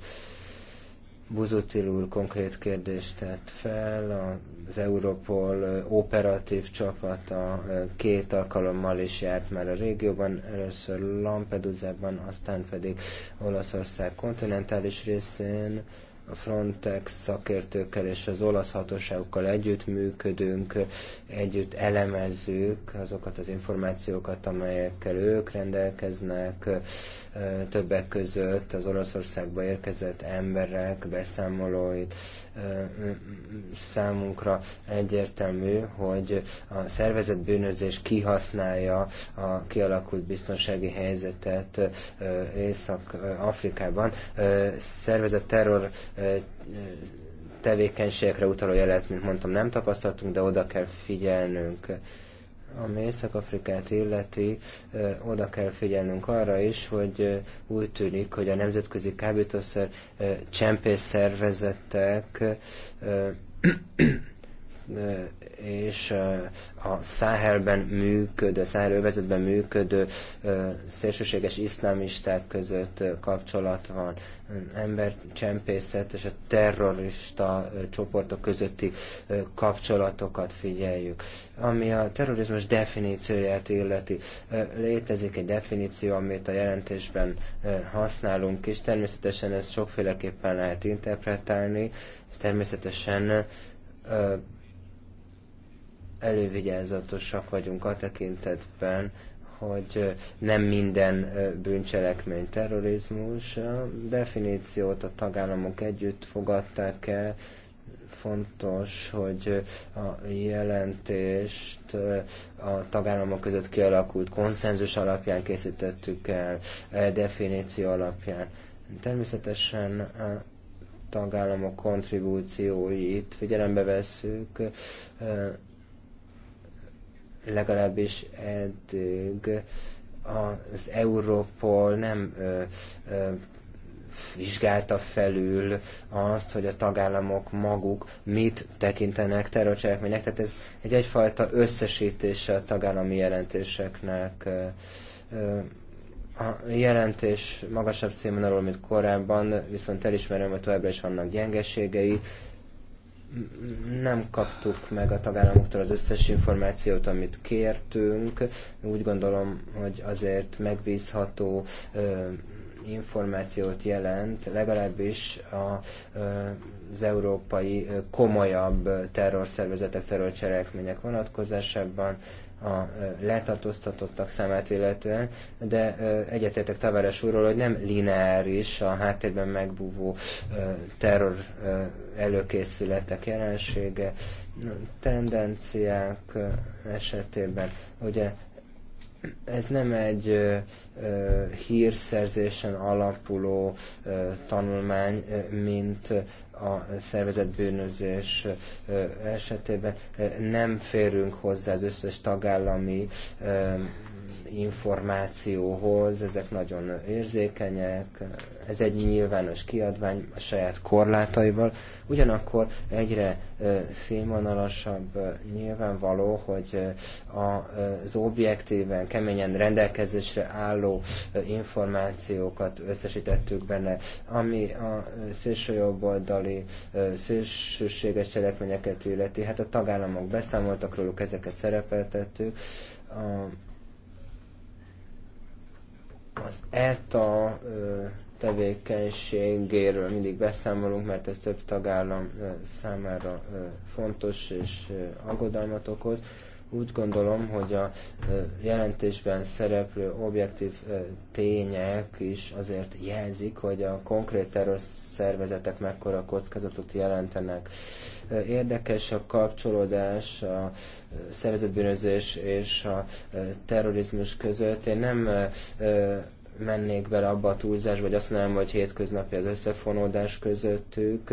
Buzutil úr konkrét kérdést tett fel, az Europol operatív csapata két alkalommal is járt már a régióban, először Lampedusa-ban, aztán pedig Olaszország kontinentális részén, a Frontex szakértőkkel és az olasz hatóságokkal együtt működünk, együtt elemezzük azokat az információkat, amelyekkel ők rendelkeznek, többek között az oroszországba érkezett emberek beszámolóit számunkra egyértelmű, hogy a szervezett bűnözés kihasználja a kialakult biztonsági helyzetet Észak-Afrikában. Szervezett terror tevékenységekre utaló jelet, mint mondtam, nem tapasztaltunk, de oda kell figyelnünk ami Észak-Afrikát illeti, oda kell figyelnünk arra is, hogy úgy tűnik, hogy a nemzetközi kábítószer csempész szervezetek és a Száhelben működő, Száhelővezetben működő szélsőséges iszlámisták között kapcsolat van, embercsempészet és a terrorista csoportok közötti kapcsolatokat figyeljük. Ami a terrorizmus definícióját illeti, létezik egy definíció, amit a jelentésben használunk, és természetesen ezt sokféleképpen lehet interpretálni, természetesen elővigyázatosak vagyunk a tekintetben, hogy nem minden bűncselekmény terrorizmus. A definíciót a tagállamok együtt fogadták el, fontos, hogy a jelentést a tagállamok között kialakult konszenzus alapján készítettük el, definíció alapján. Természetesen a tagállamok kontribúcióit figyelembe vesszük, legalábbis eddig az Europol nem ö, ö, vizsgálta felül azt, hogy a tagállamok maguk mit tekintenek terrorcselekménynek. Tehát ez egy egyfajta összesítése a tagállami jelentéseknek. A jelentés magasabb színvonalon, mint korábban, viszont elismerem, hogy továbbra is vannak gyengeségei, nem kaptuk meg a tagállamoktól az összes információt, amit kértünk. Úgy gondolom, hogy azért megbízható információt jelent, legalábbis a, az európai komolyabb terrorszervezetek, terrorcselekmények vonatkozásában a letartóztatottak számát illetően, de egyetértek Tavares úrról, hogy nem lineáris a háttérben megbúvó terror előkészületek jelensége, tendenciák esetében ugye ez nem egy ö, ö, hírszerzésen alapuló ö, tanulmány, ö, mint a szervezetbűnözés esetében. Nem férünk hozzá az összes tagállami ö, információhoz, ezek nagyon érzékenyek, ez egy nyilvános kiadvány a saját korlátaival, ugyanakkor egyre színvonalasabb nyilvánvaló, hogy az objektíven, keményen rendelkezésre álló információkat összesítettük benne, ami a szélsőjobboldali szélsőséges cselekményeket illeti, hát a tagállamok beszámoltak róluk, ezeket szerepeltettük, a az ETA tevékenységéről mindig beszámolunk, mert ez több tagállam számára fontos és aggodalmat okoz. Úgy gondolom, hogy a jelentésben szereplő objektív tények is azért jelzik, hogy a konkrét szervezetek mekkora kockázatot jelentenek. Érdekes a kapcsolódás a szervezetbűnözés és a terrorizmus között. Én nem mennék bele abba a túlzás, vagy azt mondanám, hogy hétköznapi az összefonódás közöttük.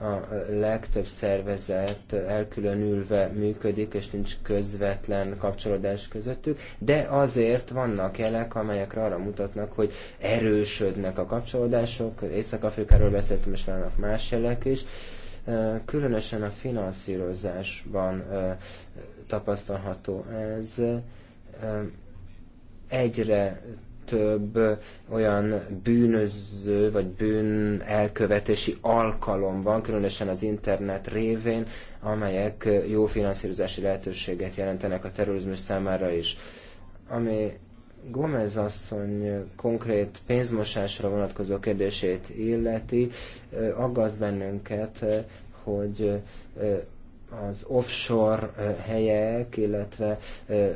A legtöbb szervezet elkülönülve működik, és nincs közvetlen kapcsolódás közöttük, de azért vannak jelek, amelyekre arra mutatnak, hogy erősödnek a kapcsolódások. Észak-Afrikáról beszéltem, és vannak más jelek is. Különösen a finanszírozásban tapasztalható ez egyre több olyan bűnöző vagy bűn elkövetési alkalom van, különösen az internet révén, amelyek jó finanszírozási lehetőséget jelentenek a terrorizmus számára is. Ami Gomez asszony konkrét pénzmosásra vonatkozó kérdését illeti, aggaszt bennünket, hogy az offshore helyek, illetve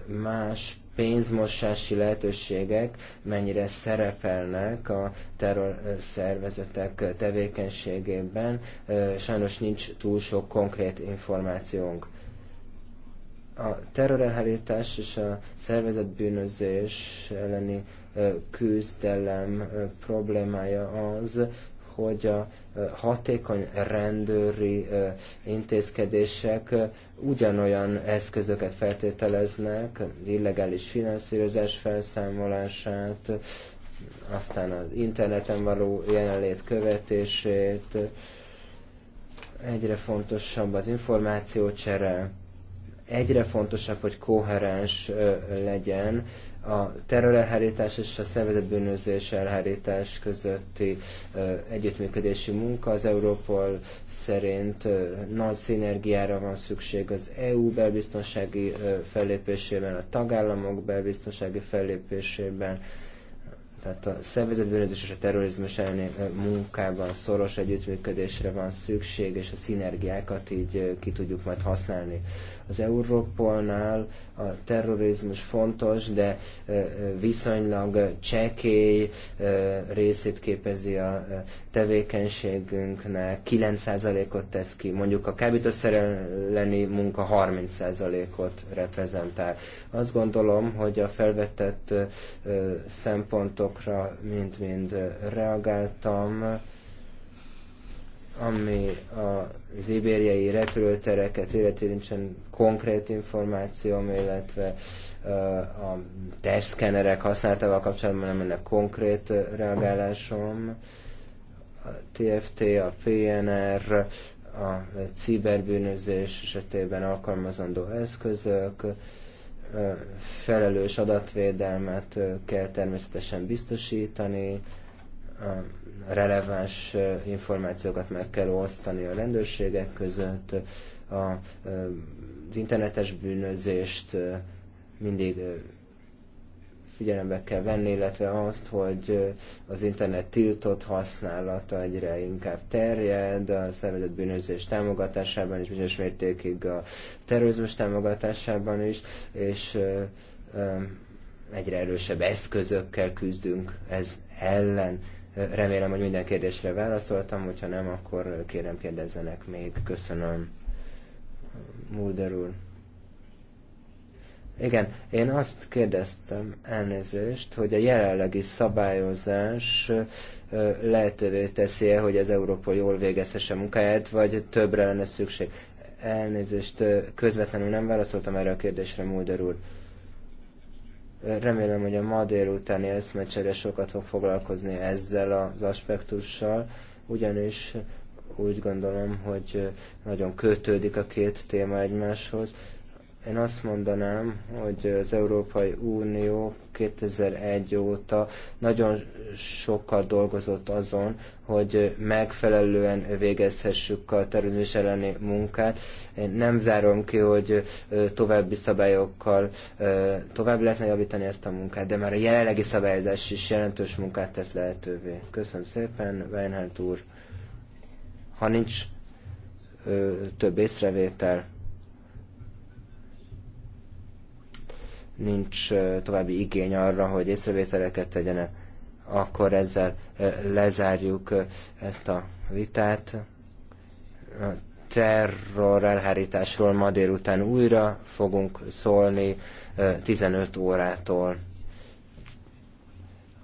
más pénzmosási lehetőségek mennyire szerepelnek a terrorszervezetek tevékenységében. Sajnos nincs túl sok konkrét információnk. A terrorelhárítás és a szervezetbűnözés elleni küzdelem problémája az, hogy a hatékony rendőri intézkedések ugyanolyan eszközöket feltételeznek, illegális finanszírozás felszámolását, aztán az interneten való jelenlét követését, egyre fontosabb az információcsere, egyre fontosabb, hogy koherens legyen a terrorelhárítás és a szervezetbűnözés elhárítás közötti együttműködési munka. Az Európol szerint nagy szinergiára van szükség az EU belbiztonsági fellépésében, a tagállamok belbiztonsági fellépésében, tehát a szervezetbűnözés és a terrorizmus elleni munkában szoros együttműködésre van szükség, és a szinergiákat így ki tudjuk majd használni. Az Európolnál a terrorizmus fontos, de viszonylag csekély részét képezi a tevékenységünknek, 9%-ot tesz ki, mondjuk a kábítószer elleni munka 30%-ot reprezentál. Azt gondolom, hogy a felvetett szempontok azokra mind-mind reagáltam, ami az ibériai repülőtereket illeti nincsen konkrét információm, illetve a testszkenerek használatával kapcsolatban nem ennek konkrét reagálásom. A TFT, a PNR, a ciberbűnözés esetében alkalmazandó eszközök, felelős adatvédelmet kell természetesen biztosítani, releváns információkat meg kell osztani a rendőrségek között, az internetes bűnözést mindig figyelembe kell venni, illetve azt, hogy az internet tiltott használata egyre inkább terjed, a szervezett bűnözés támogatásában és bizonyos mértékig a terrorizmus támogatásában is, és egyre erősebb eszközökkel küzdünk ez ellen. Remélem, hogy minden kérdésre válaszoltam, hogyha nem, akkor kérem kérdezzenek még. Köszönöm. Mulder úr. Igen, én azt kérdeztem elnézést, hogy a jelenlegi szabályozás lehetővé teszi-e, hogy az Európa jól végezhesse munkáját, vagy többre lenne szükség. Elnézést, közvetlenül nem válaszoltam erre a kérdésre, Mulder úr. Remélem, hogy a ma délutáni eszmecsere sokat fog foglalkozni ezzel az aspektussal, ugyanis úgy gondolom, hogy nagyon kötődik a két téma egymáshoz én azt mondanám, hogy az Európai Unió 2001 óta nagyon sokat dolgozott azon, hogy megfelelően végezhessük a terülés elleni munkát. Én nem zárom ki, hogy további szabályokkal tovább lehetne javítani ezt a munkát, de már a jelenlegi szabályozás is jelentős munkát tesz lehetővé. Köszönöm szépen, Weinhardt úr. Ha nincs több észrevétel, nincs további igény arra, hogy észrevételeket tegyenek, akkor ezzel lezárjuk ezt a vitát. A terror elhárításról ma délután újra fogunk szólni 15 órától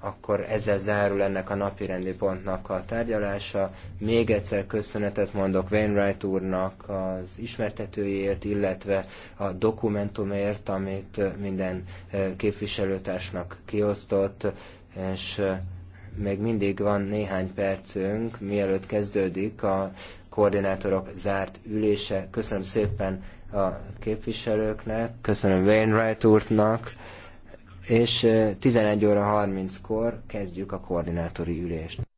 akkor ezzel zárul ennek a napirendi pontnak a tárgyalása. Még egyszer köszönetet mondok Wainwright úrnak az ismertetőjéért, illetve a dokumentumért, amit minden eh, képviselőtársnak kiosztott, és eh, még mindig van néhány percünk, mielőtt kezdődik a koordinátorok zárt ülése. Köszönöm szépen a képviselőknek, köszönöm Wainwright úrnak, és 11 óra 30-kor kezdjük a koordinátori ülést.